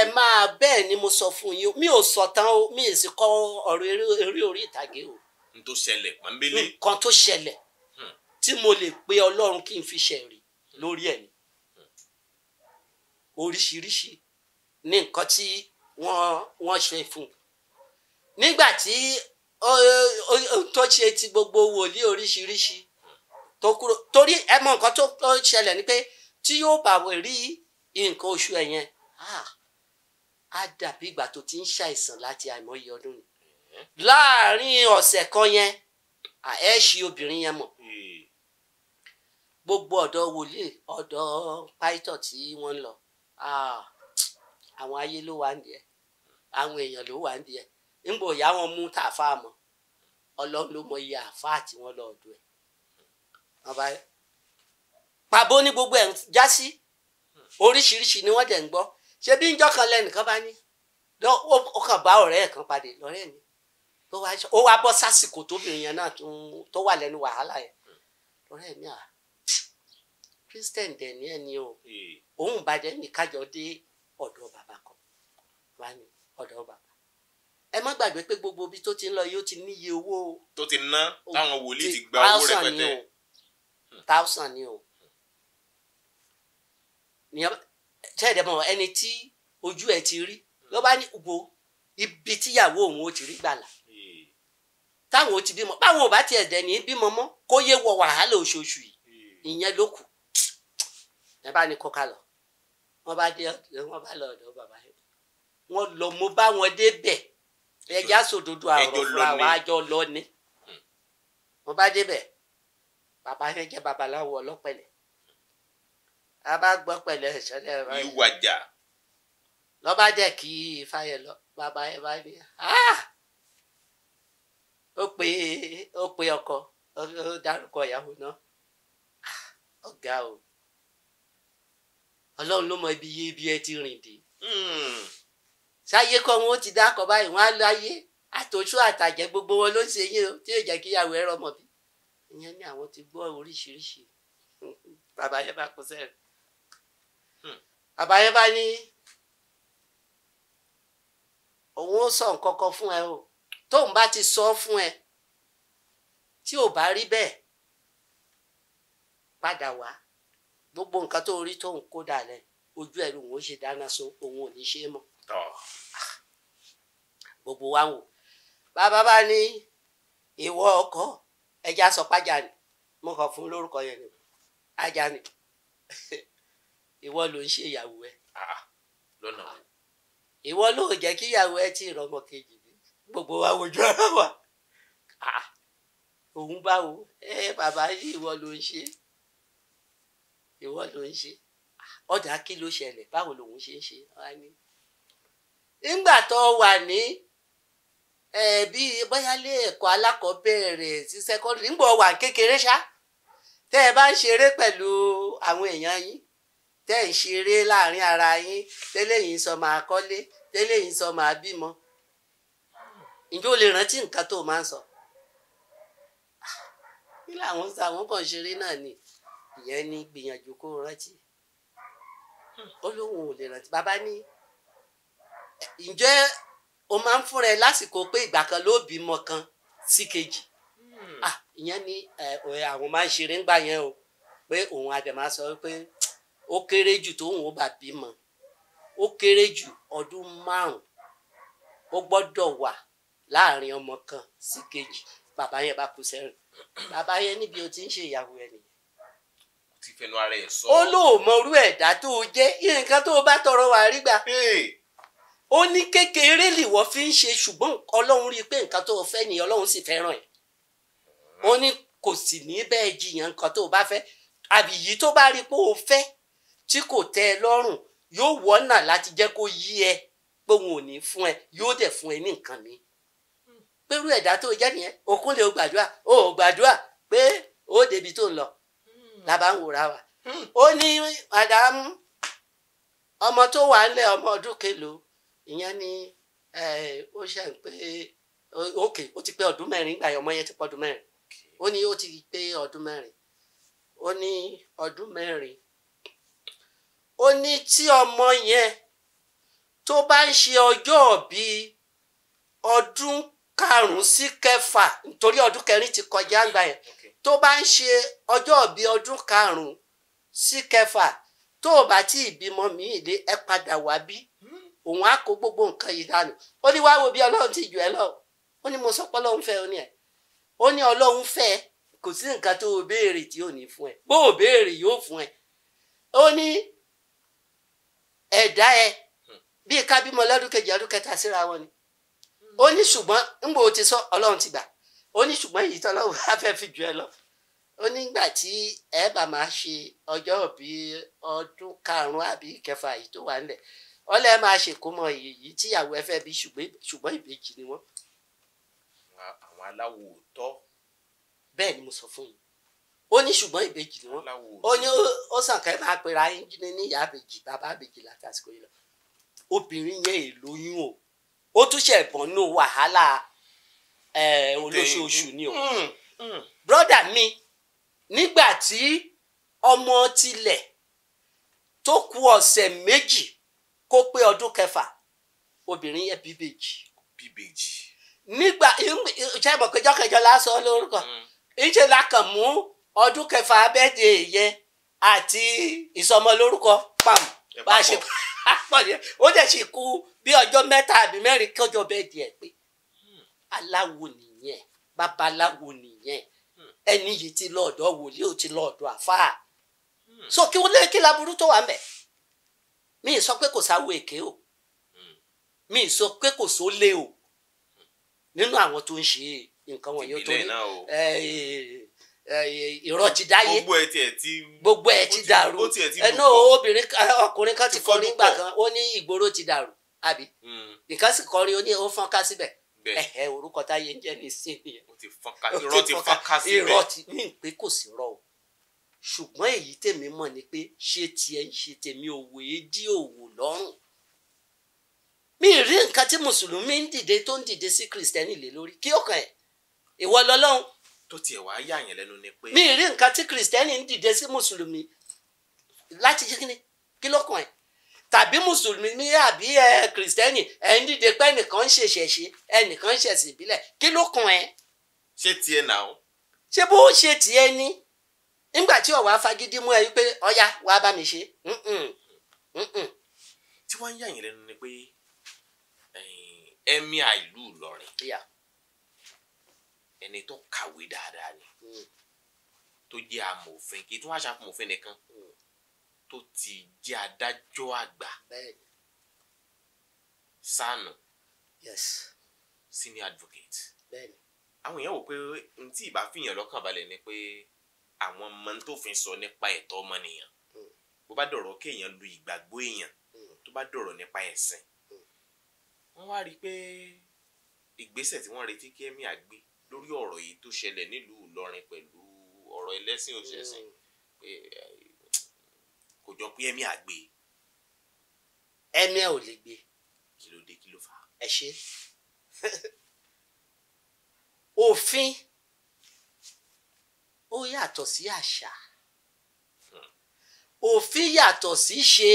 ẹ máa bẹ́ẹ̀ ni mo sọ fún yín mi ò sọ tán mi ì sì kọ́ ọ̀rọ̀ eré orí ìtàgé o n tó ṣẹlẹ̀ pọ́nbélé. nǹkan tó ṣẹlẹ̀ hmm. tí mo lè pe ọlọ́run kí n fi ṣẹ̀rí lórí ẹ̀ ni hmm. oríṣiríṣi ní nǹkan tí wọ́n wọ́n ṣe fún un nígbà tí tó ṣe ti gbogbo wòlíì oríṣiríṣi tó kúrò torí ẹ mọ nǹkan tó ṣẹlẹ̀ ni pé tí yóò bá rí nǹkan oṣù ẹ̀ yẹn ah, á dàbí ìgbà tó ti ń ṣàìsàn láti àìmọye ọdún ni láàrin ọ̀sẹ̀ kan yẹn ẹ obìnrin yẹn mọ̀ gbogbo ọ̀dọ́ wòlíì ọ̀dọ́ pító tí wọ́n ń lọ àwọn ayé ló wà nìyẹn àwọn èèyàn ló wà nìyẹn nígbò ìyá wọn mú tàfà mọ ọlọ́run ló mọ iye àfà tí wọ́n lọ ọ̀dọ̀ ẹ̀ pàbó ní gbogbo ẹ̀ já sí oríṣiríṣi ni wọ́n dẹ̀ ń gbọ́ ṣé bí njọ́ kan lẹ́nìkan bá ní ó bá ọ̀rẹ́ ẹ̀ kan padà lọ́rẹ́ mi tó wá ó wá bọ́ sásìkò tóbìnrin yẹn náà tó wà lẹ́nu wàhálà yẹn lọ́rẹ́ mi à christian dẹ̀ ẹ̀ ni o hmm. òun bàjẹ́ nìkájọ dé ọ̀dọ̀ bàbá kan wá ní ọ̀dọ̀ bàbá ẹ má gbàgbé pé gbogbo ibi tó ti ń lọ yóò ti níye owó tó ti ná táwọn wòlíì ti gba owó rẹpẹtẹ thousand ni o tẹ́ẹ̀dẹ̀ mọ̀ ẹni tí ojú ẹ̀ ti rí ló bá ní gbogbo ibi tíyàwó òun ó ti rí gbàlà táwọn ò ti bímọ báwọn ò bá tiẹ̀ dẹ̀ ní bímọ mọ́ kó yé wọ wàhálà oṣooṣù yìí hmm. ìyẹn ló kù ẹ bá ní kọ́ka lọ wọ́n bá dé ọ̀dọ̀ wọ́n bá lọ ọ̀dọ̀ bàbá yẹn wọ́n lọ mo bá wọn débẹ̀ ẹja sòdodo àrọ̀ fún àwọn àjọ lọ ni wọ́n hmm. bá débẹ̀ bàbá yẹn jẹ́ babaláwo ọlọ́pẹ̀lẹ̀ a bá gbọ́ pẹ̀lẹ́ ìṣẹ̀lẹ̀ rẹ̀ ìwàjà lọ́ba dẹ̀ kí ifá yẹn lọ bàbá yẹn bá ní ó pe ó pe ọkọ ó dárúkọ ìyàwó náà ah, ọ̀gá o ọlọ́run ló mọ ibi yé ẹ ti rìn dé hmm. ṣáyé kọ́ wọn ó ti dákọ̀ báyìí wọ́n á láyé àtòṣù àtàjẹ́ gbogbo wọn ló ń ṣe yín o tí yóò jẹ́ kí ìyàwó ẹ rọmọ bí ìyẹn ni àwọn ti gbọ́ oríṣiríṣi (laughs) bàbá bá kó sẹ́rìn hmm. bàbá bá ní òun ó sọ nǹkan kan fún ẹ o tóun bá ti sọ fún ẹ tí ò bá rí bẹ́ẹ̀ padà wá gbogbo nǹkan tó rí tóun kó dàlẹ̀ ojú ẹ̀ lòun ó ṣe dáná so òun ò ní ṣe mọ́ gbogbo wa ń wò bàbá bá ní ìwọ ọkọ ẹja sọ pájà ni mo kàn fún lórúkọ yẹn ni ajá ni (laughs) ìwọ ló ń ṣe ìyàwó ẹ ah, ìwọ ló jẹ́ kí ìyàwó ẹ ti rọmọ kejì gbogbo wa wojú ara wa ah, òun báwo bàbá yìí ìwọ ló ń ṣe ìwọ ló ń ṣe ah, ọ̀dà kí ló ṣẹlẹ báwo lòun ṣe ń ṣe wá ni nígbà tó wà ní bí bóyá lé ẹ̀kọ́ sí sẹ́kọ́ndìrì wà kékeré ṣá ẹ bá ń ṣeré àwọn èèyàn yín ẹ ń ṣeré láàrin ara yín yìí sọ máa yìí sọ máa bímọ ǹjẹ́ o lè rántí nǹkan tó o máa ń sọ kí làwọn ń kan ṣeré náà ni ìyẹn ní gbìyànjú kó rántí ó lóun ò lè rántí bàbá ní ǹjẹ́ o máa ń fúnra ẹ lásìkò pé ìgbà kan ló bímọ kan sí kejì hmm. ah, ìyẹn ní eh, àwọn máa ń ṣeré ńgbà yẹn o pé òun àdèmà sọ pé ó kéré jù tóun ó bà bímọ ó kéré jù ọdún márùn ó gbọ́dọ̀ wà láàrin ọmọ kan sí kejì bàbá yẹn bá kú sẹ́rìn bàbá yẹn níbi o ti ń ṣe ìyàwó ẹ nìyẹn. o ti fẹnu ara ẹ sọ. ó lóòmọ orú ẹ̀dá tó o jẹ́ nǹkan tó o bá tọrọ wà rí gbà. ó ní kékeré lìwọ́ fi ń ṣe ṣùgbọ́n ọlọ́run rí i pé nǹkan tó o fẹ́ ni ọlọ́run sì fẹ́ràn ẹ̀. ó ní kò sì ní bẹ́ẹ̀ jiyàn nǹkan tó o bá fẹ́ àbí yìí tó bá rí i pé o fẹ́ tí kò tẹ́ ẹ lọ́rùn yóò wọ́nà láti jẹ́ kó yí ẹ pé òun ò ní fún ẹ yóò dẹ̀ fún ẹ ní nǹkan mìíràn pẹ̀lú ẹ̀dá tó jẹ́ nìyẹn òkun lè o gbàdúrà o gbàdúrà pé o débi tó ń lọ hmm. làbá ń wòra wa. Hmm. ó ní màdàmú ọmọ tó wà ń lẹ ọmọ ọdún kélòó ìyẹn ni ó ṣe ń pé òkè ó ti pé ọdún mẹ́rin gbà ọmọ yẹn ti pọ̀ ọdún mẹ́rin ó ní ó ti pé ọdún mẹ́rin ó ní ọdún mẹ́rin ó ní tí ọmọ yẹn tó bá ń ṣe ọjọ́ karùn-ún sí kẹfà nítorí ọdún kẹrin ti kọjá àgbà yẹn tó bá ń ṣe ọjọ́ bí ọdún karùn-ún sí kẹfà tó o bá tí ìbímọ míì lé ẹ bí òun á kó gbogbo nǹkan yìí dànù ó ní bí ọlọ́run ẹ lọ ó ní mo sọ pé ọlọ́run fẹ́ ní ẹ ó ní ọlọ́run fẹ́ kò sí nǹkan tó o béèrè tí ẹ bó o béèrè yóò fún ẹ ó ní ẹ̀dá ẹ hmm. ká bímọ lọ́dún kejì ọdún kẹta síra ó ní ṣùgbọ́n ńgbò ti sọ ọlọ́run ti gbà ó ní ṣùgbọ́n èyí tọ́lọ́run (laughs) á fẹ́ fi jù ẹ lọ ó nígbà tí ẹ bá máa ṣe ọjọ́ bí ọdún karùn-ún àbí kẹfà yìí tó wà nílẹ̀ ọlẹ́ máa ṣèkómọ èyí tíyàwó ẹ fẹ́ bí ṣùgbọ́n ìbejì ni wọ́n. àwọn aláwo tọ́. bẹ́ẹ̀ ni mo sọ fún yín ó ní ṣùgbọ́n ìbejì ni wọ́n ó ní ó sàn kẹ́ máa pera ẹnjìnì ní ìyá àbèjì bàbá àbèjì látàsíkò yìí lọ obìnrin yẹn èlóyún o ó tún ṣe bọ̀ nù wàhálà olóṣooṣù ni o mm, mm. brọ́dà mi nígbà tí ọmọ tilẹ̀ tó kù ọ̀sẹ̀ méjì kó pé ọdún kẹfà obìnrin yẹn bíbèjì. bíbèjì. nígbà ṣe mọ̀ pé jọ́kẹjọ lásán lórúkọ ìṣe mm. la kàn mú ọdún kẹfà abẹ́dẹ̀ yẹn àti ìsọmọlórúkọ pam bá a ṣe. (laughs) ó dẹ̀ sì kú bí ọjọ́ mẹ́ta àbí mẹ́rin kọjọ́ bẹ́ẹ̀ díẹ̀ pé aláwo nìyẹn babaláwo nìyẹn hmm. ẹni yìí ti lọ ọ̀dọ̀ wòlíì ò ti lọ ọ̀dọ̀ àfáà hmm. so kí wọ́n lé kí laburú tó wà mẹ́ mi sọ pé kò sáwo èké o hmm. mi sọ pé kò só lé o nínú àwọn tó ń ṣe nǹkan wọ̀nyí tó ní Eh, irọ́ ti dáyé gbogbo ẹ tiẹ̀ ti gbogbo ẹ ti dàrú ẹnu eh, obìnrin eh, ọkùnrin kan ti kọrin gbà kan ó ní ìgboro ti dàrú àbí hmm. nǹkan sì kọrin ó ní ó fọ́n ká síbẹ̀ ẹ̀hẹ́ orúkọ táyé ń jẹ́ ní síbi yẹn irọ́ ti fọ́n ká síbẹ̀ irọ́ ti ní ìpè kò sí rọ o ṣùgbọ́n èyí tèmi mọ̀ ni pé ṣé tiẹ̀ ń ṣe tèmi òwò èdí òwò lọ́rùn mi rí nǹkan tí mùsùlùmí ń dìde tó ń dìde sí kìrìsìtẹ́nì lé lórí kí ọkàn ẹ̀ ìwọ tó tiẹ̀ wá yà yẹn lẹ́nu ni pé. mi rí nǹkan tí kìrìsìtẹ́nì ń dìde sí mùsùlùmí láti ṣe kíni kí ló kàn ẹ́ tàbí mùsùlùmí ní àbí ẹ kìrìsìtẹ́nì ẹ ń dìde pé ẹnìkan ń ṣèṣẹ̀ṣe ẹnìkan ń ṣẹ̀sìn ìbílẹ̀ kí ló kàn ẹ́. ṣé tiẹ̀ nà ó. ṣé bó ṣe tiẹ̀ ni nígbà tí ọ̀wá fagídí mú ẹ wípé ọ̀ya wàá bá mi ṣe. tí wọ́n ń yà lẹ́nu ni pé ẹ̀mí àìlú Ìlọrin ẹni tó kàwé dáadáa ni hmm. tó jẹ́ amòfin kì í tún wá ṣàfòmòfin nìkan hmm. tó ti jẹ́ adájọ́ àgbà sànù yes senior advocate àwọn èèyàn wò pé n tí ìbá fìyàn lọ́kàn balẹ̀ ni pé àwọn ọmọ tó fi sọ nípa ẹ̀tọ́ ọmọnìyàn hmm. bó bá dọ̀rọ̀ kéèyàn lu ìgbàgbọ́ èèyàn tó bá dọ̀rọ̀ nípa ẹ̀sìn wọ́n wá rí i pé ìgbésẹ̀ tí wọ́n retí kí ẹ̀mí àgbé lórí ọ̀rọ̀ yìí tó ṣẹlẹ̀ nílùú Ìlọrin pẹ̀lú ọ̀rọ̀ ẹlẹ́sìn òṣẹ̀sìn hmm. eh, kò jọ pé ẹ̀mí àgbè. ẹ̀mí ẹ̀ ò lè gbé. E. kí ló dé kí ló fà á. ẹ ṣe (laughs) òfin ó yàtọ̀ sí àṣà hmm. òfin yàtọ̀ sí ṣe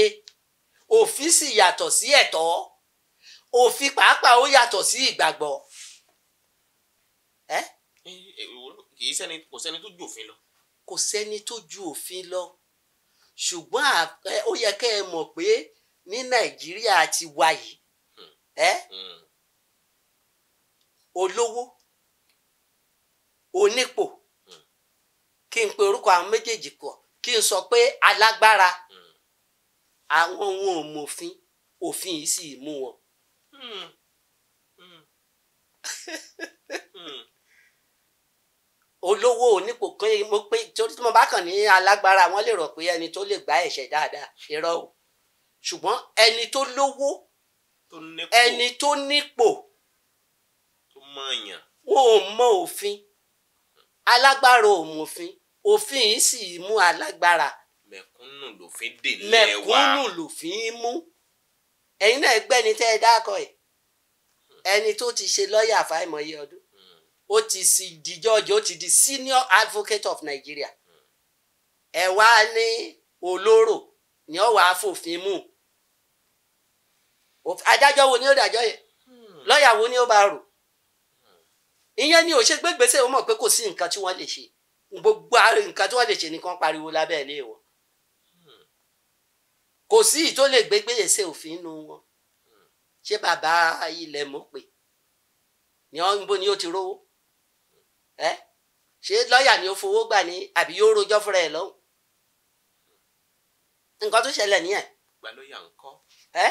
òfin sì yàtọ̀ sí ẹ̀tọ́ òfin pàápàá ó yàtọ̀ sí ìgbàgbọ́ kì í sẹ́ni kò sẹ́ni tó ju òfin lọ. kò sẹ́ni tó ju òfin lọ ṣùgbọ́n ó yẹ kẹ́ ẹ mọ̀ pé ní nàìjíríà ti wá yìí hmm. Hmm. olówó onípò hmm. kí n pe orúkọ àwọn méjèèjì kọ kí n sọ pé alágbára àwọn ohun òmòfin òfin yìí sì mú wọn. olówó onípò kan mo pé torí tí mo bá kàn ní alágbára wọn lè rò pé ẹni tó lè gbá ẹ̀ṣẹ̀ dáadáa irọ́ o ṣùgbọ́n ẹni tó lówó ẹni tó nípò wọn ò mọ òfin alágbára ò mòfin òfin yìí sì mú alágbára mẹ̀kúnnù lòfin dè lẹ́wà mẹ̀kúnnù lòfin mú ẹ̀yin náà gbẹ́ni tẹ́ ẹ dákọ̀ ẹ̀ ẹni tó ti ṣe lọ́ọ̀yà fáìmọye ọdún ó ti sì dìjọ́ o ti di senior advocate of Nigeria ẹ wá oloro olóró ni ó wàá fòfin mú adájọ́ wo ni o dájọ́ yẹn hmm. lọ́ọ̀yà wo ni o ba rò ìyẹn ni o se gbegbese ó mọ̀ pé kò sí nǹkan tí wọ́n le se gbogbo nǹkan tí le se ṣe pariwo labe ilé wọn hmm. kò sí ì tó lè ese òfin nu wọn hmm. ṣé bàbá ilẹ̀ mọ̀ pé ni wọ́n ń bó ni ó ti rówó ẹ ṣé lọ́ọ̀yà ni ó fowó gbà ní àbí yóò rojọ́ fúnra ẹ̀ lọ́hùn nǹkan tó ṣẹlẹ̀ nìyẹn. gbà lọ́ọ̀yà ń ẹ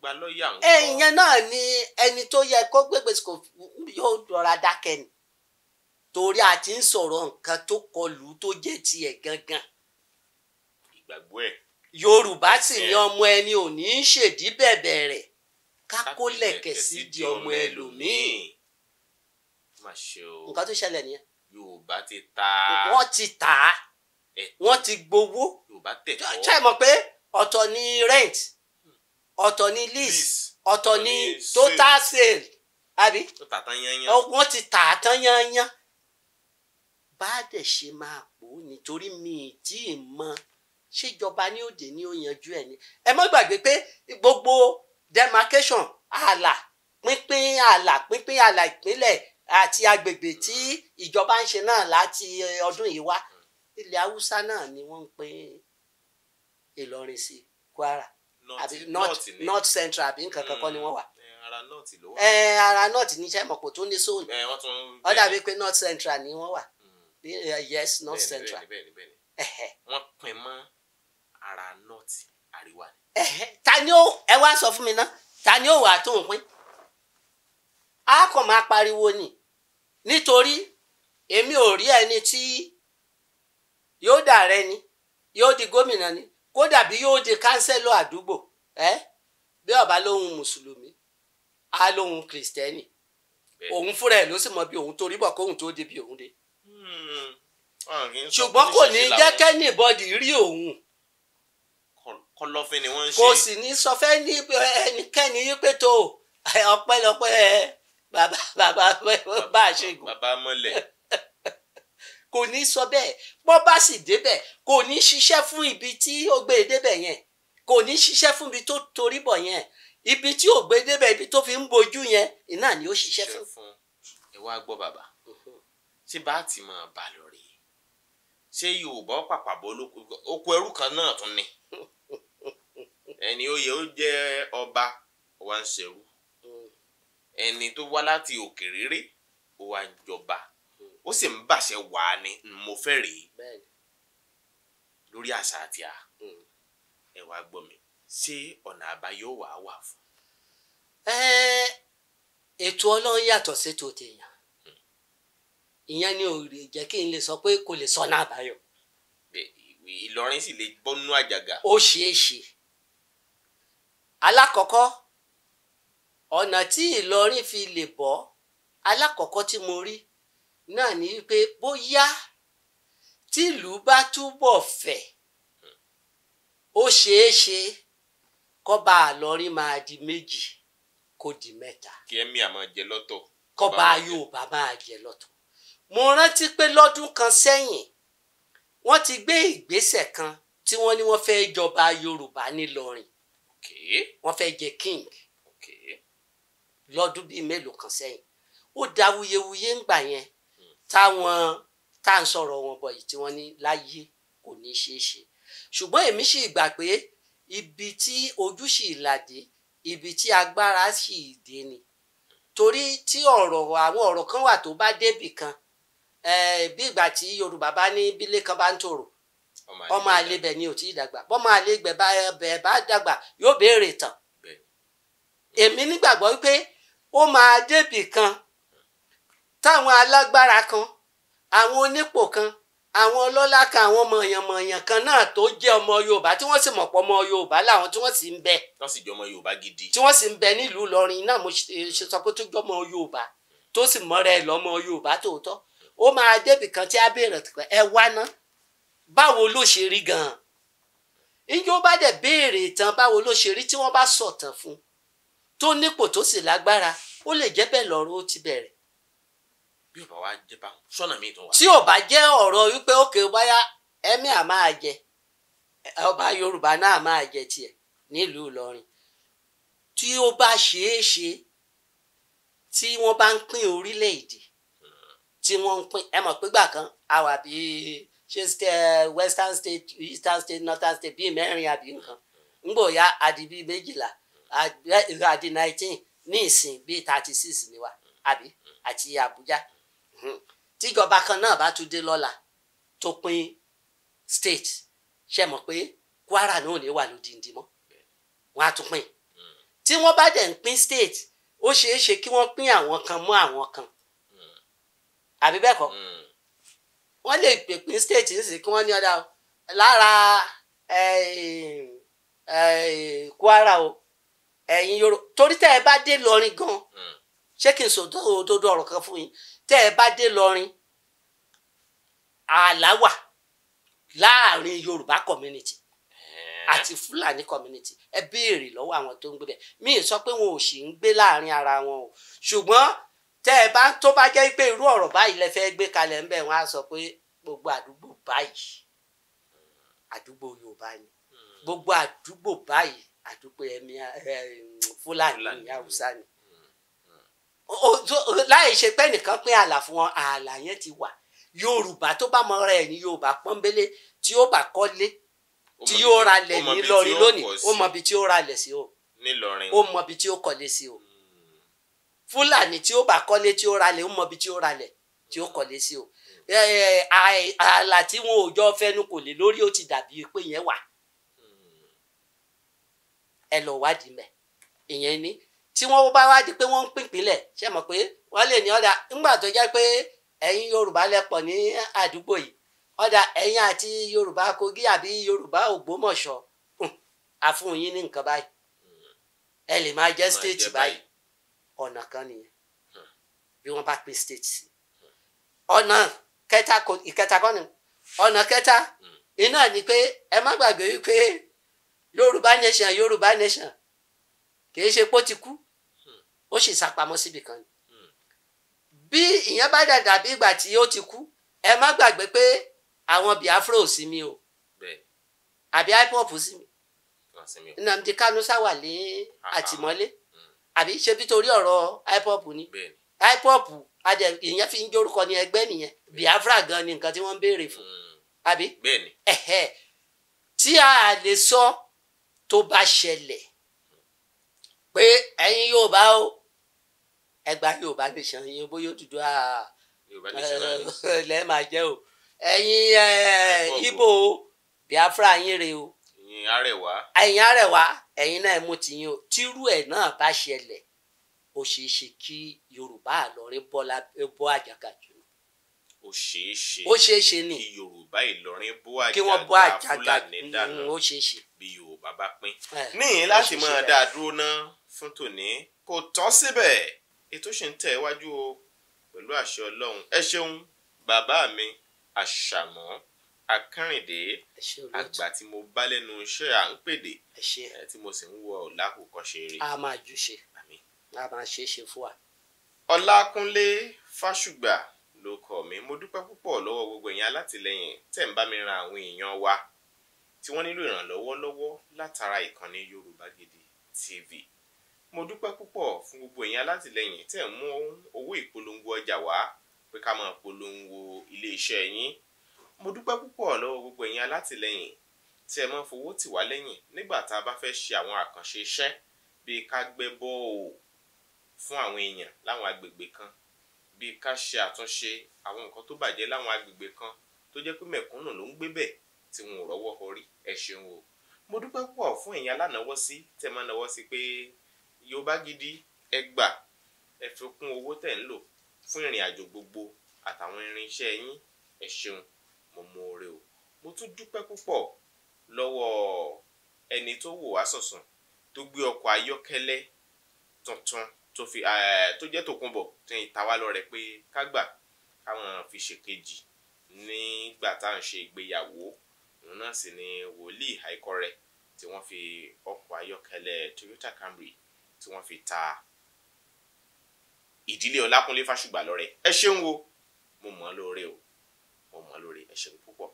gbà lọ́ọ̀yà ń kọ́. náà ni ẹni tó yẹ kó gbégbé kò yóò rọra dákẹ́ ni torí a ti ń sọ̀rọ̀ nǹkan tó kọlù tó jẹ́ tiẹ̀ gangan. ìgbàgbọ́ ẹ̀. yorùbá sì ni ọmọ ẹni ò ní ṣèdí bẹ̀bẹ̀ rẹ̀ ká sí di ọmọ ẹlòmíì nǹkan tó ṣẹlẹ̀ nìyẹn. yorùbá ti ta. wọ́n ti tà á wọ́n ti gbowó. yorùbá tẹ̀ tọ́. ṣe mọ̀ pé ọ̀tọ̀ ni rent ọ̀tọ̀ ni lease ọ̀tọ̀ ni total sale àbí wọ́n ti tà á tán yányán bá dẹ̀ ṣe máa pò ó nítorí mi ì tí ì mọ ṣèjọba ní òde ní ó yanjú ẹ̀ ni ẹ má gbàgbé pé gbogbo demarcation ààlà pínpín ààlà pínpín ààlà ìpínlẹ̀ àti agbègbè tí ìjọba ń ṣe náà láti ọdún yìí wá ilẹ̀ haúsá náà ni wọ́n ń pè Ìlọrin sí Kwara àbí north central àbí nǹkan kankan ni wọ́n wà mm, ara north ló wà. ara north ní sẹ́mọ̀ kò tó ní zone ó dàbí pé north central ni wọ́n wà mm. yes north central. wọ́n pin mọ́ ara north àríwá. ta ni ó ẹ wá sọ fún mi ná ta ni ó wà tó ń pín a kò máa pariwo ni nítorí èmi ò rí ẹni tí yóò dà rẹ ni yóò di gómìnà ni kódà bí yóò di kánsẹ́lọ̀ àdúgbò ẹ bí ọba lóhun mùsùlùmí á lóhun kìrìsìtẹ́nì òun fúnra ẹ̀ ló sì mọ bí òun torí bọ̀ kóhun tó débi òun dé hmm. ṣùgbọ́n kò ní jẹ́ rí òun ni wọ́n ń ri kò sì ní sọ fẹ́ ní ẹnikẹ́ni yí pé tó ọpẹ́lọpẹ́ ẹ bàbá bàbá bá a ṣègùn. bàbá mọ́lẹ̀. kò ní sọ bẹ́ẹ̀ bọ́ bá sì débẹ̀ kò ní ṣiṣẹ́ fún ibi tí ó gbé e débẹ̀ yẹn kò ní ṣiṣẹ́ fún ibi tó torí bọ̀ yẹn ibi tí ò gbé e débẹ̀ ibi tó fi ń bojú yẹn iná ni ó ṣiṣẹ́ fún. ẹ gbọ́ bàbá tí bá ti mọ̀ bá lọ rèé ṣé yorùbá pàpà bọ́ oko ẹrú kan náà tún ni (laughs) ẹni ó ó jẹ́ ọba ó ń ṣerú ẹni tó wá láti òkè rere ó wá ń jọba ó sì ń bàṣẹ wà á ni mo fẹ́ rèé lórí àṣà àti à hmm. ẹ wá gbọ́ mi ṣé ọ̀nà àbáyọ wà á wà fún. ètò ọlọ́run yàtọ̀ sétò tèèyàn hmm. ìyẹn ni ò lè jẹ́ kí n lè sọ pé kò lè sọ sọ́nà àbáyọ. Ìlọrin sì lè bọ́ bọ́nú àjàgà. ó ṣeé ṣe alákọ̀ọ́kọ́ ọ̀nà tí Ìlọrin fi lè bọ́ alákọ̀ọ́kọ́ tí mo rí náà ni wípé bóyá tìlú bá túbọ̀ fẹ̀ ó ṣeé ṣe kọ́ba Ìlọrin máa di méjì kó di mẹ́ta. kí ẹ mi àmọ́ jẹ lọ́tọ̀. kọ́ba Yorùbá máa jẹ lọ́tọ̀. mo rántí pé lọ́dún kan sẹ́yìn wọ́n ti gbé ìgbésẹ̀ kan tí wọ́n ní wọ́n fẹ́ jọba Yorùbá nílọrin. Okay. wọ́n fẹ́ jẹ king lọ́dún bíi mélòó kan sẹ́yìn ó da wuyewuye ńgbà yẹn táwọn tá à ń sọ̀rọ̀ wọn bọ̀ yìí tí wọ́n ní láyé kò ní ṣeé ṣe ṣùgbọ́n èmi sì gbà pé ibi tí ojú sì làdé ibi tí agbára sì dé ni torí tí ọ̀rọ̀ àwọn ọ̀rọ̀ kan wà tó bá débì kan bí ìgbà tí Yorùbá bá ní bílé kan bá ń tòrò ọmọ àlebẹ̀ ni ò tí ì dàgbà bọ́mọ àlegbẹ̀ bá dàgbà yóò béèrè tán èmi nígbàgbọ́ wípé ó máa débì kan táwọn alágbára kan àwọn onípò kan àwọn ọlọ́lá kan àwọn mọ̀yànmọ̀yàn kan náà tó jẹ́ ọmọ yorùbá tí wọ́n sì mọ̀ pọ̀ ọmọ yorùbá làwọn tí wọ́n sì ń bẹ. wọ́n sì jọ ọmọ yorùbá gidi. tí wọ́n sì ń bẹ nílùú ìlọrin náà mo ṣe sọ pé tó jọ ọmọ yorùbá tó sì mọ́ra ẹ̀ lọ́mọ yorùbá tòótọ́ ó máa débì kan tí a béèrè ẹ wá ná báwo ló ṣe rí gan-an. ìjọba dẹ̀ béèrè ìtàn báwo ló ṣe rí tí wọ́n bá sọ̀tàn fún un tó nípò tó sì lágbára ó lè jẹ́ bẹ́ẹ̀ lọ́rọ̀ ó ti bẹ̀rẹ̀. bí ọba wa jẹ báwọn sọnà mi tó wà. tí ò bá jẹ́ ọ̀rọ̀ wípé òkè báyà ẹmí à máa jẹ ọba yorùbá náà máa jẹ tiẹ̀ nílùú ìlọrin tí ó bá ṣeé ṣe tí wọ́n bá ń pín orílẹ̀-èdè tí wọ́n ń pín ẹ mọ̀ pígbà kan àwa bíi ṣe western state eastern state northern state bíi mẹ́rin àbí nǹkan ń bò ya àdìbí méjìlá àti nineteen ní ìsìn bíi thirty six ni wa àbí àti Àbújá tíjọba kan náà bá tún dé lọ́la tó pín state ṣe mọ̀ pé Kwara náà ní wà lódìndín mọ́ wọ́n á tún pín tí wọ́n bá dẹ̀ ń pín state ó ṣeé ṣe kí wọ́n pín àwọn kan mọ́ àwọn kan àbí bẹ́ẹ̀ kọ́ wọ́n lè pè pín state ń sì kí wọ́n ní ọ̀dà lára eh, eh, Kwara o ẹ̀yin yorùbá torí tẹ́ ẹ bá dé lọrin gan hmm. ṣé kí n sọ òdodo ọ̀rọ̀ kan fún yín tẹ́ ẹ bá dé lọrin ààlà wà láàrin yorùbá community àti fúlàní community ẹ béèrè lọ́wọ́ àwọn tó ń gbé bẹ̀ mí sọ pé wọn ò sì ń gbé láàrin ara wọn o ṣùgbọ́n tẹ́ ẹ bá tó bá jẹ́ pé irú ọ̀rọ̀ báyìí lẹ fẹ́ gbé kalẹ̀ ńbẹ̀ wọ́n á sọ pé gbogbo àdúgbò báyìí hmm. àdúgbò yorùbá ni hmm. gbogbo àdúgbò báyìí àdúgbò ẹ̀mí fúlàní mm, haúsá ni mm, mm. láì ṣe pé nìkan pé ààlà fún wọn ààlà yẹn ti wà yorùbá tó bá mọra ẹ̀ ní yorùbá pọ́nbélé tí ó bá kọ́lé tí yóò ralẹ̀ ní lọrin lónìí ó mọ ibi tí ó ralẹ̀ sí o ó mọ ibi tí ó kọ́lé sí o fúlàní tí ó bá kọ́lé tí ó ralẹ̀ ó mọ ibi tí ó ralẹ̀ tí ó kọ́lé sí o ààlà tí wọn ò jọ fẹnu kò lè lórí ó ti dàbí pé yẹn wà. ẹ lọ wádìí mẹ ìyẹn ni tí wọ́n bá wá di pé wọn ń pínpínlẹ̀ ṣe mọ̀ pé wọ́n lè ní ọ̀dà ńgbà tó jẹ́ pé ẹ̀yin yorùbá lẹ́pọ̀ ní àdúgbò yìí ọ̀dà ẹ̀yin àti yorùbá kogi àbí yorùbá ògbómọ̀ṣọ́ àfún yín ní nǹkan báyìí ẹ lè máa jẹ́ stéètì báyìí ọ̀nà kan nìyẹn bí wọ́n bá pín stéètì sí ọ̀nà kẹta ìkẹta kọ́ni ọ̀nà kẹta iná ni pé ẹ má gbàgbé wípé yorùbá nation yorùbá nation kì í ṣe pó ti kú hmm. ó sì sápamọ́ síbi kan hmm. bí ìyẹn bá dàda bí ìgbà tí ó ti kú ẹ má gbàgbé pé àwọn biafra ò sí mi o àbí ipop sí mi nnamdi kanu sáwà lé ah, ah. àtìmọ́lé hmm. àbí ṣe bí torí ọ̀rọ̀ ipop ni ipop ìyẹn fi ń jórúkọ ní ẹgbẹ́ nìyẹn biafra gan ni nǹkan tí wọ́n ń béèrè fún àbí tí a lè sọ. So, tó bá ṣẹlẹ̀ pé ẹ̀yin Yorùbá o ẹgbàá Yorùbá nation yín bóyá Odùduwà (laughs) lẹ́ẹ̀ máa jẹ́ o ẹ̀yin Ìgbò o Biafra yín rèé o ẹ̀yin Arẹwà ẹ̀yin Arẹwà ẹ̀yin náà mú tiyín o tírú ẹ̀ náà bá ṣẹlẹ̀ ó ṣeé ṣe kí Yorùbá Ìlọrin bọ́ àjàkàjù ó o ṣe ó ṣeé ṣe ni kí Yorùbá Ìlọrin bó àjàgà Fúlàní dáná ó ṣeé bí o Baba bá pín níyìn láti mọ dáa dúró ná fún tòní kò tán síbẹ̀ ètò ṣì ń tẹ̀ iwájú o pẹ̀lú àṣẹ ọlọ́run ẹ ṣeun bàbá mi àṣàmọ́ akárìndé àgbà tí mo bá lẹ́nu iṣẹ́ à ń pèdè tí mo sì ń wọ làkùkọ̀ṣe rè. a máa jù ṣe a máa ṣe é ṣe fún wa. ọlákúnlé fásùgbà ló kọ mi mo dúpẹ́ púpọ̀ lọ́wọ́ gbogbo ẹ̀yin alátìlẹyìn tẹ̀ ń bá mi ran àwọn èèyàn wa tí wọ́n nílò ìrànlọ́wọ́ lọ́wọ́ látara ìkànnì Yorùbá Gidi TV mo dúpẹ́ púpọ̀ fún gbogbo ẹ̀yin alátìlẹyìn tẹ̀ ń mú owó ìpolongo ọjà wá pé ká máa polongo iléeṣẹ́ yín mo dúpẹ́ púpọ̀ lọ́wọ́ gbogbo ẹ̀yin alátìlẹyìn tí ẹ máa fowó tì wá lẹ́yìn nígbà tá a bá fẹ́ ṣe àwọn àkànṣe iṣẹ́ bíi ká gbẹ́ bọ́ọ̀ fún àwọn èèyàn láwọn agbègbè kan bíi ká ṣe àtúnṣe àwọn nǹkan tó bàjẹ́ láwọn agbègbè kan tó jẹ́ pé mẹ̀kúnnù ló ń gbé bẹ́ẹ̀ tí wọn ò rọ́wọ́ họrí ẹ ṣeun o mo dúpẹ́ púpọ̀ fún ẹ̀yin alánàwọ́ sí tẹ́ máa náwó sí pé Yorùbá Gidi ẹ gbà ẹ fi kún owó tẹ̀ ń lò fún ìrìn àjò gbogbo àtàwọn irinṣẹ́ yín ẹ ṣeun mo mọ oore o mo tún dúpẹ́ púpọ̀ lọ́wọ́ ẹni tó wò wá sọ̀sùn tó gbé ọkọ̀ ayọ́kẹ́lẹ́ tuntun tó fi tó jẹ́ tòkunbọ̀ tó yin ta wá lọ́rẹ pé ká gbà káwọn fi ṣèkejì nígbà tá à ń ṣe ìgbéyàwó òun náà sì ni wòlíì àìkọrẹ tí wọ́n fi ọkọ̀ ayọ́kẹ́lẹ́ Toyota Camry tí wọ́n fi ta ìdílé Ọlákúnlé Fásùgbà lọ́rẹ ẹ ṣeun wo mo mọ̀ lóore o mo mọ̀ ọ́ lóore ẹ ṣeun púpọ̀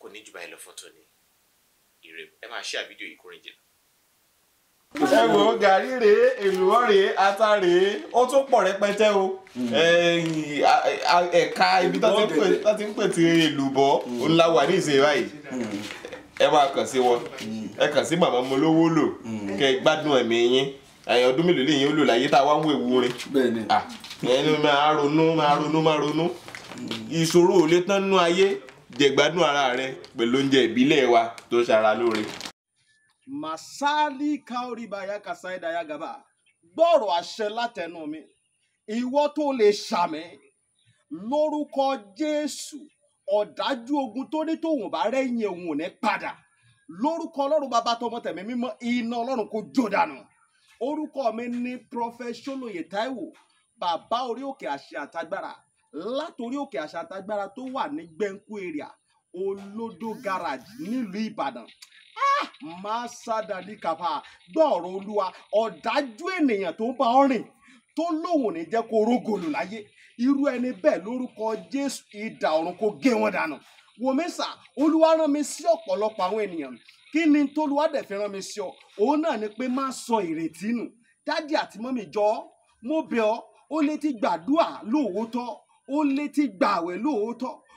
kò ní jù báyìí lọ fún tòní ire ẹ máa share fídíò yìí e wo gàrí rèé èlùbọ́ rèé ata rèé ó tún pọ̀ rẹpẹtẹ o hmm. ẹ̀ka ibi tó ti ń pè ti èlùbọ́ ńlá hmm. ní ìsìn báyìí hmm. ẹ máa kàn sí wọn ẹ kàn sí màmá mo lówó lò kẹ gbádùn ẹ̀mí yín ẹ̀yìn ọdún mélòó lè yín ó lò láyé tá a wá ń ẹni máa ronú máa ronú ara rẹ pẹ̀lú oúnjẹ ìbílẹ̀ wa tó ṣara lóore. masali kaoribaya kasaidaya gaba gbọ́rọ̀ àṣẹ látẹnu mi ìwọ tó lè ṣàmì lórúkọ jésù ọ̀dájú ogun tó ní tòun bá rẹ́yìn òun ò ní padà lórúkọ ọlọ́run bàbá tọmọ tẹ̀mí mímọ́ iná ọlọ́run kò jó dànù orúkọ mi ní prọfẹsọlóye táíwò bàbá orí òkè àṣẹ àtagbára látòrí òkè àṣẹ àtagbára tó wà ní gbẹ̀ǹkú èrìà olódó garage nílùú ìbàdàn ah, máa sádàdí kàfà gbọ́ọ̀rọ̀ olúwa ọ̀dájú ènìyàn tó ń bá ọ rìn tó lóun ò ní jẹ́ kó rógòlù láyé irú ẹni bẹ́ẹ̀ lórúkọ jésù idà ọ̀run kó gé wọn dànù wòmísà olúwa rán mi sí ọ̀pọ̀lọpọ̀ àwọn ènìyàn kí ni tolúwa dẹ̀ fi rán mi sí ọ òun náà ni pé má sọ ìrètí nù dádì àti mọ́mì jọ ọ́ mo bẹ̀ ọ́ ó lè ti gbàdúà lóòótọ́ ó lè ti gbààwẹ̀ lóòótọ́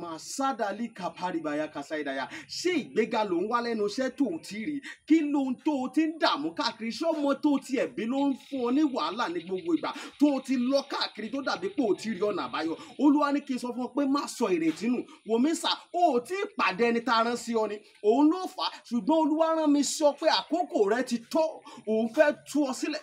màsádàlì kàpárìbàyà kàsáìdàyà ṣé ìgbéga ló ń wá lẹ́nu iṣẹ́ tó o ti rí kí ló ń tó o ti ń dààmú káàkiri ṣé ọmọ tó o ti ẹ̀bí ló ń fún ọ ní wàhálà ní gbogbo ìgbà tó o ti lọ káàkiri tó dàbí pé o ti rí ọ̀nà àbáyọ olúwa ní kí n sọ fún ọ pé má sọ ìrètí nù wòmísà o ò tí ì pàdé ẹni tá a rán sí ọ ni òun ló fà á ṣùgbọ́n olúwa rán mi sọ pé àkókò rẹ ti tó òun fẹ́ tú ọ sílẹ̀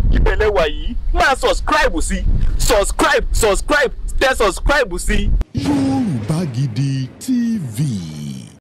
ìbẹ̀lẹ̀ wà máa subscribe sí subscribe subscribe tẹ subscribe sí. Yorùbá Gidi TV.